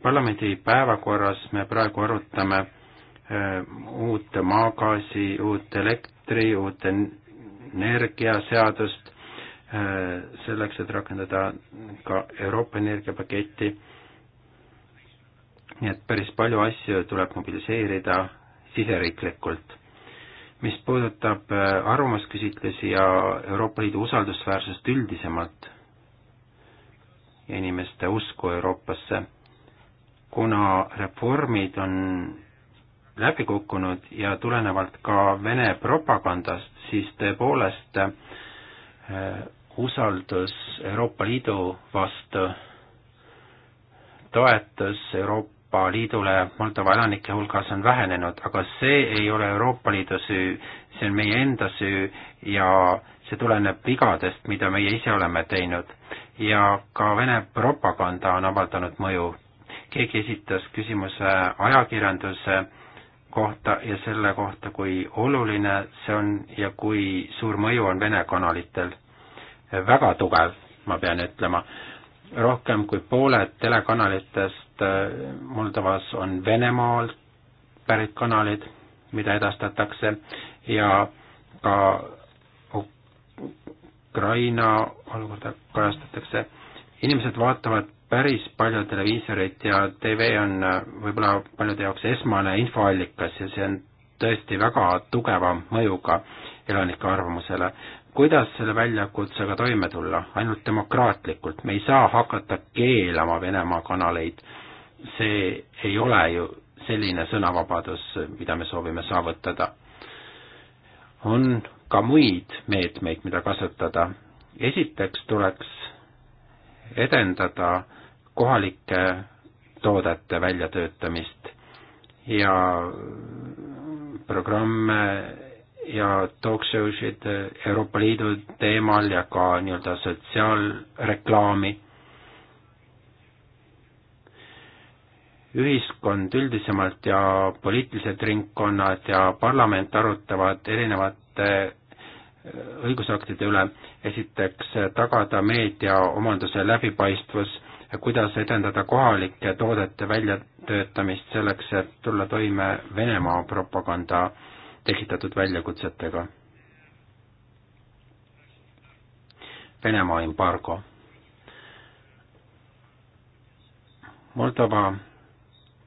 parlamendi päevakorras me praegu arutame äh, uut maagaasi, uut elektri, uut energiaseadust, äh, selleks, et rakendada ka Euroopa energiapaketti. nii et päris palju asju tuleb mobiliseerida siseriiklikult mis puudutab äh, arvamusküsitlusi ja Euroopa Liidu usaldusväärsust üldisemalt ja inimeste usku Euroopasse, kuna reformid on läbi kukkunud ja tulenevalt ka Vene propagandast, siis tõepoolest äh, usaldus Euroopa Liidu vastu, toetus Euroopa Euroopa Liidule Moldova elanike hulgas on vähenenud, aga see ei ole Euroopa Liidu süü, see on meie enda süü ja see tuleneb vigadest, mida meie ise oleme teinud. ja ka Vene propaganda on avaldanud mõju. keegi esitas küsimuse ajakirjanduse kohta ja selle kohta, kui oluline see on ja kui suur mõju on Vene kanalitel. väga tugev, ma pean ütlema rohkem kui pooled telekanalitest Äh, Moldovas on Venemaal pärit kanalid, mida edastatakse ja ka Ukraina olukorda kajastatakse. inimesed vaatavad päris palju televiisorit ja tv on äh, võib-olla paljude jaoks esmane infoallikas ja see on tõesti väga tugeva mõjuga elanike arvamusele. kuidas selle väljakutsega toime tulla? ainult demokraatlikult, me ei saa hakata keelama Venemaa kanaleid see ei ole ju selline sõnavabadus, mida me soovime saavutada. on ka muid meetmeid, mida kasutada. esiteks tuleks edendada kohalike toodete väljatöötamist ja programme ja talk-show sid Euroopa Liidu teemal ja ka nii-öelda sotsiaalreklaami ühiskond üldisemalt ja poliitilised ringkonnad ja parlament arutavad erinevate äh, õigusaktide üle, esiteks tagada meediaomanduse läbipaistvus, kuidas edendada kohalike toodete väljatöötamist selleks, et tulla toime Venemaa propaganda tekitatud väljakutsetega. Venemaa embargo. Moldova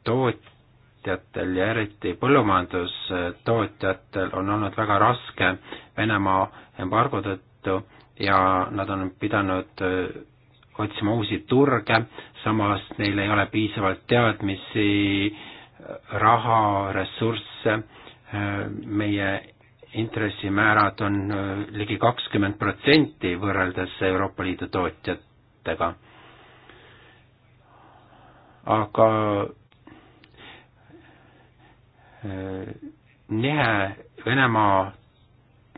tootjatel ja eriti põllumajandustootjatel on olnud väga raske Venemaa embargo tõttu ja nad on pidanud äh, otsima uusi turge, samas neil ei ole piisavalt teadmisi, äh, raha, ressursse, äh, meie intressimäärad on ligi kakskümmend protsenti võrreldes Euroopa Liidu tootjatega. aga nihe Venemaa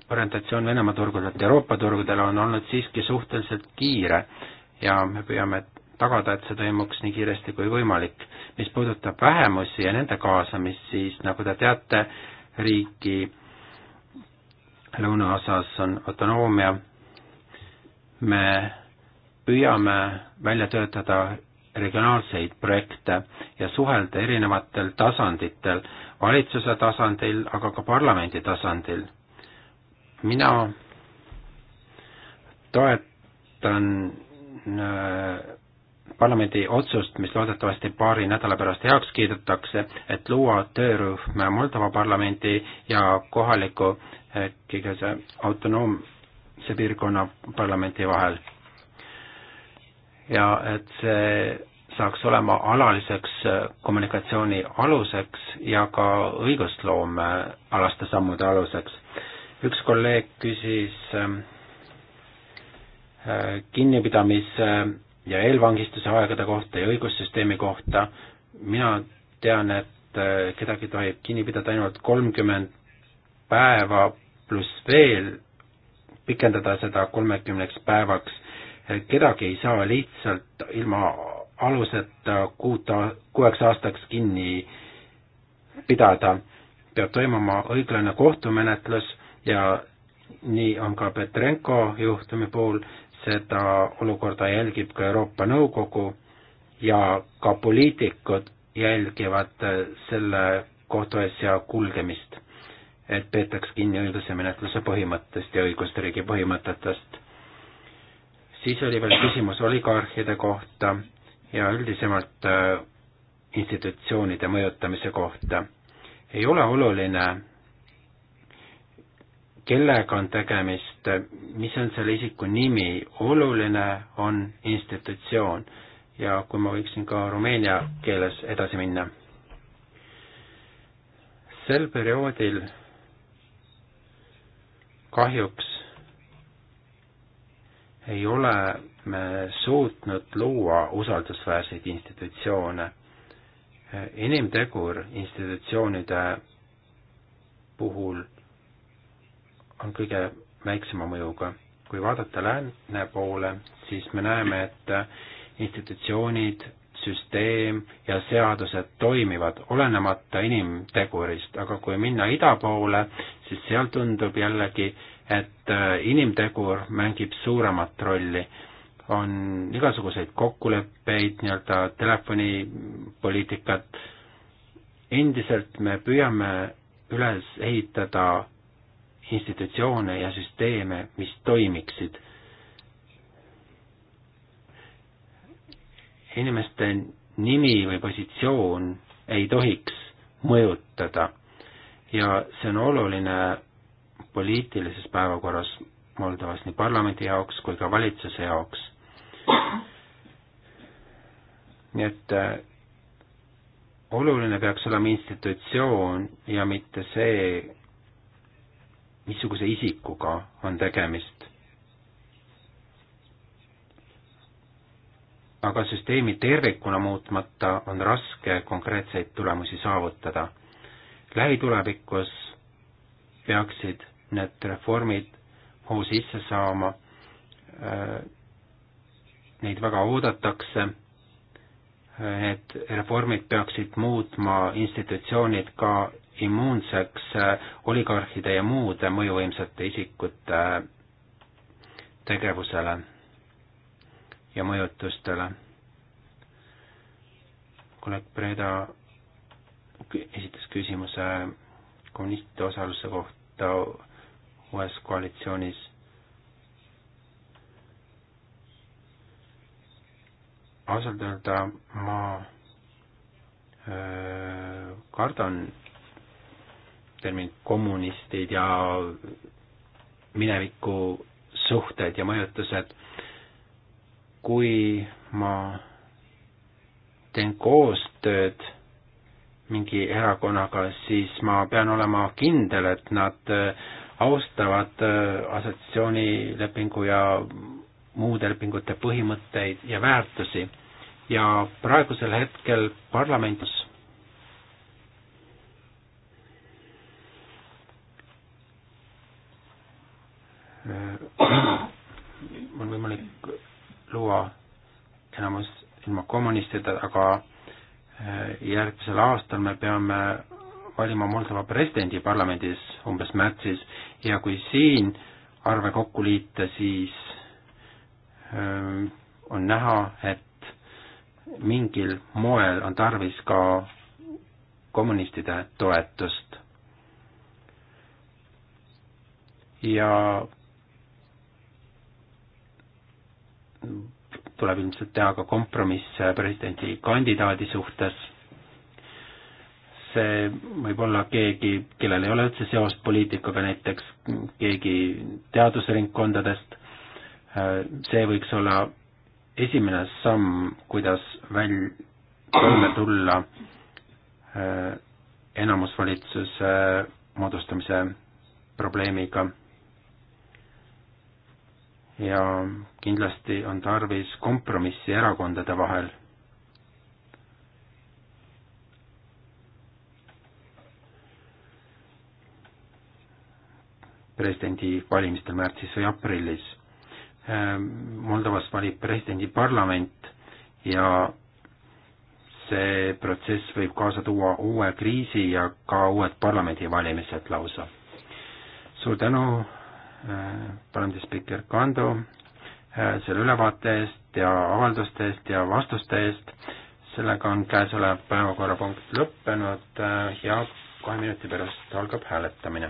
orientatsioon Venemaa turgudelt Euroopa turgudele on olnud siiski suhteliselt kiire ja me püüame tagada, et see toimuks nii kiiresti kui võimalik. mis puudutab vähemusi ja nende kaasamist, siis nagu te teate, riigi lõunaosas on autonoomia, me püüame välja töötada regionaalseid projekte ja suhelda erinevatel tasanditel, valitsuse tasandil, aga ka parlamendi tasandil. mina toetan äh, parlamendi otsust, mis loodetavasti paari nädala pärast heaks kiidetakse, et luua töörühm Moldova parlamendi ja kohaliku äh, kõige see autonoomse piirkonna parlamendi vahel ja et see saaks olema alaliseks kommunikatsiooni aluseks ja ka õigusloome alaste sammude aluseks. üks kolleeg küsis ähm, äh, kinnipidamise ja eelvangistuse aegade kohta ja õigussüsteemi kohta. mina tean, et äh, kedagi tohib kinni pidada ainult kolmkümmend päeva pluss veel pikendada seda kolmekümneks päevaks kedagi ei saa lihtsalt ilma aluseta kuuta, kuueks aastaks kinni pidada. peab toimuma õiglane kohtumenetlus ja nii on ka Petrenko juhtumi puhul, seda olukorda jälgib ka Euroopa Nõukogu ja ka poliitikud jälgivad selle kohtuasja kulgemist, et peetaks kinni õiguse menetluse põhimõttest ja õigusriigi põhimõtetest siis oli veel küsimus oligarhide kohta ja üldisemalt äh, institutsioonide mõjutamise kohta. ei ole oluline, kellega on tegemist, mis on selle isiku nimi, oluline on institutsioon ja kui ma võiksin ka rumeenia keeles edasi minna. sel perioodil kahjuks ei ole me suutnud luua usaldusväärseid institutsioone. inimtegur institutsioonide puhul on kõige väiksema mõjuga. kui vaadata lääne poole, siis me näeme, et institutsioonid, süsteem ja seadused toimivad, olenemata inimtegurist, aga kui minna ida poole, siis seal tundub jällegi, et äh, inimtegur mängib suuremat rolli. on igasuguseid kokkuleppeid, nii-öelda telefonipoliitikat, endiselt me püüame üles ehitada institutsioone ja süsteeme, mis toimiksid. inimeste nimi või positsioon ei tohiks mõjutada ja see on oluline poliitilises päevakorras Moldovas nii parlamendi jaoks kui ka valitsuse jaoks. nii et äh, oluline peaks olema institutsioon ja mitte see, missuguse isikuga on tegemist. aga süsteemi tervikuna muutmata on raske konkreetseid tulemusi saavutada. lähitulevikus peaksid need reformid hoo sisse saama. Äh, neid väga oodatakse. Need reformid peaksid muutma institutsioonid ka immuunseks äh, oligarhide ja muude mõjuvõimsate isikute äh, tegevusele ja mõjutustele. kolleeg Breda esitas küsimuse kommunistide osaluse kohta uues koalitsioonis. ausalt öelda ma öö, kardan termin kommunistid ja mineviku suhted ja mõjutused. kui ma teen koostööd mingi erakonnaga, siis ma pean olema kindel, et nad austavad äh, assotsiatsiooni lepingu ja muude lepingute põhimõtteid ja väärtusi ja praegusel hetkel parlamendis äh, on võimalik luua enamus ilma kommunistideta, aga äh, järgmisel aastal me peame valima Moldova presidendi parlamendis umbes märtsis ja kui siin arve kokku liita, siis öö, on näha, et mingil moel on tarvis ka kommunistide toetust. ja tuleb ilmselt teha ka kompromiss presidendikandidaadi suhtes see võib olla keegi, kellel ei ole üldse seost poliitikaga, näiteks keegi teadusringkondadest, see võiks olla esimene samm, kuidas väl-, toime tulla äh, enamusvalitsuse moodustamise probleemiga. ja kindlasti on tarvis kompromissi erakondade vahel presidendivalimistel märtsis või aprillis. Ähm, Moldovas valib presidendi parlament ja see protsess võib kaasa tuua uue kriisi ja ka uued parlamendivalimised lausa. suur tänu, äh, parlamendispiiker Kando, äh, selle ülevaate eest ja avalduste eest ja vastuste eest. sellega on käesolev päevakorrapunkt lõppenud äh, ja kahe minuti pärast algab hääletamine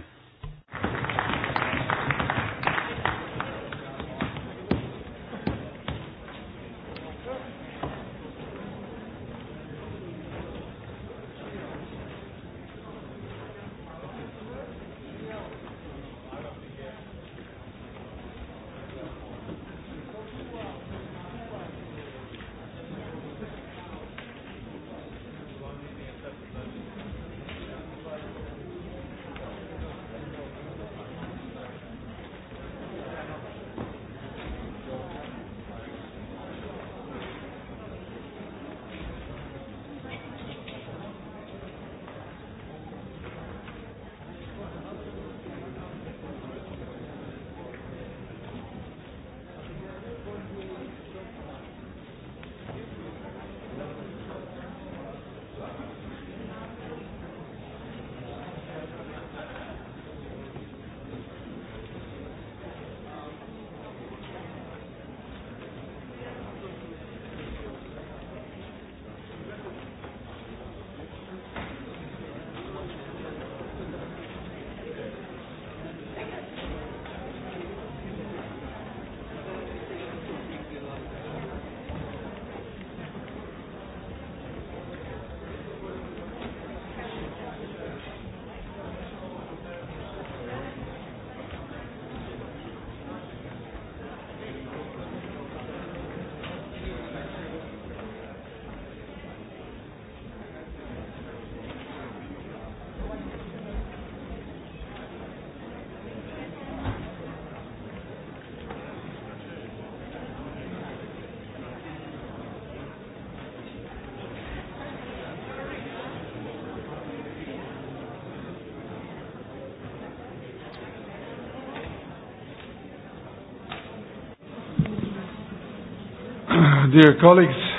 Dear colleagues.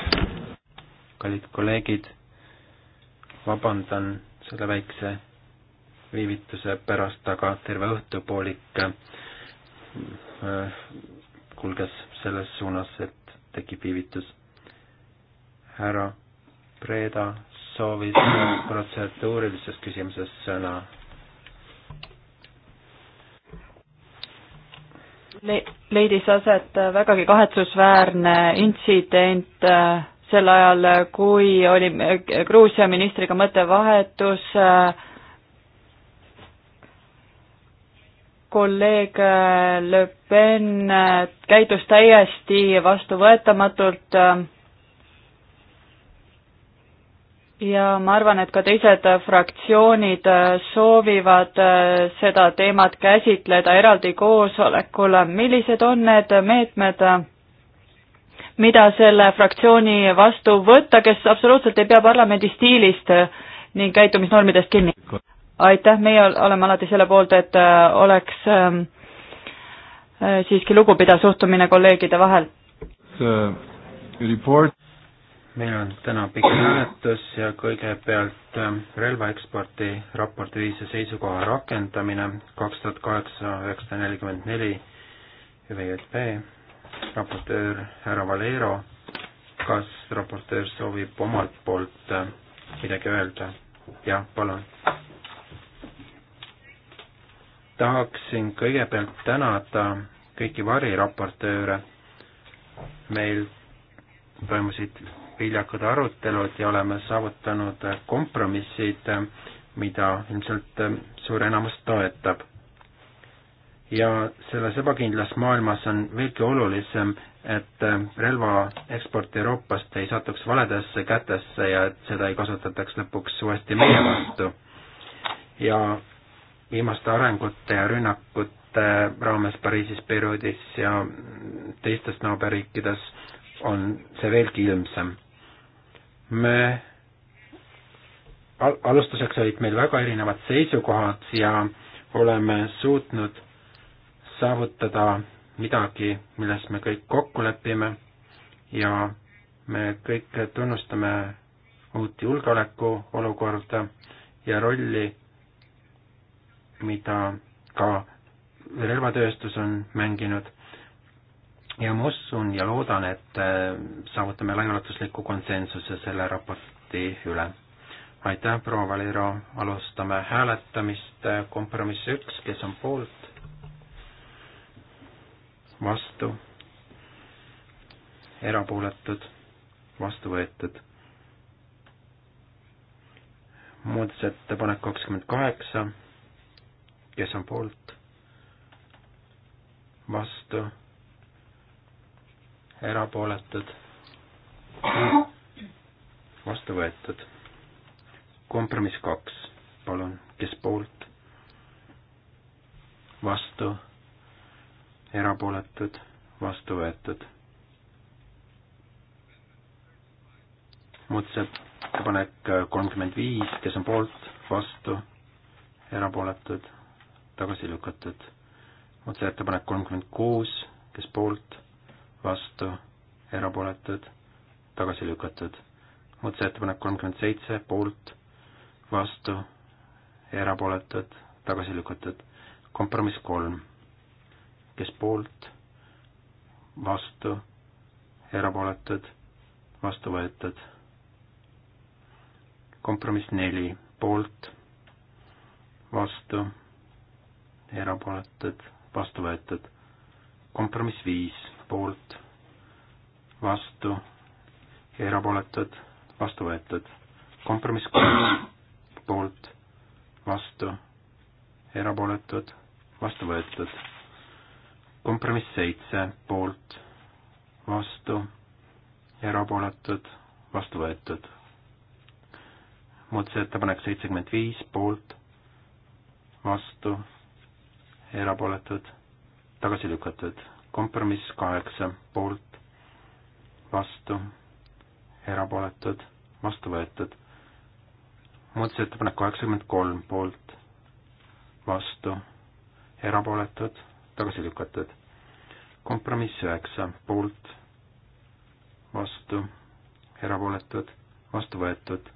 kallid kolleegid, vabandan selle väikse viivituse pärast, aga terve õhtupoolik äh, kulges selles suunas, et tekib viivitus. härra Breda soovis protseduurilises küsimuses sõna. me leidis aset vägagi kahetsusväärne intsident äh, sel ajal, äh, kui oli äh, Gruusia ministriga mõttevahetus kolleeg Le Pen käitus täiesti vastuvõetamatult ja ma arvan, et ka teised fraktsioonid äh, soovivad äh, seda teemat käsitleda eraldi koosolekul. millised on need meetmed, mida selle fraktsiooni vastu võtta, kes absoluutselt ei pea parlamendi stiilist ning käitumisnormidest kinni? aitäh, meie oleme alati selle poolt, et äh, oleks ähm, siiski lugupidav suhtumine kolleegide vahel meil on täna pikk hääletus ja kõigepealt ähm, relvaeksporti raporti viise seisukoha rakendamine kaks tuhat kaheksa üheksasada nelikümmend neli ÜVJP, raportöör härra Valero, kas raportöör soovib omalt poolt äh, midagi öelda? jah, palun. tahaksin kõigepealt tänada kõiki variraportööre, meil toimusid viljakad arutelud ja oleme saavutanud kompromissid, mida ilmselt suur enamus toetab. ja selles ebakindlas maailmas on veelgi olulisem, et relva eksport Euroopast ei satuks valedesse kätesse ja et seda ei kasutataks lõpuks uuesti meie vastu. ja viimaste arengute ja rünnakute raames Pariisis, Beirudis ja teistes naaberriikides on see veelgi ilmsem me al-, alustuseks olid meil väga erinevad seisukohad ja oleme suutnud saavutada midagi, milles me kõik kokku lepime ja me kõik tunnustame uut julgeolekuolukorda ja rolli, mida ka relvatööstus on mänginud ja ma usun ja loodan, et äh, saavutame laiaulatusliku konsensuse selle raporti üle. aitäh, proua Valero, alustame hääletamist, äh, kompromiss üks, kes on poolt, vastu, erapooletud, vastu võetud. muudatusettepanek kakskümmend kaheksa, kes on poolt, vastu erapooletud, vastu võetud. kompromiss kaks, palun, kes poolt, vastu, erapooletud, vastu võetud. muudatusettepanek kolmkümmend viis, kes on poolt, vastu, erapooletud, tagasi lükatud. muudatusettepanek kolmkümmend kuus, kes poolt vastu, erapooletud, tagasi lükatud. muudatusettepanek kolmkümmend seitse, poolt, vastu, erapooletud, tagasi lükatud. kompromiss kolm, kes poolt, vastu, erapooletud, vastu võetud. kompromiss neli, poolt, vastu, erapooletud, vastu võetud. kompromiss viis poolt, vastu ja erapooletud, vastu võetud. kompromiss kolm, poolt, vastu, erapooletud, vastu võetud. kompromiss seitse, poolt, vastu, erapooletud, vastu võetud. muudatusettepanek seitsekümmend viis, poolt, vastu, erapooletud, tagasi lükatud kompromiss kaheksa poolt, vastu, erapooletud, vastu võetud. muudatusettepanek kaheksakümmend kolm poolt, vastu, erapooletud, tagasi lükatud. kompromiss üheksa poolt, vastu, erapooletud, vastu võetud.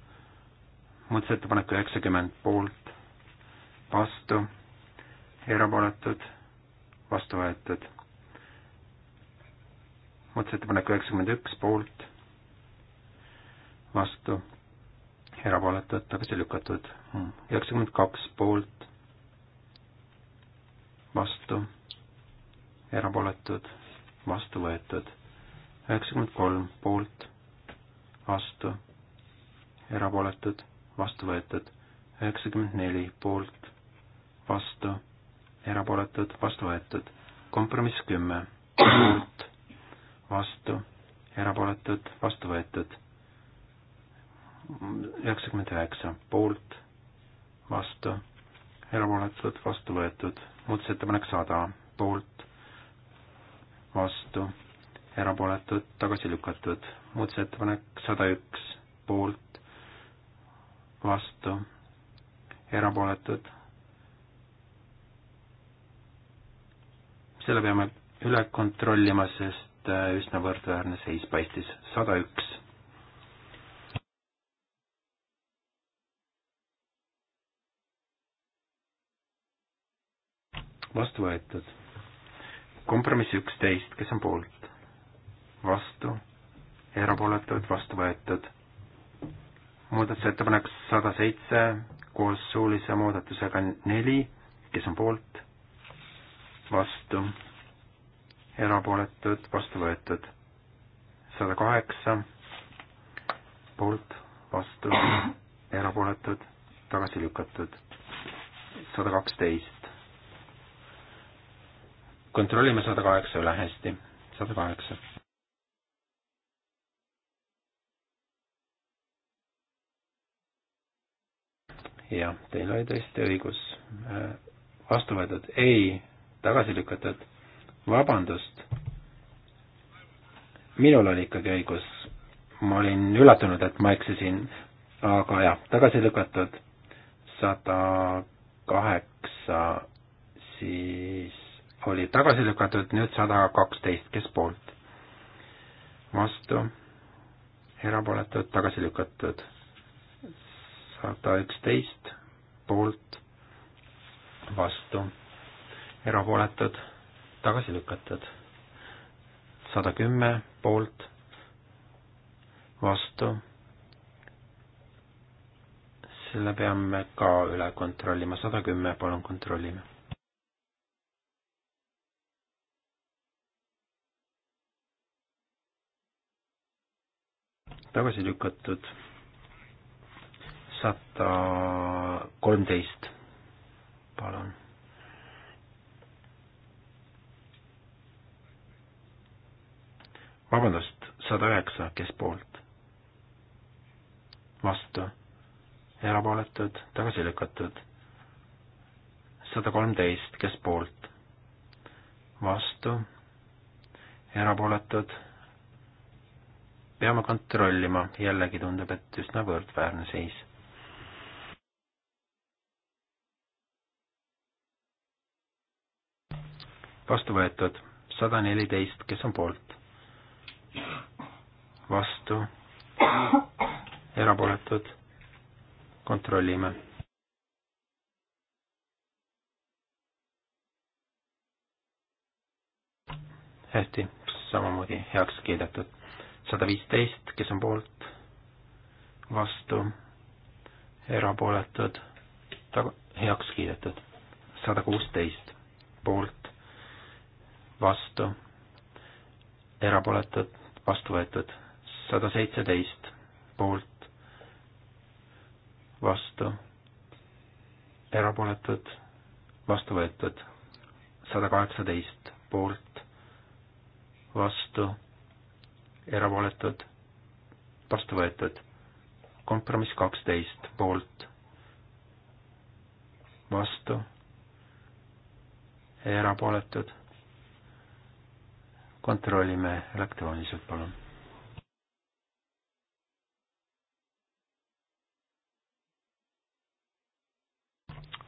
muudatusettepanek üheksakümmend poolt, vastu, erapooletud, vastu võetud muudatusettepanek üheksakümmend üks poolt, vastu, erapooletud, tagasi lükatud. Hmm. üheksakümmend kaks poolt, vastu, erapooletud, vastu võetud. üheksakümmend kolm poolt, vastu, erapooletud, vastu võetud. üheksakümmend neli poolt, vastu, erapooletud, vastu võetud. kompromiss kümme poolt, vastu, erapooletud, vastu võetud. üheksakümmend üheksa poolt, vastu, erapooletud, vastu võetud. muudatusettepanek sada poolt, vastu, erapooletud, tagasi lükatud. muudatusettepanek sada üks poolt, vastu, erapooletud. selle peame üle kontrollima, sest et äh, üsna võrdväärne seis paistis, sada üks. vastu võetud. kompromiss üksteist, kes on poolt? vastu, erapooletud, vastu võetud. muudatusettepanek sada seitse koos suulise muudatusega neli, kes on poolt? vastu erapooletud, vastu võetud. sada kaheksa poolt, vastu, erapooletud, tagasi lükatud. sada kaksteist. kontrollime sada kaheksa üle hästi, sada kaheksa. jah, teil oli tõesti õigus. Äh, vastu võetud, ei, tagasi lükatud vabandust. minul oli ikkagi õigus. ma olin üllatunud, et ma eksisin, aga jah, tagasi lükatud sada kaheksa, siis oli tagasi lükatud, nüüd sada kaksteist, kes poolt? vastu, erapooletud, tagasi lükatud. sada üksteist, poolt, vastu, erapooletud tagasi lükatud. sada kümme poolt, vastu. selle peame ka üle kontrollima, sada kümme, palun kontrollime. tagasi lükatud sada kolmteist, palun vabandust, sada üheksa, kes poolt? vastu, erapooletud, tagasi lükatud. sada kolmteist, kes poolt? vastu, erapooletud, peame kontrollima, jällegi tundub, et üsna võrdväärne seis. vastu võetud sada neliteist, kes on poolt? vastu, erapooletud, kontrollime. hästi, samamoodi heaks kiidetud. sada viisteist, kes on poolt, vastu, erapooletud, tag-, heaks kiidetud. sada kuusteist, poolt, vastu, erapooletud, vastu võetud sada seitseteist poolt, vastu, erapooletud, vastu võetud, sada kaheksateist poolt, vastu, erapooletud, vastu võetud, kompromiss kaksteist poolt, vastu, erapooletud, kontrollime elektrooniliselt, palun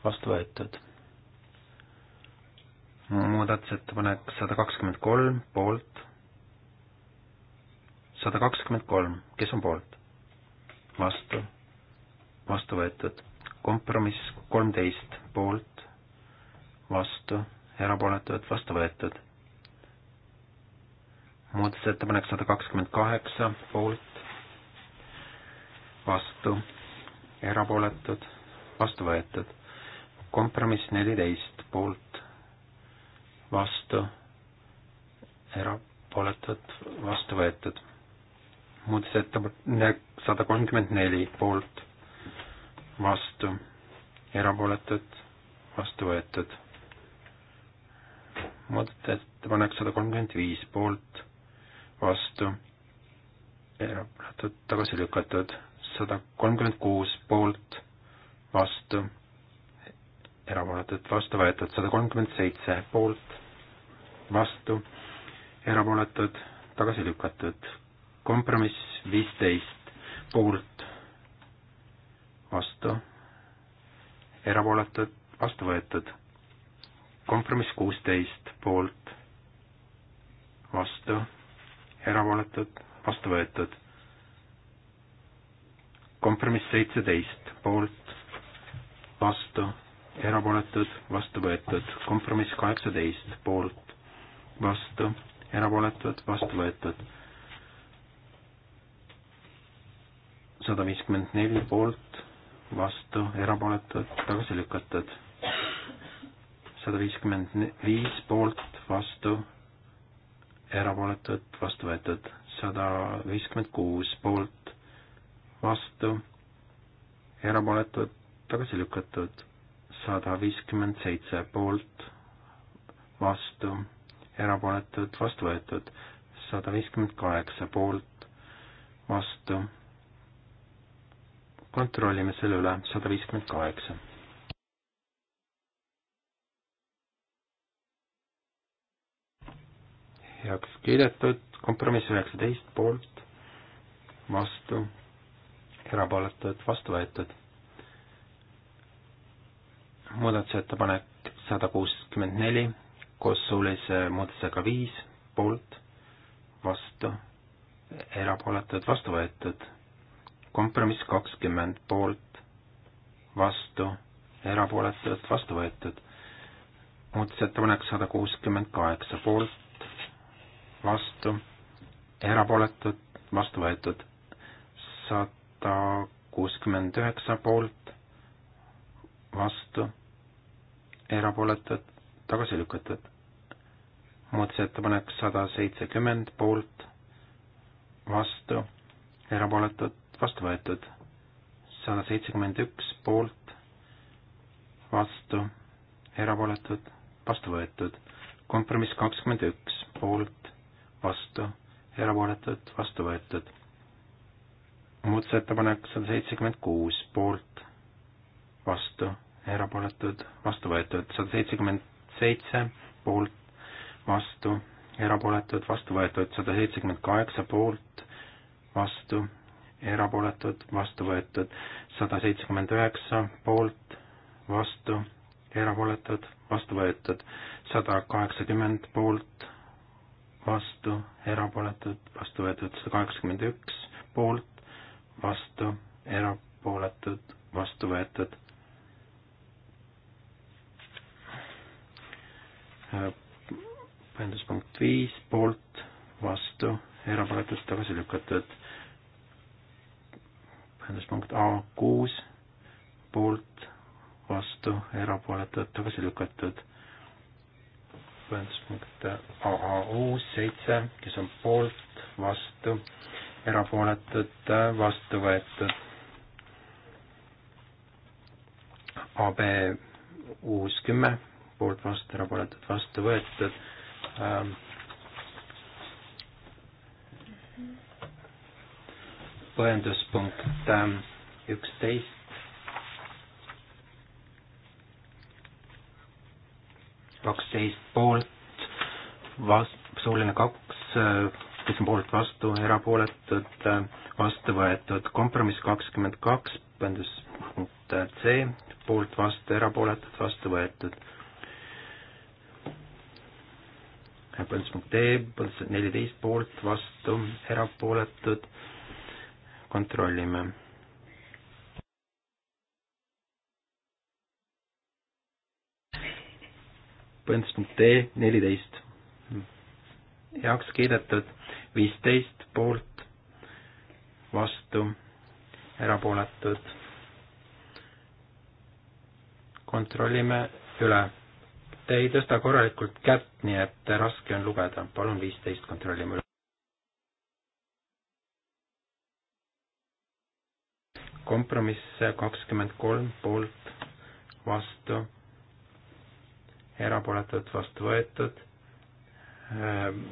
vastu võetud. muudatusettepanek sada kakskümmend kolm, poolt, sada kakskümmend kolm, kes on poolt? vastu, vastu võetud. kompromiss kolmteist, poolt, vastu, erapooletud, vastu võetud. muudatusettepanek sada kakskümmend kaheksa, poolt, vastu, erapooletud, vastu võetud kompromiss neliteist poolt, vastu, erapooletud, vastu võetud. muudatusettepanek sada kolmkümmend neli poolt, vastu, erapooletud, vastu võetud. muudatusettepanek sada kolmkümmend viis poolt, vastu, erapooletud, tagasi lükatud, sada kolmkümmend kuus poolt, vastu erapooletud, vastu võetud sada kolmkümmend seitse poolt, vastu, erapooletud, tagasi lükatud. kompromiss viisteist poolt, vastu, erapooletud, vastu võetud. kompromiss kuusteist poolt, vastu, erapooletud, vastu võetud. kompromiss seitseteist poolt, vastu erapooletud, vastu võetud. kompromiss kaheksateist, poolt, vastu, erapooletud, vastu võetud. sada viiskümmend neli poolt, vastu, erapooletud, tagasi lükatud. sada viiskümmend viis poolt, vastu, erapooletud, vastu võetud. sada viiskümmend kuus poolt, vastu, erapooletud, tagasi lükatud sada viiskümmend seitse poolt, vastu, erapooletud, vastu võetud, sada viiskümmend kaheksa poolt, vastu. kontrollime selle üle, sada viiskümmend kaheksa. heaks kiidetud, kompromiss üheksateist poolt, vastu, erapooletud, vastu võetud muudatusettepanek sada kuuskümmend neli koos suulise muudatusega viis poolt, vastu, erapooletud, vastu võetud. kompromiss kakskümmend poolt, vastu, erapooletud, vastu võetud. muudatusettepanek sada kuuskümmend kaheksa poolt, vastu, erapooletud, vastu võetud. sada kuuskümmend üheksa poolt, vastu erapooletud, tagasi lükatud. muudatusettepanek sada seitsekümmend poolt, vastu, erapooletud, vastu võetud. sada seitsekümmend üks poolt, vastu, erapooletud, vastu võetud. kompromiss kakskümmend üks poolt, vastu, erapooletud, vastu võetud. muudatusettepanek sada seitsekümmend kuus poolt, vastu erapooletud, vastu võetud sada seitsekümmend seitse poolt, vastu, erapooletud, vastu võetud sada seitsekümmend kaheksa poolt, vastu, erapooletud, vastu võetud sada seitsekümmend üheksa poolt, vastu, erapooletud, vastu võetud sada kaheksakümmend poolt, vastu, erapooletud, vastu võetud sada kaheksakümmend üks poolt, vastu, erapooletud, vastu võetud põhjenduspunkt viis, poolt, vastu, erapooletud, tagasi lükatud. põhjenduspunkt A kuus, poolt, vastu, erapooletud, tagasi lükatud. põhjenduspunkt AAU seitse, kes on poolt, vastu, erapooletud, vastu võetud. AB uus kümme poolt vastu, erapooletud vastu võetud ähm,. põhjenduspunkt ähm, üksteist. kaksteist poolt, vast-, suuline kaks, äh, kes on poolt vastu, erapooletud, äh, vastu võetud, kompromiss kakskümmend kaks, põhjendus punkt C, poolt vastu, erapooletud, vastu võetud põldsmunk D, põlds neliteist poolt, vastu, erapooletud, kontrollime. põldsmunk D neliteist, heaks kiidetud, viisteist poolt, vastu, erapooletud, kontrollime üle ei tõsta korralikult kätt, nii et raske on lugeda. palun viisteist kontrollime üle. kompromiss kakskümmend kolm poolt, vastu, erapooletud, vastu võetud ähm,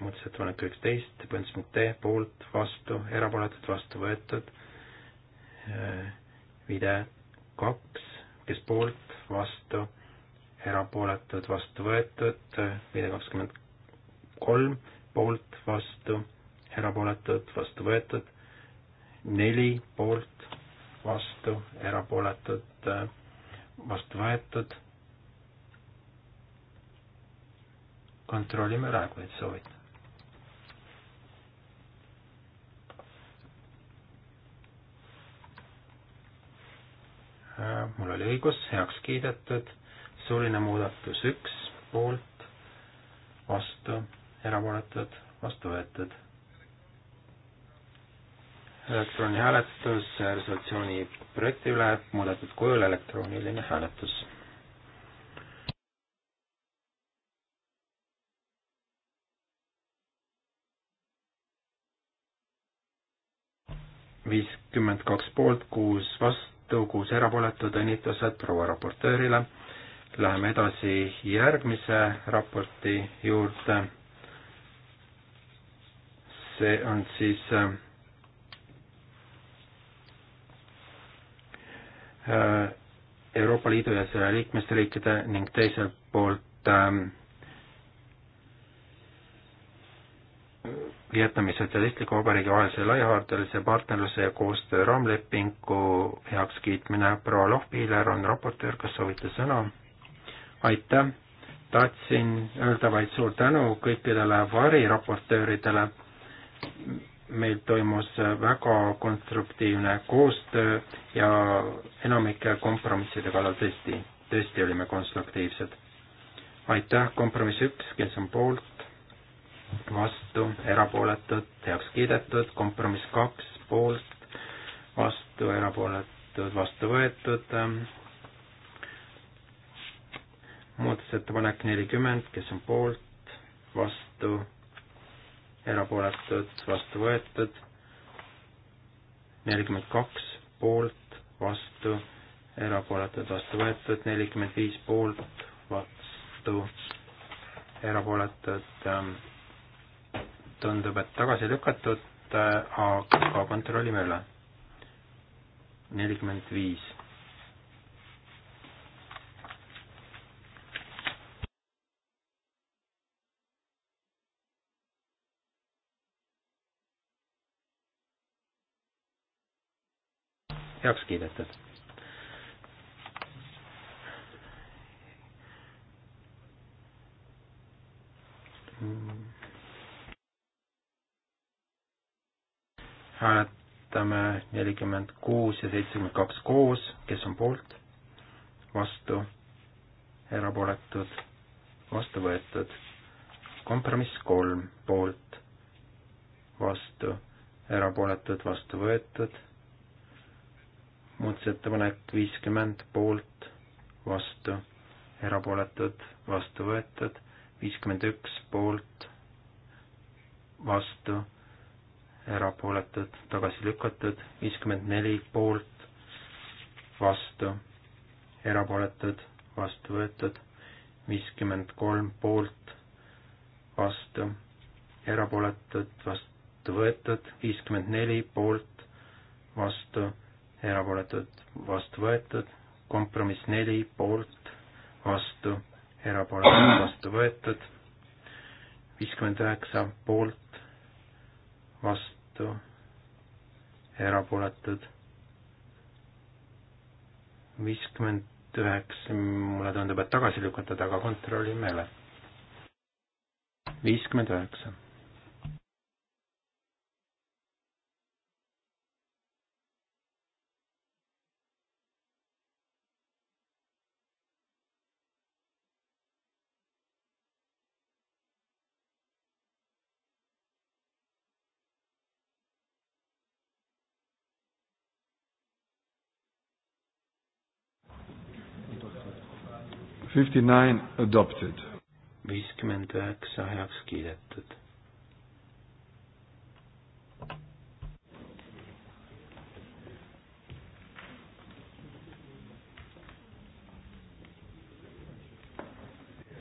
muudatusettepanek üksteist, põhimõtteliselt D poolt, vastu, erapooletud, vastu võetud. Äh, vide kaks, kes poolt, vastu, erapooletud, vastu võetud, viide kakskümmend kolm poolt, vastu, erapooletud, vastu võetud, neli poolt, vastu, erapooletud, vastu võetud. kontrollime ära, kui soovite. Äh, mul oli õigus, heaks kiidetud suuline muudatus üks, poolt, vastu, erapooletud, vastu võetud. elektrooni hääletus resolutsiooni projekti üle muudetud kujul elektrooniline hääletus. viiskümmend kaks poolt, kuus vastu, kuus erapooletut, õnnitlused proua raportöörile Läheme edasi järgmise raporti juurde. see on siis äh, Euroopa Liidu ja selle liikmesriikide ning teiselt poolt ähm, Vietnami Sotsialistliku Vabariigi vahelise laiahaardelise partnerluse ja koostöö raamlepingu heakskiitmine. proua Lohpiiler on raportöör, kas soovite sõna? aitäh, tahtsin öelda vaid suur tänu kõikidele variraportööridele. meil toimus väga konstruktiivne koostöö ja enamike kompromisside kallal tõesti, tõesti olime konstruktiivsed. aitäh, kompromiss üks, kes on poolt, vastu, erapooletud, heaks kiidetud, kompromiss kaks, poolt, vastu, erapooletud, vastu võetud muudatusettepanek nelikümmend, kes on poolt, vastu, erapooletud, vastu võetud, nelikümmend kaks poolt, vastu, erapooletud, vastu võetud, nelikümmend viis poolt, vastu, erapooletud, tundub, et tagasi lükatud, aga kontrollime üle. nelikümmend viis heaks kiidetud. hääletame nelikümmend kuus ja seitsekümmend kaks koos, kes on poolt, vastu, erapooletud, vastu võetud. kompromiss kolm, poolt, vastu, erapooletud, vastu võetud muudatusettepanek viiskümmend poolt, vastu, erapooletud, vastu võetud, viiskümmend üks poolt, vastu, erapooletud, tagasi lükatud, viiskümmend neli poolt, vastu, erapooletud, vastu võetud, viiskümmend kolm poolt, vastu, erapooletud, vastu võetud, viiskümmend neli poolt, vastu erapooletud, vastu võetud, kompromiss neli poolt, vastu, erapooletud, vastu võetud, viiskümmend üheksa poolt, vastu, erapooletud, viiskümmend üheksa, mulle tundub, et tagasi lükatud, aga kontrollime üle. viiskümmend üheksa. fifty nine adopted. viiskümmend üheksa heaks kiidetud.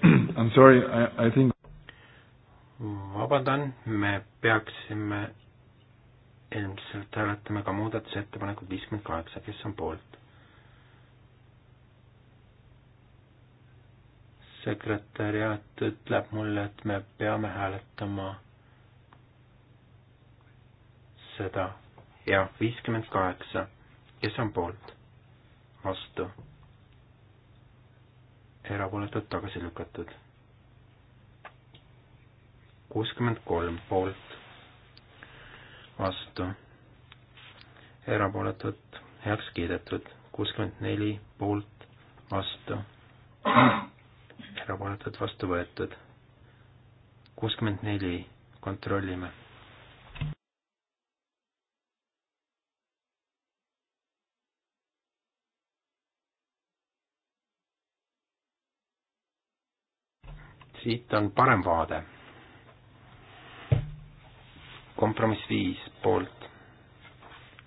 I am sorry, I, I think vabandan, me peaksime ilmselt hääletame ka muudatusettepanekut viiskümmend kaheksa, kes on poolt? sekretäriaat ütleb mulle, et me peame hääletama seda ja viiskümmend kaheksa, kes on poolt, vastu, erapooletud tagasi lükatud. kuuskümmend kolm poolt, vastu, erapooletud heaks kiidetud, kuuskümmend neli poolt, vastu erapooletud, vastu võetud. kuuskümmend neli, kontrollime. siit on parem vaade. kompromiss viis poolt,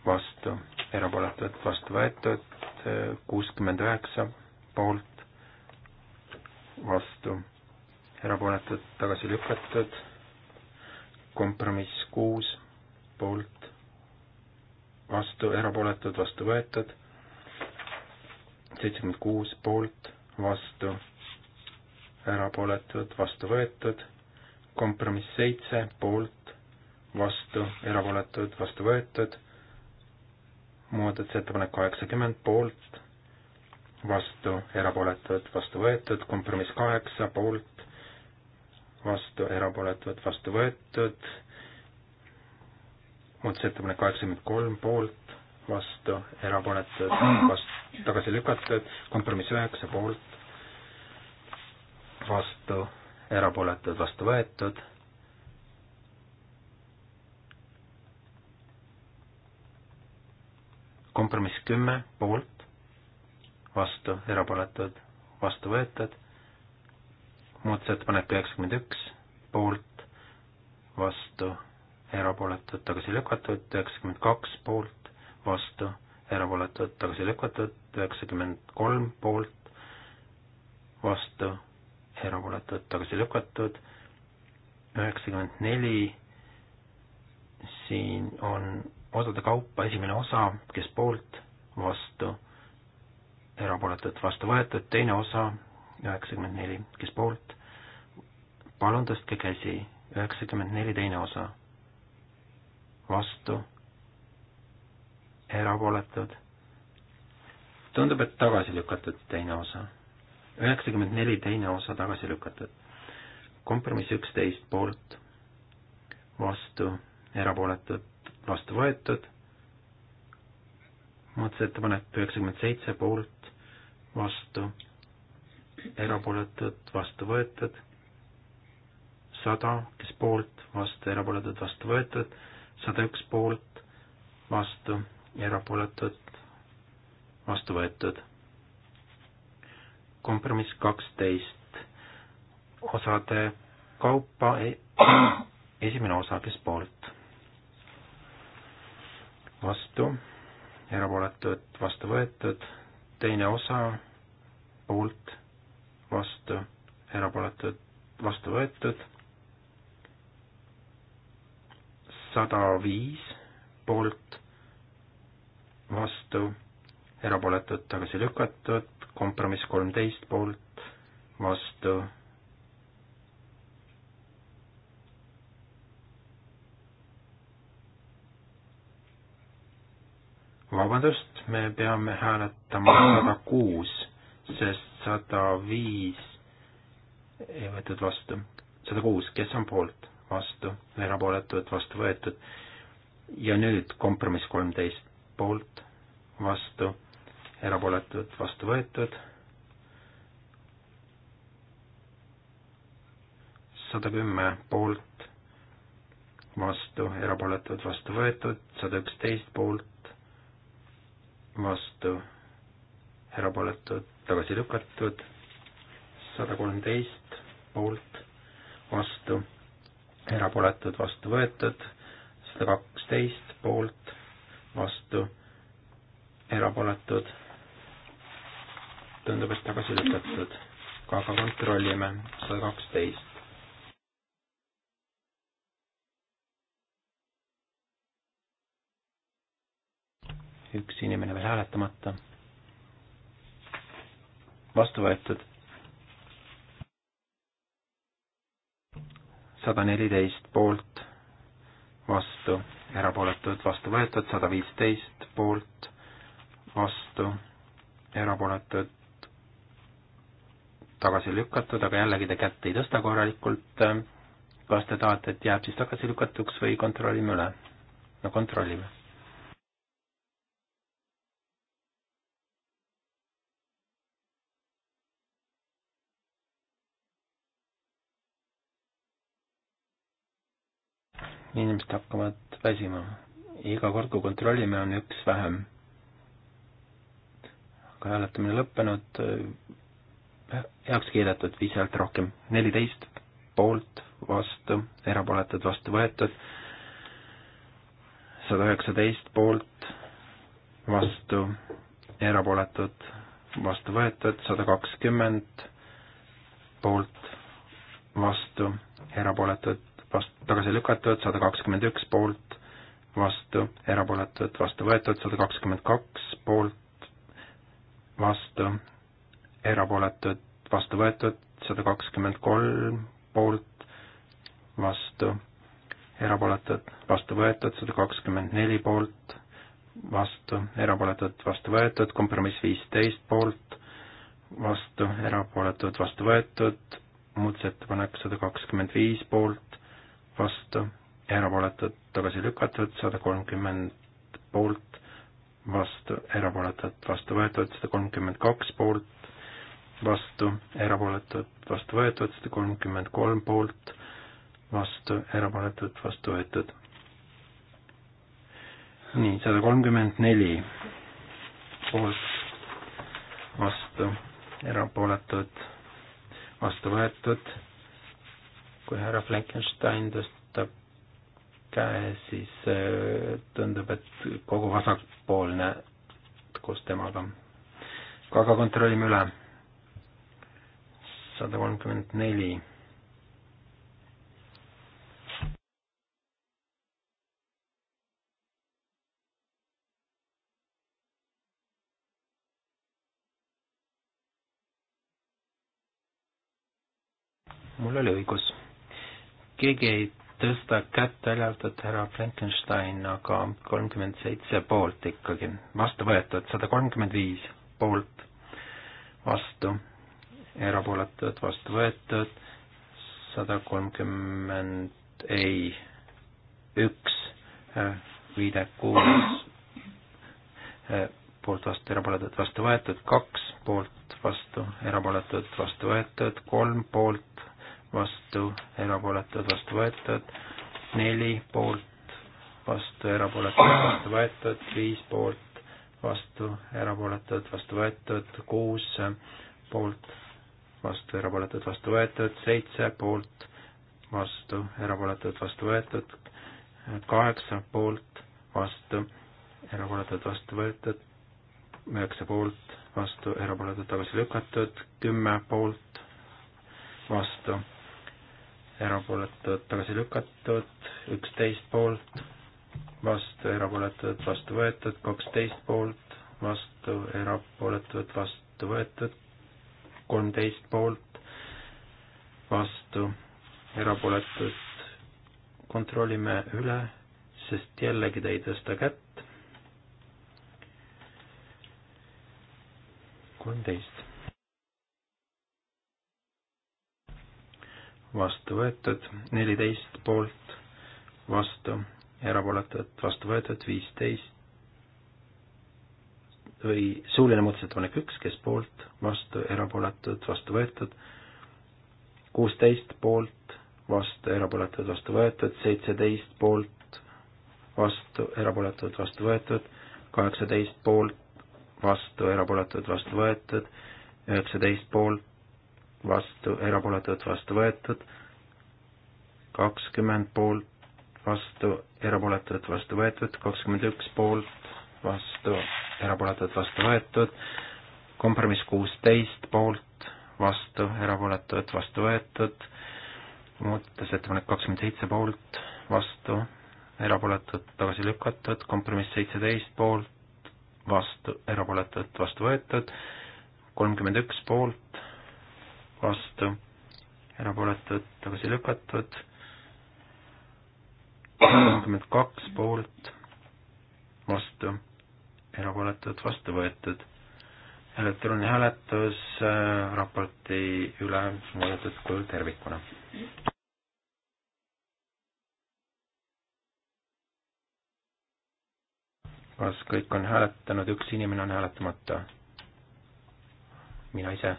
vastu, erapooletud, vastu võetud, kuuskümmend üheksa poolt, vastu, erapooletud, tagasi lükatud, kompromiss kuus, poolt, vastu, erapooletud, vastu võetud, seitsekümmend kuus poolt, vastu, erapooletud, vastu võetud, kompromiss seitse poolt, vastu, erapooletud, vastu võetud, muudatusettepanek kaheksakümmend poolt, vastu, erapooletud, vastu võetud, kompromiss kaheksa poolt, vastu, erapooletud, vastu võetud, muudatusettepanek kaheksakümmend kolm poolt, vastu, erapooletud, vastu, tagasi lükatud, kompromiss üheksa poolt, vastu, erapooletud, vastu võetud kompromiss kümme poolt, vastu, erapooletud, vastu võetud. muudatusettepanek üheksakümmend üks, poolt, vastu, erapooletud, tagasi lükatud, üheksakümmend kaks, poolt, vastu, erapooletud, tagasi lükatud, üheksakümmend kolm, poolt, vastu, erapooletud, tagasi lükatud, üheksakümmend neli, siin on osade kaupa esimene osa, kes poolt, vastu erapooletud vastu võetud, teine osa üheksakümmend neli, kes poolt, palun tõstke käsi, üheksakümmend neli teine osa, vastu, erapooletud, tundub, et tagasi lükatud teine osa, üheksakümmend neli teine osa tagasi lükatud, kompromiss üksteist poolt, vastu, erapooletud, vastu võetud, muudatusettepanek üheksakümmend seitse poolt, vastu, erapooletud, vastu võetud, sada, kes poolt, vastu, erapooletud, vastu võetud, sada üks poolt, vastu, erapooletud, vastu võetud. kompromiss kaksteist, osade kaupa, e- esimene osa, kes poolt, vastu, erapooletud, vastu võetud teine osa poolt, vastu, erapooletud, vastu võetud. sada viis poolt, vastu, erapooletud, tagasi lükatud, kompromiss kolmteist poolt, vastu. vabandust, me peame hääletama sada kuus, sest sada viis ei võetud vastu. sada kuus, kes on poolt, vastu, erapooletud, vastu võetud. ja nüüd kompromiss kolmteist, poolt, vastu, erapooletud, vastu võetud. sada kümme poolt, vastu, erapooletud, vastu võetud, sada üksteist poolt, vastu, erapooletud, tagasi lükatud, sada kolmteist poolt, vastu, erapooletud, vastu võetud, sada kaksteist poolt, vastu, erapooletud, tundub, et tagasi lükatud, aga kontrollime, sada kaksteist. üks inimene veel hääletamata. vastu võetud. sada neliteist poolt, vastu, erapooletud, vastu võetud, sada viisteist poolt, vastu, erapooletud, tagasi lükatud, aga jällegi te kätt ei tõsta korralikult. kas te tahate, et jääb siis tagasi lükatuks või kontrollime üle? no kontrollime inimesed hakkavad väsima. iga kord, kui kontrollime, on üks vähem. aga hääletamine lõppenud, äh, heaks kiidetud, viis häält rohkem, neliteist poolt, vastu, erapooletud, vastu võetud, sada üheksateist poolt, vastu, erapooletud, vastu võetud, sada kakskümmend poolt, vastu, erapooletud, vastu, tagasi lükatud, sada kakskümmend üks poolt, vastu, erapooletud, vastu võetud, sada kakskümmend kaks poolt, vastu, erapooletud, vastu võetud, sada kakskümmend kolm poolt, vastu, erapooletud, vastu võetud, sada kakskümmend neli poolt, vastu, erapooletud, vastu võetud, kompromiss viisteist poolt, vastu, erapooletud, vastu võetud, muudatusettepanek sada kakskümmend viis poolt, vastu, erapooletud, tagasi lükatud, sada kolmkümmend poolt, vastu, erapooletud, vastu võetud, sada kolmkümmend kaks poolt, vastu, erapooletud, vastu võetud, sada kolmkümmend kolm poolt, vastu, erapooletud, vastu võetud. nii, sada kolmkümmend neli poolt, vastu, erapooletud, vastu võetud kui härra Frankenstein tõstab käe, siis äh, tundub, et kogu vasakpoolne koos temaga. aga kontrollime üle. sada kolmkümmend neli keegi ei tõsta kätt, välja arvatud härra Frankenstein, aga kolmkümmend seitse poolt ikkagi, vastu võetud, sada kolmkümmend viis poolt, vastu, erapooletud, vastu võetud, sada kolmkümmend ei, üks, äh, viide kuus, äh, poolt vastu, erapooletud, vastu võetud, kaks poolt vastu, erapooletud, vastu võetud, kolm poolt vastu, erapooletud, vastu võetud, neli poolt, vastu, erapooletud, vastu võetud, viis poolt, vastu, erapooletud, vastu võetud, kuus poolt, vastu, erapooletud, vastu võetud, seitse poolt, vastu, erapooletud, vastu võetud, kaheksa poolt, vastu, erapooletud, vastu võetud, üheksa poolt, vastu, erapooletud, tagasi lükatud, kümme poolt, vastu erapooletud, tagasi lükatud, üksteist poolt, vastu, erapooletud, vastu võetud, kaksteist poolt, vastu, erapooletud, vastu võetud, kolmteist poolt, vastu, erapooletud, kontrollime üle, sest jällegi ta ei tõsta kätt, kolmteist. vastu võetud, neliteist poolt, vastu, erapooletud, vastu võetud, viisteist või suuline muudatusettepanek üks, kes poolt, vastu, erapooletud, vastu võetud, kuusteist poolt, vastu, erapooletud, vastu võetud, seitseteist poolt, vastu, erapooletud, vastu võetud, kaheksateist poolt, vastu, erapooletud, vastu võetud, üheksateist poolt, vastu, erapooletud, vastu võetud, kakskümmend poolt, vastu, erapooletud, vastu võetud, kakskümmend üks poolt, vastu, erapooletud, vastu võetud, kompromiss kuusteist poolt, vastu, erapooletud, vastu võetud, muudatusettepanek kakskümmend seitse poolt, vastu, erapooletud, tagasi lükatud, kompromiss seitseteist poolt, vastu, erapooletud, vastu võetud, kolmkümmend üks poolt, vastu, erapooletud, tagasi lükatud, kolmkümmend kaks poolt, vastu, erapooletud, vastu võetud. elektrooniline hääletus äh, raporti üle muudetud kujul tervikuna. kas kõik on hääletanud, üks inimene on hääletamata? mina ise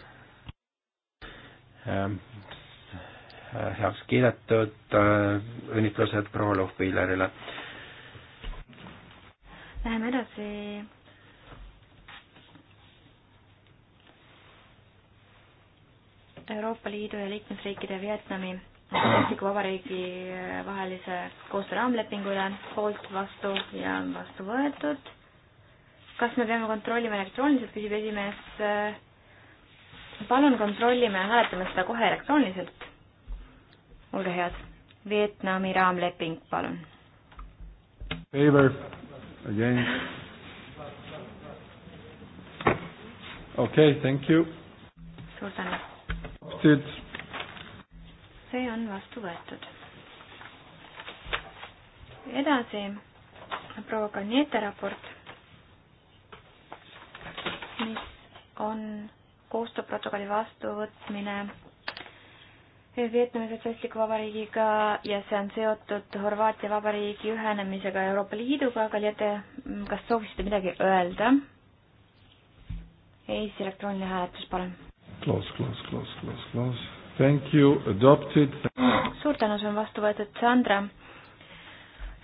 Äh, heaks kiidetud, äh, õnnitlused proua Lohvillerile. Läheme edasi. Euroopa Liidu ja liikmesriikide Vietnami Atlantliku Vabariigi äh, vahelise koostöö raamlepingule poolt vastu ja vastu võetud. kas me peame kontrollima elektrooniliselt, küsib esimees palun kontrollime ja hääletame seda kohe elektrooniliselt. olge head. Vietnami raamleping, palun. Favor, again. okei okay,, thank you. suur tänu. see on vastu võetud. edasi proua Kaniete raport, mis on koostööprotokolli vastuvõtmine Vietnami Sotsialistliku Vabariigiga ja see on seotud Horvaatia Vabariigi ühenemisega Euroopa Liiduga, aga Liete, kas soovisite midagi öelda? Eesti elektrooniline hääletus, palun. Close, close, close, close, close. Thank you, adopted. suur tänu, see on vastu võetud, Sandra.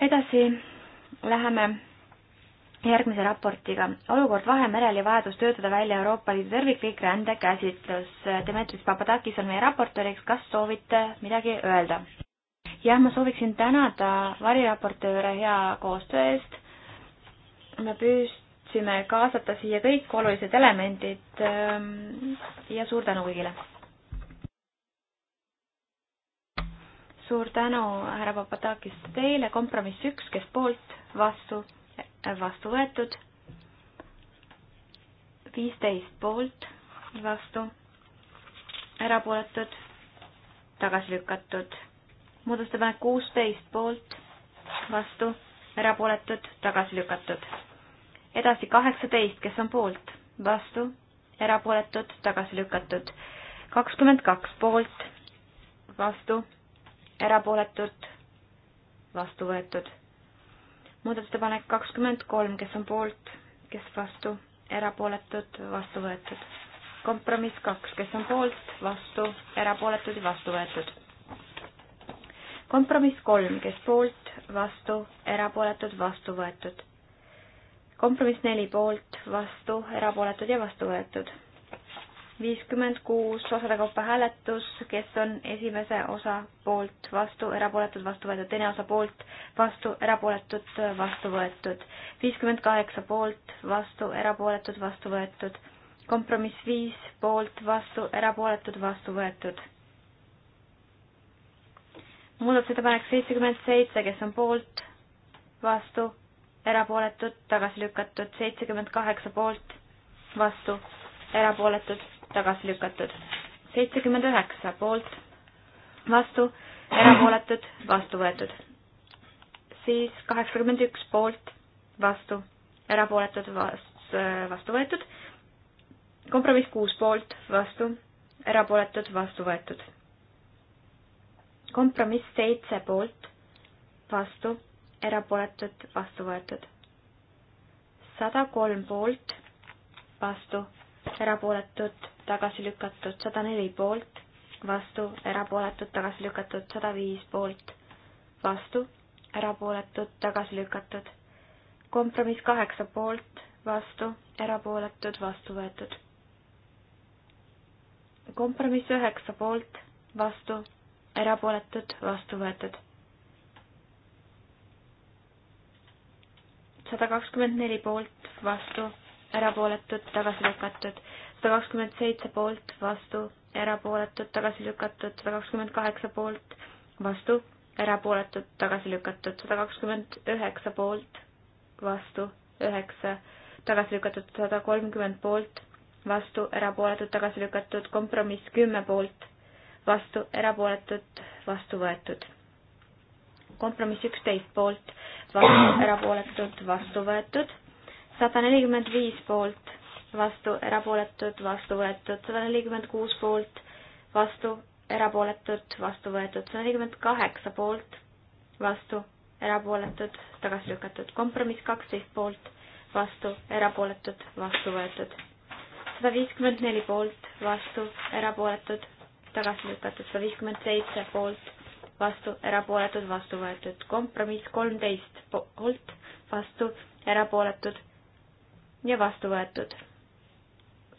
edasi läheme järgmise raportiga. olukord Vahemerel ja vajadus töötada välja Euroopa Liidu terviklik rändekäsitlus. Demetris Papadakis on meie raportööriks, kas soovite midagi öelda? jah, ma sooviksin tänada variraportööre hea koostöö eest. me püüdsime kaasata siia kõik olulised elemendid ähm, ja suur tänu kõigile. suur tänu, härra Papadakis, teile, kompromiss üks, kes poolt, vastu vastu võetud. viisteist poolt, vastu, erapooletud, tagasi lükatud. muudatusettepanek kuusteist poolt, vastu, erapooletud, tagasi lükatud. edasi kaheksateist, kes on poolt, vastu, erapooletud, tagasi lükatud. kakskümmend kaks poolt, vastu, erapooletud, vastu võetud muudatusettepanek kakskümmend kolm, kes on poolt, kes vastu, erapooletud, vastu võetud. kompromiss kaks, kes on poolt, vastu, erapooletud ja vastu võetud. kompromiss kolm, kes poolt, vastu, erapooletud, vastu võetud. kompromiss neli, poolt, vastu, erapooletud ja vastu võetud viiskümmend kuus osade kaupa hääletus, kes on esimese osa poolt, vastu, erapooletud, vastu võetud, teine osa poolt, vastu, erapooletud, vastu võetud. viiskümmend kaheksa poolt, vastu, erapooletud, vastu võetud. kompromiss viis poolt, vastu, erapooletud, vastu võetud. muudatusettepanek seitsekümmend seitse, kes on poolt, vastu, erapooletud, tagasi lükatud, seitsekümmend kaheksa poolt, vastu, erapooletud tagasi lükatud. seitsekümmend üheksa poolt, vastu, erapooletud, vastu võetud. siis kaheksakümmend üks poolt, vastu, erapooletud, vastu, vastu võetud. kompromiss kuus poolt, vastu, erapooletud, vastu võetud. kompromiss seitse poolt, vastu, erapooletud, vastu võetud. sada kolm poolt, vastu, erapooletud, tagasi lükatud, sada neli poolt, vastu, erapooletud, tagasi lükatud, sada viis poolt, vastu, erapooletud, tagasi lükatud. kompromiss kaheksa poolt, vastu, erapooletud, vastu võetud. kompromiss üheksa poolt, vastu, erapooletud, vastu võetud. sada kakskümmend neli poolt, vastu, erapooletud, tagasi lükatud sada kakskümmend seitse poolt, vastu, erapooletud, tagasi lükatud, sada kakskümmend kaheksa poolt, vastu, erapooletud, tagasi lükatud, sada kakskümmend üheksa poolt, vastu, üheksa, tagasi lükatud, sada kolmkümmend poolt, vastu, erapooletud, tagasi lükatud, kompromiss kümme poolt, vastu, erapooletud, vastu võetud. kompromiss üksteist poolt, vastu, erapooletud, vastu võetud, sada nelikümmend viis poolt vastu, erapooletud, vastu võetud sada nelikümmend kuus poolt, vastu, erapooletud, vastu võetud sada nelikümmend kaheksa poolt, vastu, erapooletud, tagasi lükatud, kompromiss kaksteist poolt, vastu, erapooletud, vastu võetud sada viiskümmend neli poolt, vastu, erapooletud, tagasi lükatud, sada viiskümmend seitse poolt, vastu, erapooletud, vastu võetud, kompromiss kolmteist poolt, vastu, erapooletud ja vastu võetud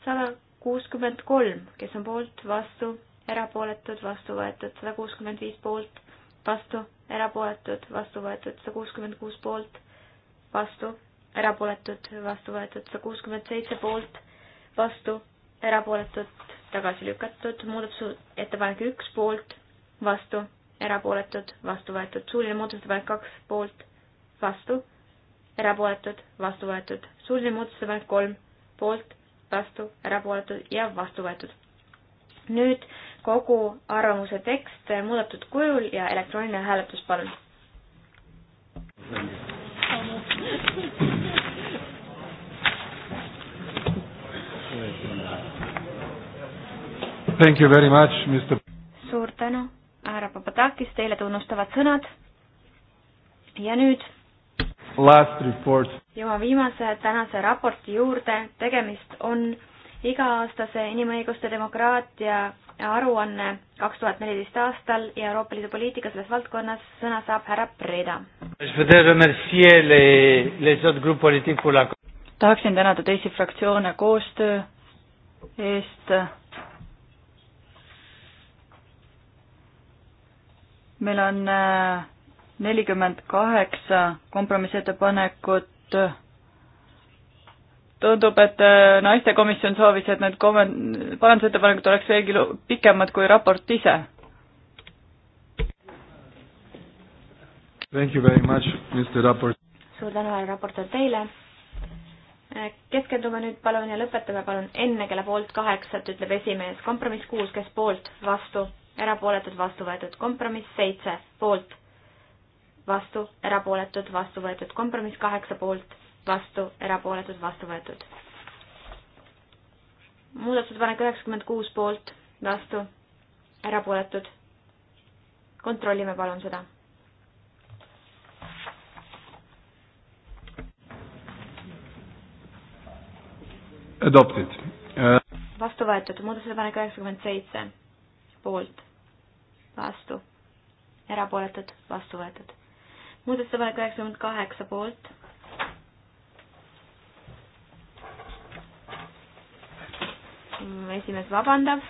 sada kuuskümmend kolm, kes on poolt, vastu, erapooletud, vastu võetud, sada kuuskümmend viis poolt, vastu, erapooletud, vastu võetud, sada kuuskümmend kuus poolt, vastu, erapooletud, vastu võetud, sada kuuskümmend seitse poolt, vastu, erapooletud, tagasi lükatud, muudatusettepanek üks poolt, vastu, erapooletud, vastu võetud, suuline muudatusettepanek kaks poolt, vastu, erapooletud, vastu võetud, suuline muudatusettepanek kolm poolt vastu, erapooletud ja vastu võetud. nüüd kogu arvamuse tekst muudetud kujul ja elektrooniline hääletus, palun. Thank you very much, Mr. suur tänu, härra Papadakis, teile tunnustavad sõnad. ja nüüd last report. jõuame viimase tänase raporti juurde, tegemist on iga-aastase inimõiguste demokraatia aruanne kaks tuhat neliteist aastal ja Euroopa Liidu poliitika selles valdkonnas, sõna saab härra Preda. tahaksin tänada teisi fraktsioone koostöö eest. meil on äh, nelikümmend kaheksa kompromissettepanekut. tundub, et äh, naistekomisjon soovis, et need komment-, parandusettepanekud oleks veelgi pikemad kui raport ise. Thank you very much, Mr raport. suur tänu, härra raportöör, teile. Äh, keskendume nüüd palun ja lõpetame palun enne kella poolt kaheksat, ütleb esimees. kompromiss kuus, kes poolt, vastu, erapooletud, vastu võetud. kompromiss seitse, poolt vastu, erapooletud, vastu võetud. kompromiss kaheksa poolt, vastu, erapooletud, vastu võetud. muudatusettepanek üheksakümmend kuus poolt, vastu, erapooletud. kontrollime palun seda. Adopted uh.... vastu võetud, muudatusettepanek üheksakümmend seitse, poolt, vastu, erapooletud, vastu võetud muudatusettepanek üheksakümmend kaheksa poolt. esimees vabandab,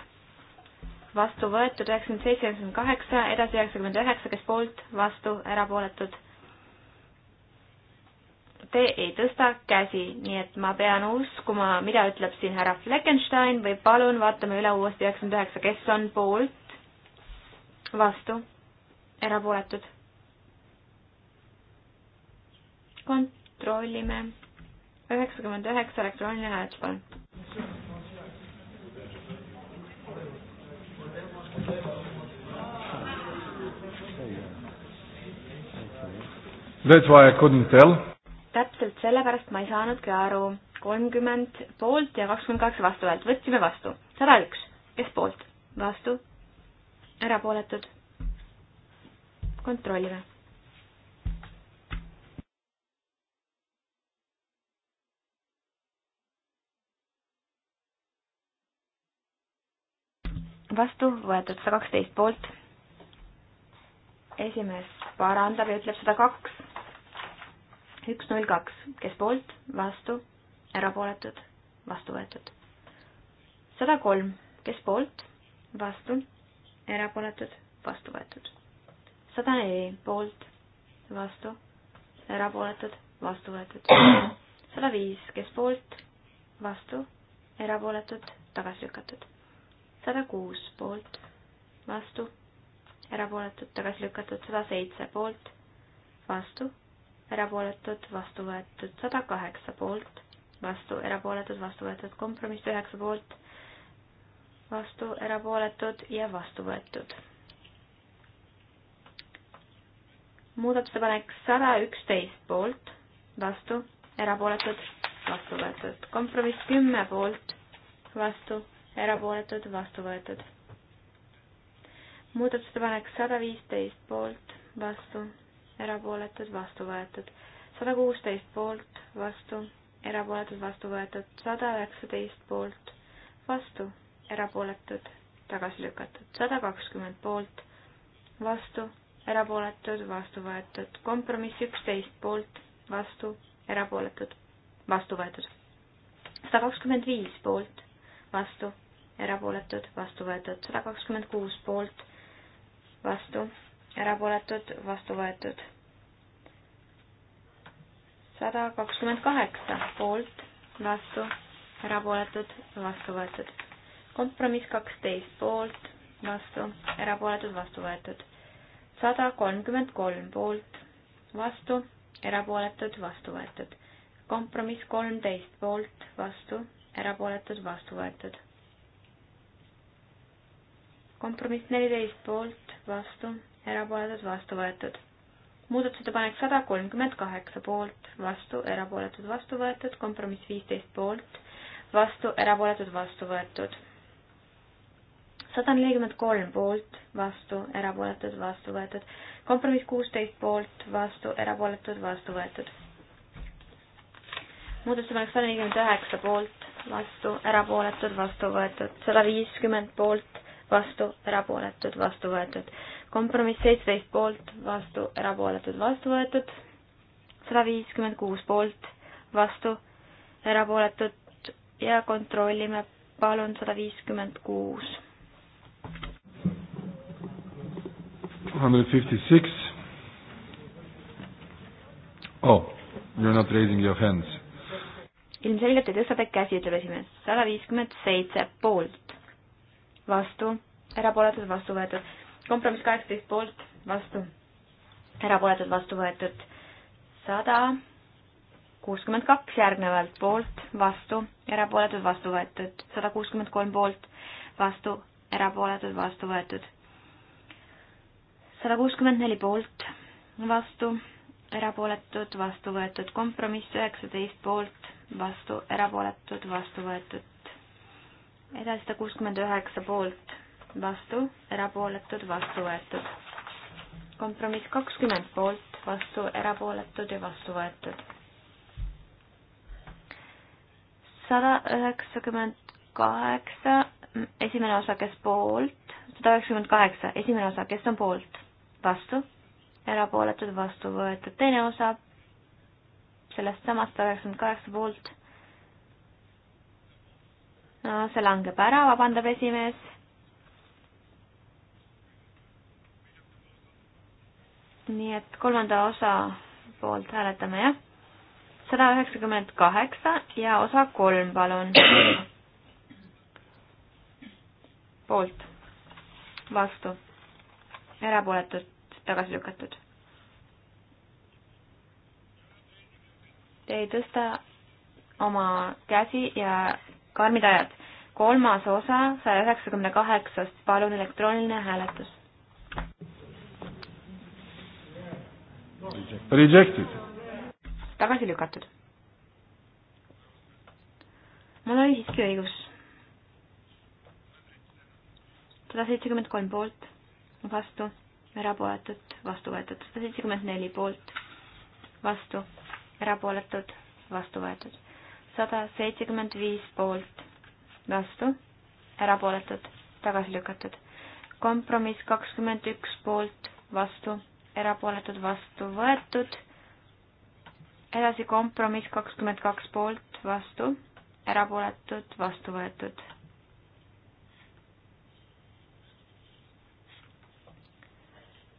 vastu võetud üheksakümmend seitse, üheksakümmend kaheksa, edasi üheksakümmend üheksa, kes poolt, vastu, erapooletud. Te ei tõsta käsi, nii et ma pean uskuma, mida ütleb siin härra Fleckenstein või palun vaatame üle uuesti üheksakümmend üheksa, kes on poolt, vastu, erapooletud kontrollime. üheksakümmend üheksa elektrooniline hääletus, palun. That's why I couldn't tell. täpselt sellepärast ma ei saanudki aru. kolmkümmend poolt ja kakskümmend kaheksa vastu häält, võtsime vastu. sada üks, kes poolt, vastu, erapooletud. kontrollime vastu võetud sada kaksteist poolt. esimees parandab ja ütleb sada kaks, üks, null, kaks, kes poolt, vastu, erapooletud, vastu võetud. sada kolm, kes poolt, vastu, erapooletud, vastu võetud. sada neli poolt, vastu, erapooletud, vastu võetud. sada viis, kes poolt, vastu, erapooletud, tagasi lükatud sada kuus poolt, vastu, erapooletud, tagasi lükatud, sada seitse poolt, vastu, erapooletud, vastu võetud, sada kaheksa poolt, vastu, erapooletud, vastu võetud, kompromiss üheksa poolt, vastu, erapooletud ja vastu võetud muudatusepanek sada üksteist poolt, vastu, erapooletud, vastu võetud. kompromiss kümme poolt, vastu, erapooletud, vastu võetud. muudatusettepanek sada viisteist poolt, vastu, erapooletud, vastu võetud. sada kuusteist poolt, vastu, erapooletud, vastu võetud. sada üheksateist poolt, vastu, erapooletud, tagasi lükatud. sada kakskümmend poolt, vastu, erapooletud, vastu võetud. kompromiss üksteist poolt, vastu, erapooletud, vastu võetud. sada kakskümmend viis poolt, vastu, erapooletud, vastu võetud sada kakskümmend kuus poolt, vastu, erapooletud, vastu võetud sada kakskümmend kaheksa poolt, vastu, erapooletud, vastu võetud. kompromiss kaksteist poolt, vastu, erapooletud, vastu võetud. sada kolmkümmend kolm poolt, vastu, erapooletud, vastu võetud. kompromiss kolmteist poolt, vastu, erapooletud, vastu võetud kompromiss neliteist poolt, vastu, erapooletud, vastu võetud. muudatusettepanek sada kolmkümmend kaheksa poolt, vastu, erapooletud, vastu võetud, kompromiss viisteist poolt, vastu, erapooletud, vastu võetud. sada nelikümmend kolm poolt, vastu, erapooletud, vastu võetud, kompromiss kuusteist poolt, vastu, erapooletud, vastu võetud. muudatusettepanek sada nelikümmend üheksa poolt, vastu, erapooletud, vastu võetud, sada viiskümmend poolt vastu, erapooletud, vastu võetud. kompromiss seitseteist poolt, vastu, erapooletud, vastu võetud. sada viiskümmend kuus poolt, vastu, erapooletud ja kontrollime palun sada viiskümmend kuus. Hundred fifty six. Oh, you are not raising your hands. ilmselgelt ei tõsta te käsi, ütleb esimees. sada viiskümmend seitse poolt vastu, erapooletud, vastu võetud. kompromiss kaheksateist poolt, vastu, erapooletud, vastu võetud. sada kuuskümmend kaks järgnevalt poolt, vastu, erapooletud, vastu võetud. sada kuuskümmend kolm poolt, vastu, erapooletud, vastu võetud. sada kuuskümmend neli poolt, vastu, erapooletud, vastu võetud. kompromiss üheksateist poolt, vastu, erapooletud, vastu võetud edasi sada kuuskümmend üheksa poolt, vastu, erapooletud, vastu võetud. kompromiss kakskümmend poolt, vastu, erapooletud ja vastu võetud. sada üheksakümmend kaheksa, esimene osa, kes poolt, sada üheksakümmend kaheksa, esimene osa, kes on poolt, vastu, erapooletud, vastu võetud, teine osa sellest samast sada üheksakümmend kaheksa poolt see langeb ära, vabandab esimees. nii et kolmanda osa poolt hääletame, jah. sada üheksakümmend kaheksa ja osa kolm, palun. poolt, vastu, erapooletult tagasi lükatud. Te ei tõsta oma käsi ja karmid ajad. kolmas osa saja üheksakümne kaheksast, palun elektrooniline hääletus. Rejected. tagasi lükatud. mul oli siiski õigus. sada seitsekümmend kolm poolt, vastu, erapooletud, vastu võetud, sada seitsekümmend neli poolt, vastu, erapooletud, vastu võetud sada seitsekümmend viis poolt, vastu, erapooletud, tagasi lükatud. kompromiss kakskümmend üks poolt, vastu, erapooletud, vastu võetud. edasi kompromiss kakskümmend kaks poolt, vastu, erapooletud, vastu võetud.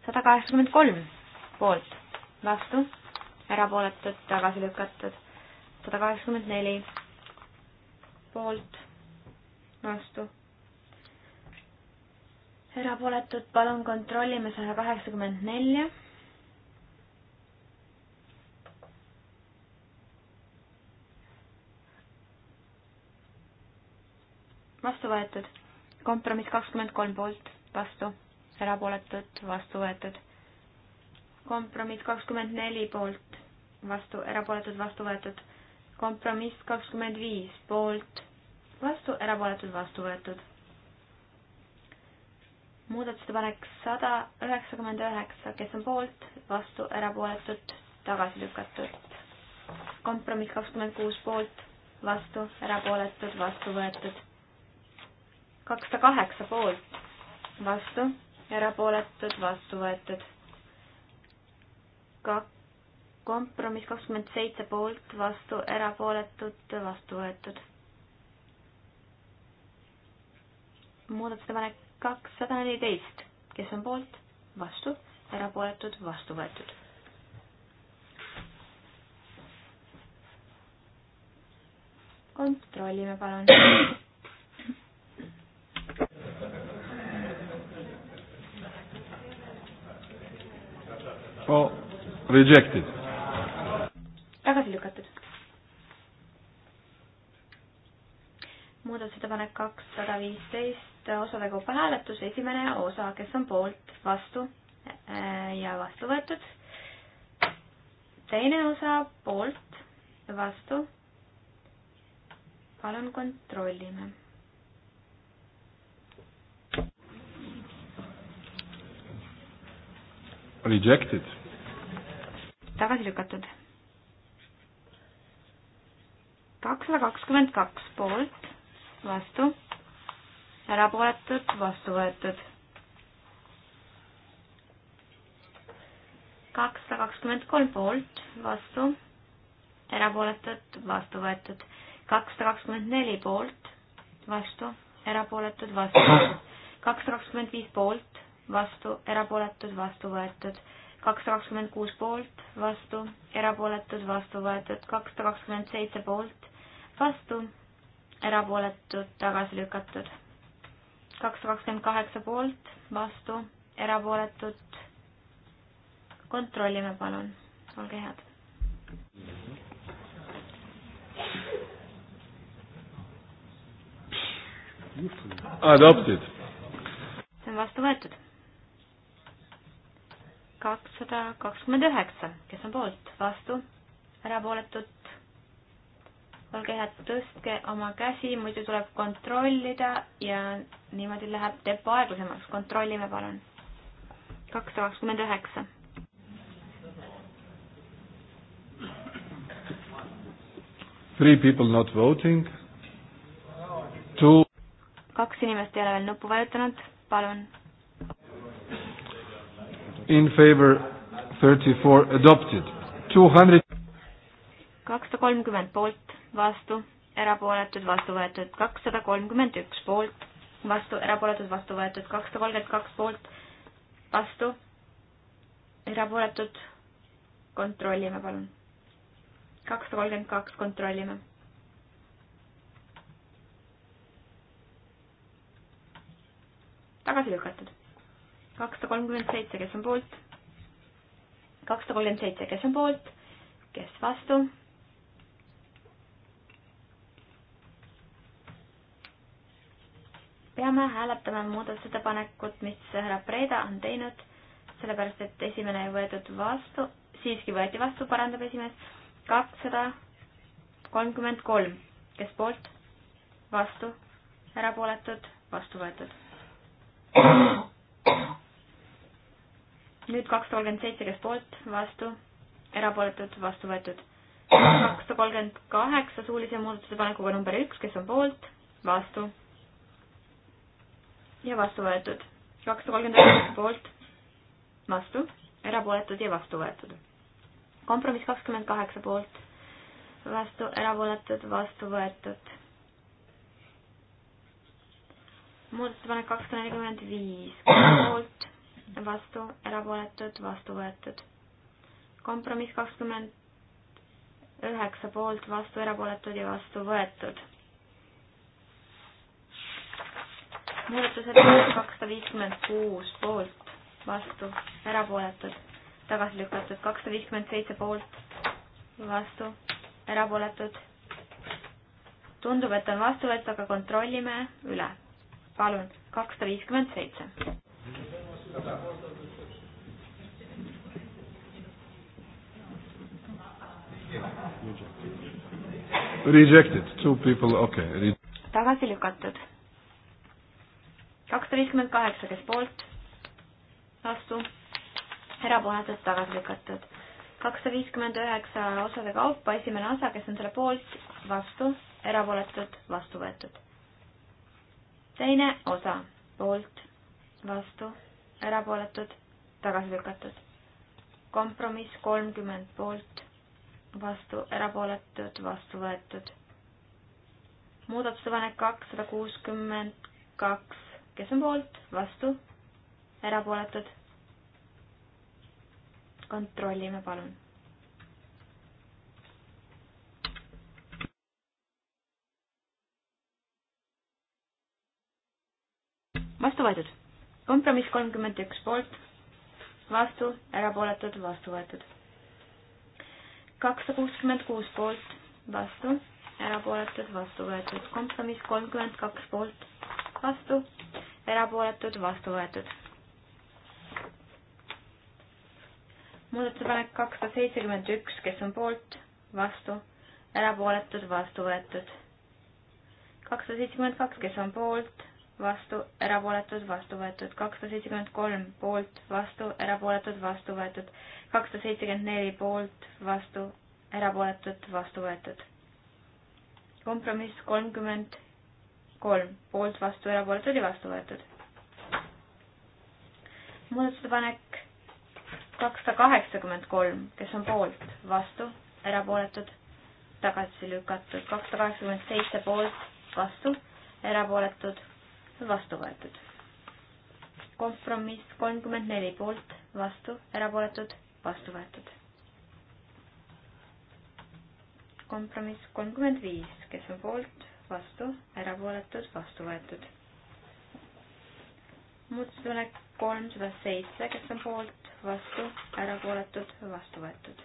sada kaheksakümmend kolm poolt, vastu, erapooletud, tagasi lükatud sada kaheksakümmend neli poolt, vastu. erapooletud, palun kontrollime saja kaheksakümmend nelja. vastu võetud, kompromiss kakskümmend kolm poolt, vastu, erapooletud, vastu võetud. kompromiss kakskümmend neli poolt, vastu, erapooletud, vastu võetud kompromiss kakskümmend viis poolt, vastu, erapooletud, vastu võetud. muudatusettepanek sada üheksakümmend üheksa, kes on poolt, vastu, erapooletud, tagasi lükatud. kompromiss kakskümmend kuus poolt, vastu, erapooletud, vastu võetud. kakssada kaheksa poolt, vastu, erapooletud, vastu võetud. kaks kompromiss kakskümmend seitse poolt, vastu, erapooletud, vastu võetud. muudatusettepanek kakssada neliteist, kes on poolt, vastu, erapooletud, vastu võetud. kontrollime palun. Oh, rejected tagasi lükatud. muudatusettepanek kakssada viisteist osade kaupa hääletus, esimene osa, kes on poolt, vastu äh, ja vastu võetud. teine osa poolt, vastu. palun kontrollime rejected. tagasi lükatud kakssada kakskümmend kaks poolt, vastu, erapooletud, vastu võetud. kakssada kakskümmend kolm poolt, vastu, erapooletud, vastu võetud. kakssada kakskümmend neli poolt, vastu, erapooletud, vastu võetud. kakssada kakskümmend viis poolt, vastu, erapooletud, vastu võetud kakssada kakskümmend kuus poolt, vastu, erapooletud, vastu võetud, kakssada kakskümmend seitse poolt, vastu, erapooletud, tagasi lükatud. kakssada kakskümmend kaheksa poolt, vastu, erapooletud. kontrollime, palun, olge head. Adopted. see on vastu võetud. kakssada kakskümmend üheksa, kes on poolt, vastu, erapooletud olge head, tõstke oma käsi, muidu tuleb kontrollida ja niimoodi läheb tepp aeglasemaks. kontrollime palun. kakssada kakskümmend üheksa. Three people not voting. Two. kaks inimest ei ole veel nuppu vajutanud, palun. In favor thirty four adopted, two hundred. kakssada kolmkümmend poolt vastu, erapooletud, vastu võetud kakssada kolmkümmend üks poolt, vastu, erapooletud, vastu võetud kakssada kolmkümmend kaks poolt, vastu, erapooletud, kontrollime palun. kakssada kolmkümmend kaks, kontrollime tagasi lükatud. kakssada kolmkümmend seitse, kes on poolt? kakssada kolmkümmend seitse, kes on poolt? kes vastu? peame hääletama muudatusettepanekut, mis härra Preda on teinud, sellepärast et esimene ei võetud vastu, siiski võeti vastu, parandab esimees, kakssada kolmkümmend kolm, kes poolt, vastu, erapooletud, vastu võetud. nüüd kakssada kolmkümmend seitse, kes poolt, vastu, erapooletud, vastu võetud. kakssada kolmkümmend kaheksa suulise muudatusettepanekuga number üks, kes on poolt, vastu ja vastu võetud. kakssada kolmkümmend üheksa poolt, vastu, erapooletud ja vastu võetud. kompromiss kakskümmend kaheksa poolt, vastu, erapooletud, vastu võetud. muudatusettepanek kakssada nelikümmend viis poolt, vastu, erapooletud, vastu võetud. kompromiss kakskümmend üheksa poolt, vastu, erapooletud ja vastu võetud muudatusettepanek kakssada viiskümmend kuus poolt, vastu, erapooletud, tagasi lükatud, kakssada viiskümmend seitse poolt, vastu, erapooletud. tundub, et on vastu võetud, aga kontrollime üle. palun, kakssada viiskümmend seitse. Rejected, two people, okei okay.. tagasi lükatud kakssada viiskümmend kaheksa, kes poolt, vastu, erapooletud, tagasi lükatud. kakssada viiskümmend üheksa osade kaupa, esimene osa, kes on selle poolt, vastu, erapooletud, vastu võetud. teine osa, poolt, vastu, erapooletud, tagasi lükatud. kompromiss kolmkümmend poolt, vastu, erapooletud, vastu võetud. muudatusepanek kakssada kuuskümmend kaks kes on poolt, vastu, erapooletud. kontrollime, palun. vastu võetud. kompromiss kolmkümmend üks poolt, vastu, erapooletud, vastu võetud. kakssada kuuskümmend kuus poolt, vastu, erapooletud, vastu võetud. kompromiss kolmkümmend kaks poolt, vastu, erapooletud, vastu võetud. muudatusepanek kakssada seitsekümmend üks, kes on poolt, vastu, erapooletud, vastu võetud. kakssada seitsekümmend kaks, kes on poolt, vastu, erapooletud, vastu võetud. kakssada seitsekümmend kolm, poolt, vastu, erapooletud, vastu võetud. kakssada seitsekümmend neli, poolt, vastu, erapooletud, vastu võetud. kompromiss kolmkümmend kolm poolt, vastu, erapooletud ja vastu võetud. muudatusettepanek kakssada kaheksakümmend kolm, kes on poolt, vastu, erapooletud, tagasi lükatud, kakssada kaheksakümmend seitse poolt, vastu, erapooletud, vastu võetud. kompromiss kolmkümmend neli poolt, vastu, erapooletud, vastu võetud. kompromiss kolmkümmend viis, kes on poolt, vastu, erapooletud, vastu võetud. muudatusettepanek kolmsada seitse, kes on poolt, vastu, erapooletud, vastu võetud.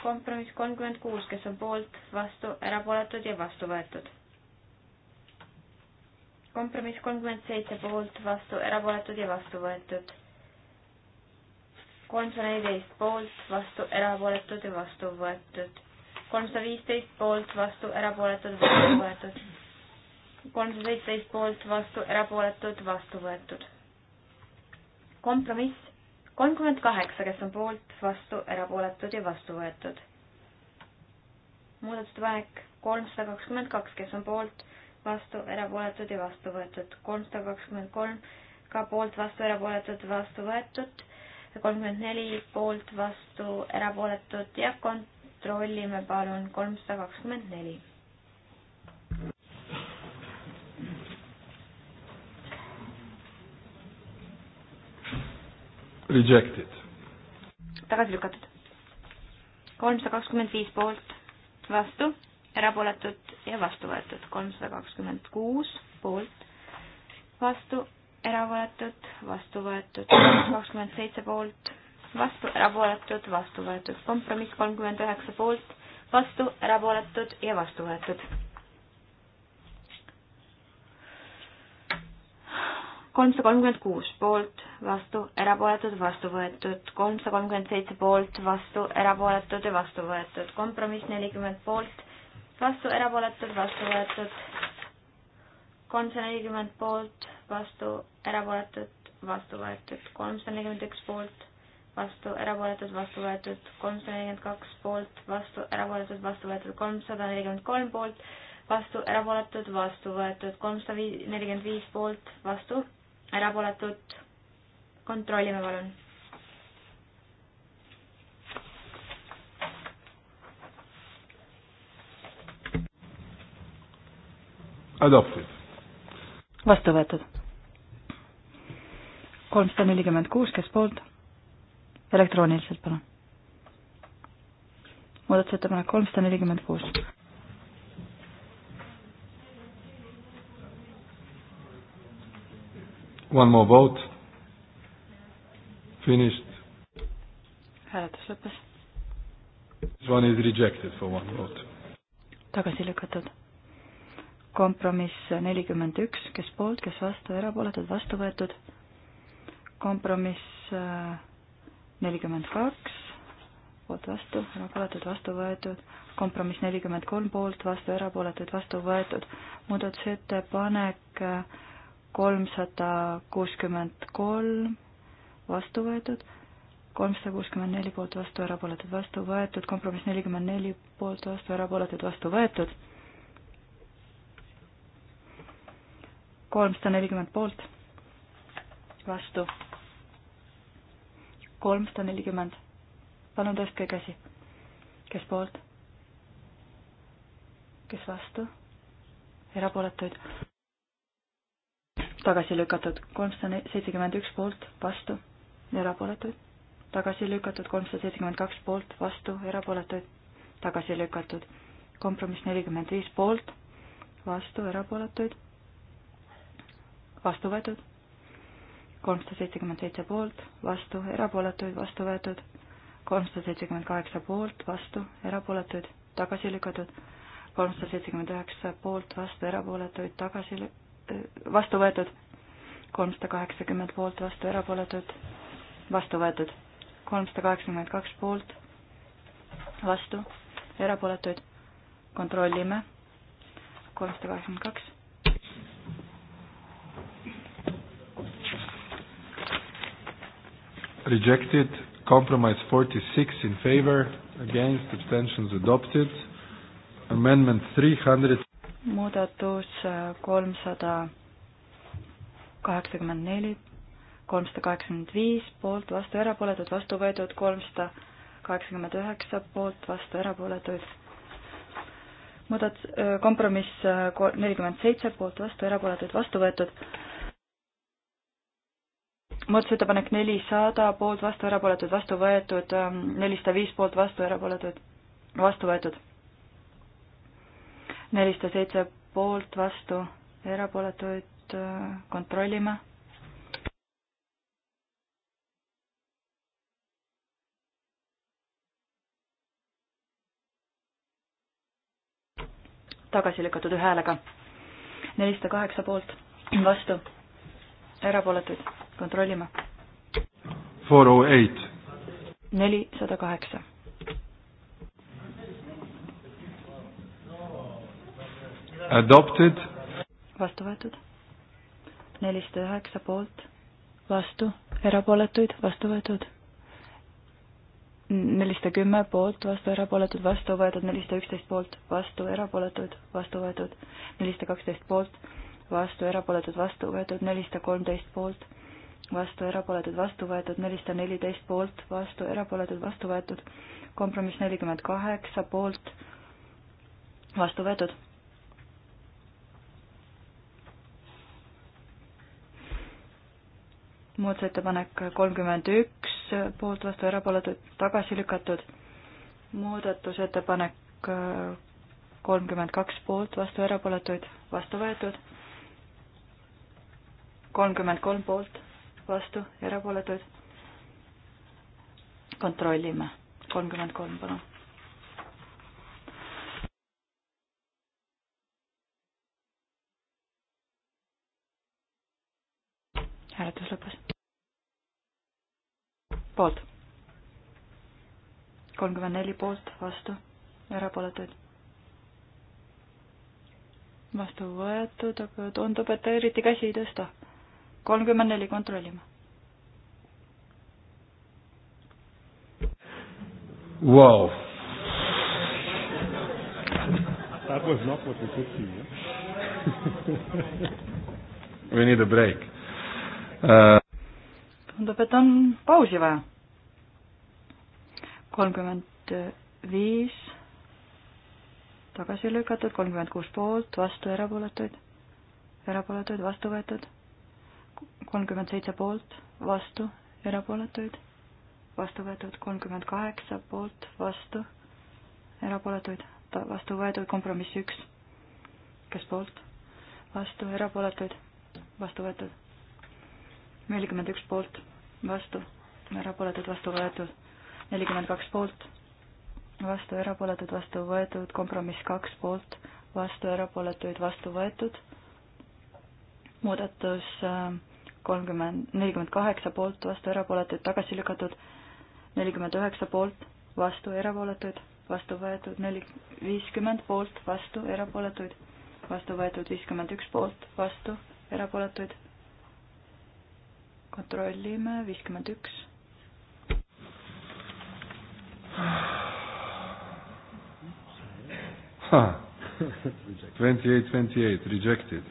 kompromiss kolmkümmend kuus, kes on poolt, vastu, erapooletud ja vastu võetud. kompromiss kolmkümmend seitse poolt, vastu, erapooletud ja vastu võetud. kolmsada neliteist poolt, vastu, erapooletud ja vastu võetud kolmsada viisteist poolt, vastu, erapooletud, vastu võetud. kolmsada seitseteist poolt, vastu, erapooletud, vastu võetud. kompromiss kolmkümmend kaheksa, kes on poolt, vastu, erapooletud ja vastu võetud. muudatusettepanek kolmsada kakskümmend kaks, kes on poolt, vastu, erapooletud ja vastu võetud. kolmsada kakskümmend kolm, ka poolt, vastu, erapooletud, vastu võetud. kolmkümmend neli, poolt, vastu, erapooletud ja kont-, kontrollime palun kolmsada kakskümmend neli. Rejected. tagasi lükatud. kolmsada kakskümmend viis poolt, vastu, erapooletud ja vastu võetud. kolmsada kakskümmend kuus poolt, vastu, erapooletud, vastu võetud. kakskümmend seitse poolt vastu, erapooletud, vastu võetud. kompromiss kolmkümmend üheksa poolt, vastu, erapooletud ja vastu võetud. kolmsada kolmkümmend kuus poolt, vastu, erapooletud, vastu võetud. kolmsada kolmkümmend seitse poolt, vastu, erapooletud ja vastu võetud. kompromiss nelikümmend poolt, vastu, erapooletud, vastu võetud. kolmsada nelikümmend poolt, vastu, erapooletud, vastu võetud. kolmsada nelikümmend üks poolt vastu, erapooletud, vastu võetud kolmsada nelikümmend kaks poolt, vastu, erapooletud, vastu võetud kolmsada nelikümmend kolm poolt, vastu, erapooletud, vastu võetud kolmsada vii-, nelikümmend viis poolt, vastu, erapooletud, kontrollime palun. Adopted. vastu võetud. kolmsada nelikümmend kuus, kes poolt elektrooniliselt, palun. muudatusettepanek kolmsada nelikümmend kuus. One more vote. Finished. hääletus lõppes. This one is rejected for one vote. tagasi lükatud. kompromiss nelikümmend üks, kes poolt, kes vastu, erapooletud, vastu võetud. kompromiss äh, nelikümmend kaks, poolt vastu, erapooletud vastu võetud, kompromiss nelikümmend kolm poolt vastu, erapooletud vastu võetud, muudatusettepanek kolmsada kuuskümmend kolm vastu võetud, kolmsada kuuskümmend neli poolt vastu, erapooletud vastu võetud, kompromiss nelikümmend neli poolt vastu, erapooletud vastu võetud, kolmsada nelikümmend poolt vastu kolmsada nelikümmend. palun tõstke käsi. kes poolt? kes vastu? erapooletuid? tagasi lükatud kolmsada seitsekümmend üks poolt, vastu, erapooletuid. tagasi lükatud kolmsada seitsekümmend kaks poolt, vastu, erapooletuid. tagasi lükatud kompromiss nelikümmend viis poolt, vastu, erapooletuid. vastu võetud kolmsada seitsekümmend seitse poolt, vastu, erapooletuid, vastu võetud, kolmsada seitsekümmend kaheksa poolt, vastu, erapooletuid, tagasi lükatud, kolmsada seitsekümmend üheksa poolt, vastu, erapooletuid, tagasi lü-, äh, vastu võetud, kolmsada kaheksakümmend poolt, vastu, erapooletuid, vastu võetud, kolmsada kaheksakümmend kaks poolt, vastu, erapooletuid, kontrollime, kolmsada kaheksakümmend kaks, rejected. Compromise 46 in favor, against, abstentions adopted. Amendment 300. muudatus äh, kolmsada kaheksakümmend neli, kolmsada kaheksakümmend viis poolt, vastu erapooletud, vastu võetud kolmsada kaheksakümmend üheksa poolt, vastu erapooletuid. muudat-, äh, kompromiss äh, nelikümmend seitse poolt, vastu erapooletuid, vastu võetud muudatusettepanek nelisada poolt vastu, erapooletud, vastu võetud, ähm, nelisada viis poolt vastu, erapooletud, vastu võetud. nelisada seitse poolt vastu, erapooletuid äh, kontrollime. tagasi lükatud ühe häälega. nelisada kaheksa poolt, vastu, erapooletuid kontrollima. Oh nelisada kaheksa. Adopted. vastu võetud. nelisada üheksa poolt, vastu, erapooletuid, vastu võetud nelisada kümme poolt, vastu erapooletud, vastu võetud nelisada üksteist poolt, vastu erapooletud, vastu võetud nelisada kaksteist poolt, vastu erapooletud, vastu võetud nelisada kolmteist poolt, vastu, erapooletud, vastu võetud, nelisada neliteist poolt, vastu, erapooletud, vastu võetud, kompromiss nelikümmend kaheksa poolt, vastu võetud. muudatusettepanek kolmkümmend üks, poolt, vastu, erapooletud, tagasi lükatud. muudatusettepanek kolmkümmend kaks poolt, vastu, erapooletuid, vastu võetud. kolmkümmend kolm poolt vastu, erapooletuid. kontrollime, kolmkümmend kolm, palun. hääletus lõppes. poolt. kolmkümmend neli poolt, vastu, erapooletuid vastu võetud, aga tundub, et ta eriti käsi ei tõsta kolmkümmend neli kontrollime. Wow. That was not what we could see. Yeah? we need a break uh.... tundub, et on pausi vaja. kolmkümmend viis tagasi lükatud, kolmkümmend kuus poolt, vastu erapooletuid, erapooletuid vastu võetud kolmkümmend seitse poolt, vastu, erapooletuid, vastu võetud kolmkümmend kaheksa poolt, vastu, erapooletuid, vastu võetud kompromiss üks, kes poolt, vastu, erapooletuid, vastu võetud, nelikümmend üks poolt, vastu, erapooletuid, vastu võetud, nelikümmend kaks poolt, vastu, erapooletuid, vastu võetud, kompromiss kaks poolt, vastu, erapooletuid, vastu võetud muudatus äh, kolmkümmend, nelikümmend kaheksa poolt, vastu erapooletuid, tagasi lükatud, nelikümmend üheksa poolt, vastu erapooletuid, vastu võetud neli, viiskümmend poolt, vastu erapooletuid, vastu võetud viiskümmend üks poolt, vastu erapooletuid. kontrollime, viiskümmend üks. Twenty eight, twenty eight, rejected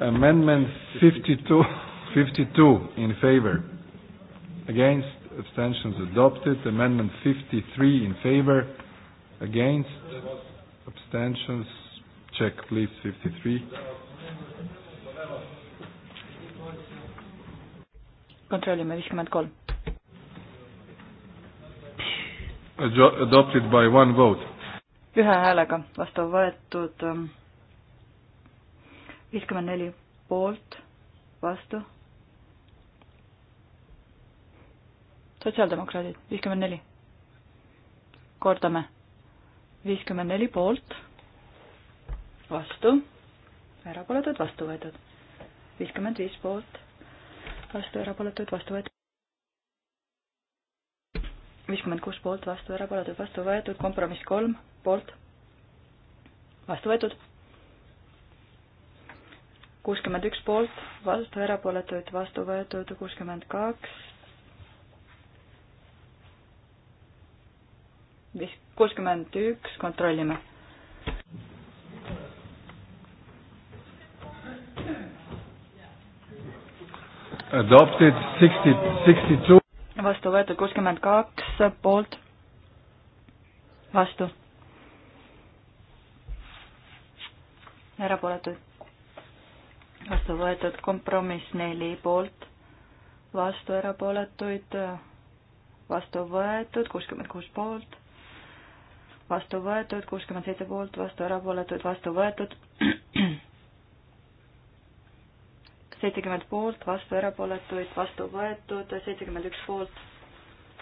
Amendment 52, 52 in favor. Against, abstentions adopted. Amendment 53 in favor. Against, abstentions. Check, please, 53. kontrollime, viiskümmend kolm. Adopted by one vote. ühe häälega vastu võetud um, viiskümmend neli poolt, vastu. sotsiaaldemokraadid, viiskümmend neli. kordame. viiskümmend neli poolt, vastu, erapooletud, vastu võetud. viiskümmend viis poolt, vastu, erapooletud, vastu võetud viiskümmend kuus poolt, vastu, erapooletud, vastu võetud, kompromiss kolm poolt, vastu võetud kuuskümmend üks poolt, vastu, erapooletuid vastu võetud kuuskümmend kaks, viis, kuuskümmend üks, kontrollime. Adopted sixty, sixty two. vastu võetud kuuskümmend kaks poolt, vastu, erapooletuid vastu võetud kompromiss neli poolt, vastu erapooletuid, vastu võetud kuuskümmend kuus poolt, vastu võetud kuuskümmend seitse poolt, vastu erapooletuid, vastu võetud seitsekümmend poolt, vastu erapooletuid, vastu võetud seitsekümmend üks poolt,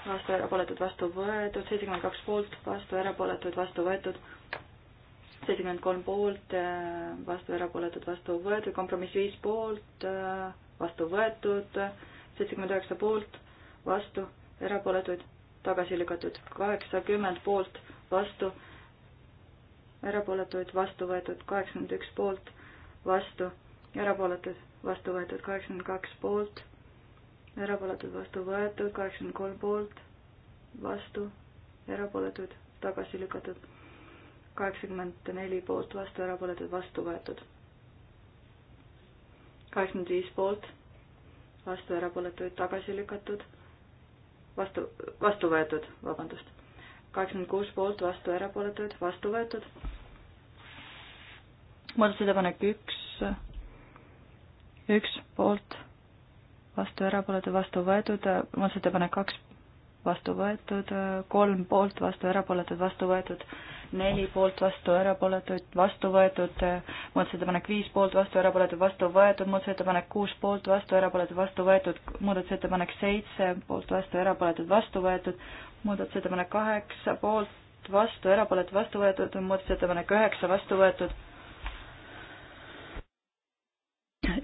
vastu erapooletuid, vastu võetud seitsekümmend kaks poolt, vastu erapooletuid, vastu võetud seitsekümmend kolm poolt, äh, vastu erapooletud, vastu võetud, kompromiss viis poolt, äh, vastu võetud, seitsekümmend üheksa poolt, vastu erapooletuid, tagasi lükatud, kaheksakümmend poolt, vastu erapooletuid, vastu võetud, kaheksakümmend üks poolt, vastu erapooletud, vastu võetud, kaheksakümmend kaks poolt, erapooletud, vastu võetud, kaheksakümmend kolm poolt, vastu erapooletud, tagasi lükatud kaheksakümmend neli poolt, vastu, erapooletud, vastu võetud. kaheksakümmend viis poolt, vastu, erapooletuid, tagasi lükatud, vastu, vastu võetud, vabandust. kaheksakümmend kuus poolt, vastu, erapooletuid, vastu võetud. muudatusettepanek üks, üks poolt, vastu, erapooletud, vastu võetud, muudatusettepanek kaks, vastu võetud, kolm poolt, vastu, erapooletud, vastu võetud neli poolt vastu, erapooletuid vastu võetud, muudatusettepanek viis poolt vastu, erapooletuid vastu võetud, muudatusettepanek kuus poolt vastu, erapooletuid vastu võetud, muudatusettepanek seitse poolt vastu, erapooletuid vastu võetud, muudatusettepanek kaheksa poolt vastu, erapooletuid vastu võetud, muudatusettepanek üheksa vastu võetud,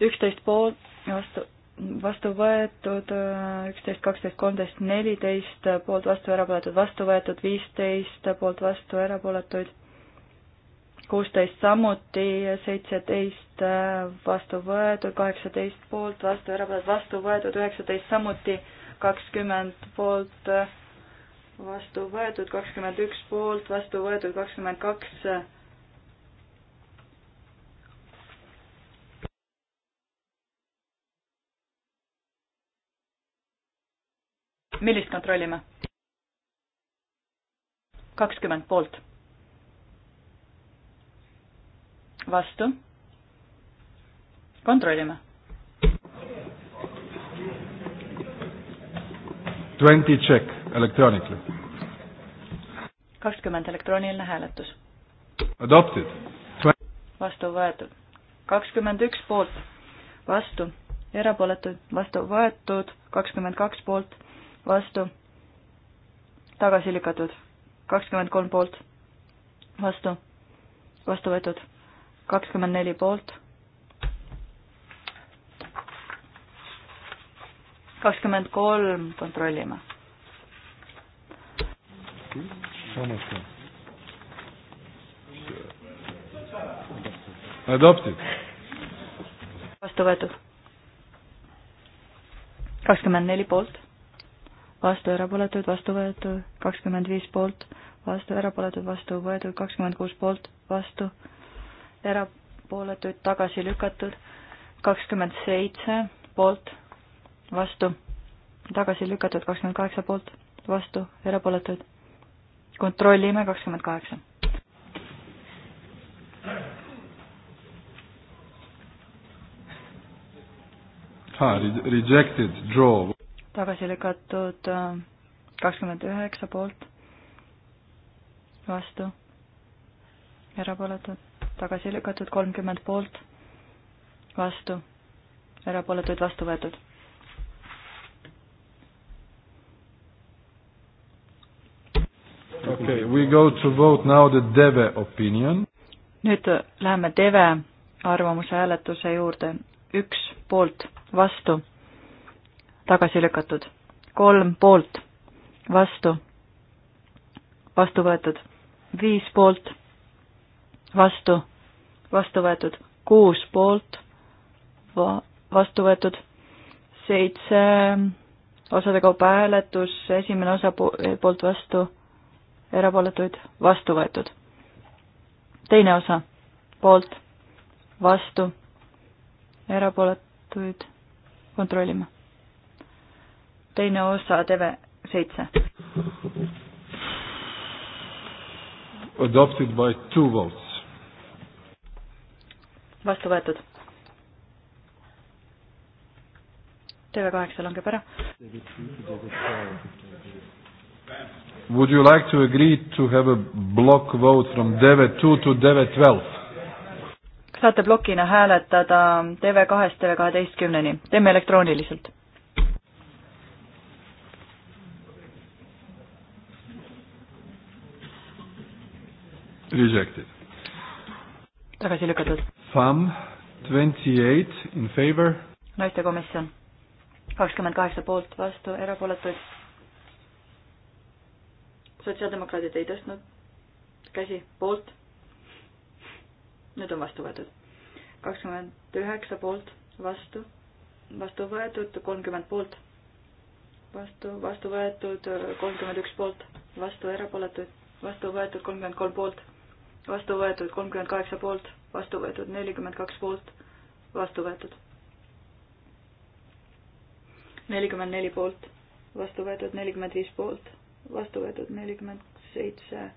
üksteist poolt vastu vastu võetud äh, üksteist, kaksteist, kolmteist, neliteist poolt vastu, erapooletud vastu võetud, viisteist poolt vastu, erapooletuid kuusteist samuti, seitseteist äh, vastu võetud, kaheksateist poolt vastu, erapooletud vastu võetud, üheksateist samuti, kakskümmend poolt äh, vastu võetud, kakskümmend üks poolt vastu võetud, kakskümmend kaks millist kontrollime? kakskümmend poolt. vastu. kontrollime. Twenty check electronically. kakskümmend elektrooniline hääletus. Adopted. vastu võetud. kakskümmend üks poolt, vastu, erapooletuid, vastu võetud, kakskümmend kaks poolt vastu, tagasi lükatud, kakskümmend kolm poolt, vastu, vastu võetud, kakskümmend neli poolt, kakskümmend kolm kontrollime. samuti. Adopted. vastu võetud. kakskümmend neli poolt vastu erapooletud, vastu võetud kakskümmend viis poolt, vastu erapooletud, vastu võetud kakskümmend kuus poolt, vastu erapooletuid tagasi lükatud kakskümmend seitse poolt, vastu tagasi lükatud kakskümmend kaheksa poolt, vastu erapooletuid. kontrollime kakskümmend kaheksa. Rejected, draw tagasi lükatud äh, kakskümmend üheksa poolt, vastu, erapooletud, tagasi lükatud kolmkümmend poolt, vastu, erapooletuid vastu võetud. Okay, we go to vote now the Deve opinion. nüüd läheme Deve arvamuse hääletuse juurde. üks poolt, vastu tagasi lükatud. kolm poolt, vastu, vastu võetud. viis poolt, vastu, vastu võetud. kuus poolt, va-, vastu võetud. seitse osade kaupa hääletus, esimene osa po-, poolt vastu, erapooletuid vastu võetud. teine osa poolt, vastu, erapooletuid kontrollime teine osa TV seitse. Adopted by two votes. vastu võetud. TV kaheksa langeb ära. Would you like to agree to have a block vote from DEVE two to DEVE twelve? saate plokina hääletada TV2-st TV12-ni, teeme elektrooniliselt. Rejected. tagasi lükatud. FAM twenty eight in favor. naistekomisjon kakskümmend kaheksa poolt, vastu, erapooletuid. sotsiaaldemokraadid ei tõstnud käsi poolt. nüüd on vastu võetud. kakskümmend üheksa poolt, vastu, vastu võetud, kolmkümmend poolt, vastu, vastu võetud, kolmkümmend üks poolt, vastu, erapooletuid, vastu võetud, kolmkümmend kolm poolt vastu võetud kolmkümmend kaheksa poolt, vastu võetud nelikümmend kaks poolt, vastu võetud nelikümmend neli poolt, vastu võetud nelikümmend viis poolt, vastu võetud nelikümmend seitse,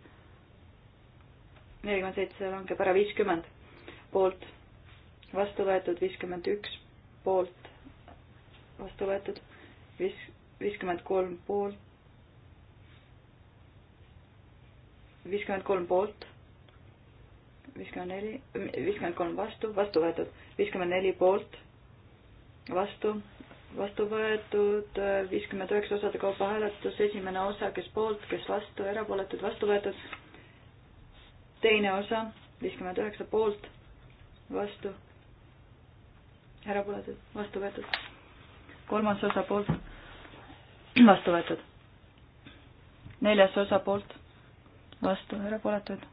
nelikümmend seitse langeb ära viiskümmend poolt, vastu võetud viiskümmend üks poolt, vastu võetud viis, viiskümmend kolm poolt, viiskümmend kolm poolt, viiskümmend neli, viiskümmend kolm vastu, vastu võetud, viiskümmend neli poolt, vastu, vastu võetud, viiskümmend üheksa osade kaupa hääletus, esimene osa, kes poolt, kes vastu, erapooletud, vastu võetud, teine osa, viiskümmend üheksa poolt, vastu, erapooletud, vastu võetud, kolmas osa poolt, vastu võetud, neljas osa poolt, vastu, erapooletud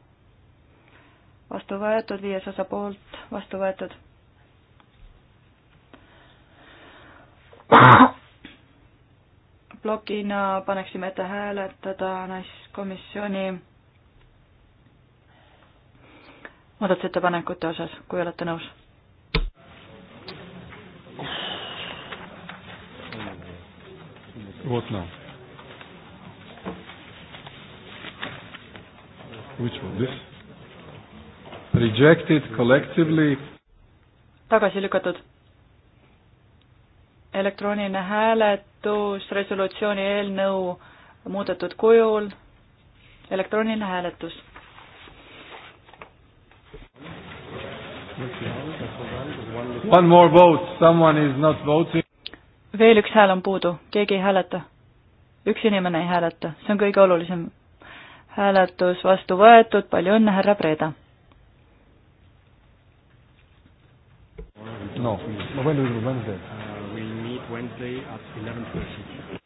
vastu võetud, viies osa poolt, vastu võetud. plokina paneksime ette hääletada naiskomisjoni muudatusettepanekute osas, kui olete nõus. What now? Which one? This? Rejected collectively. tagasi lükatud. elektrooniline hääletus resolutsiooni eelnõu muudetud kujul. elektrooniline hääletus. One more vote, someone is not voting. veel üks hääl on puudu, keegi ei hääleta. üks inimene ei hääleta, see on kõige olulisem. hääletus vastu võetud, palju õnne, härra Preeda No. When do we do Wednesday? Uh, we meet Wednesday at 11.30.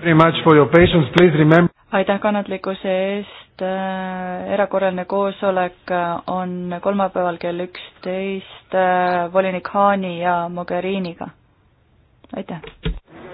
Very much for your patience, please remember. aitäh kannatlikkuse eest, äh, erakorraline koosolek äh, on kolmapäeval kell üksteist äh, volinik Haani ja Mogheriniga. aitäh!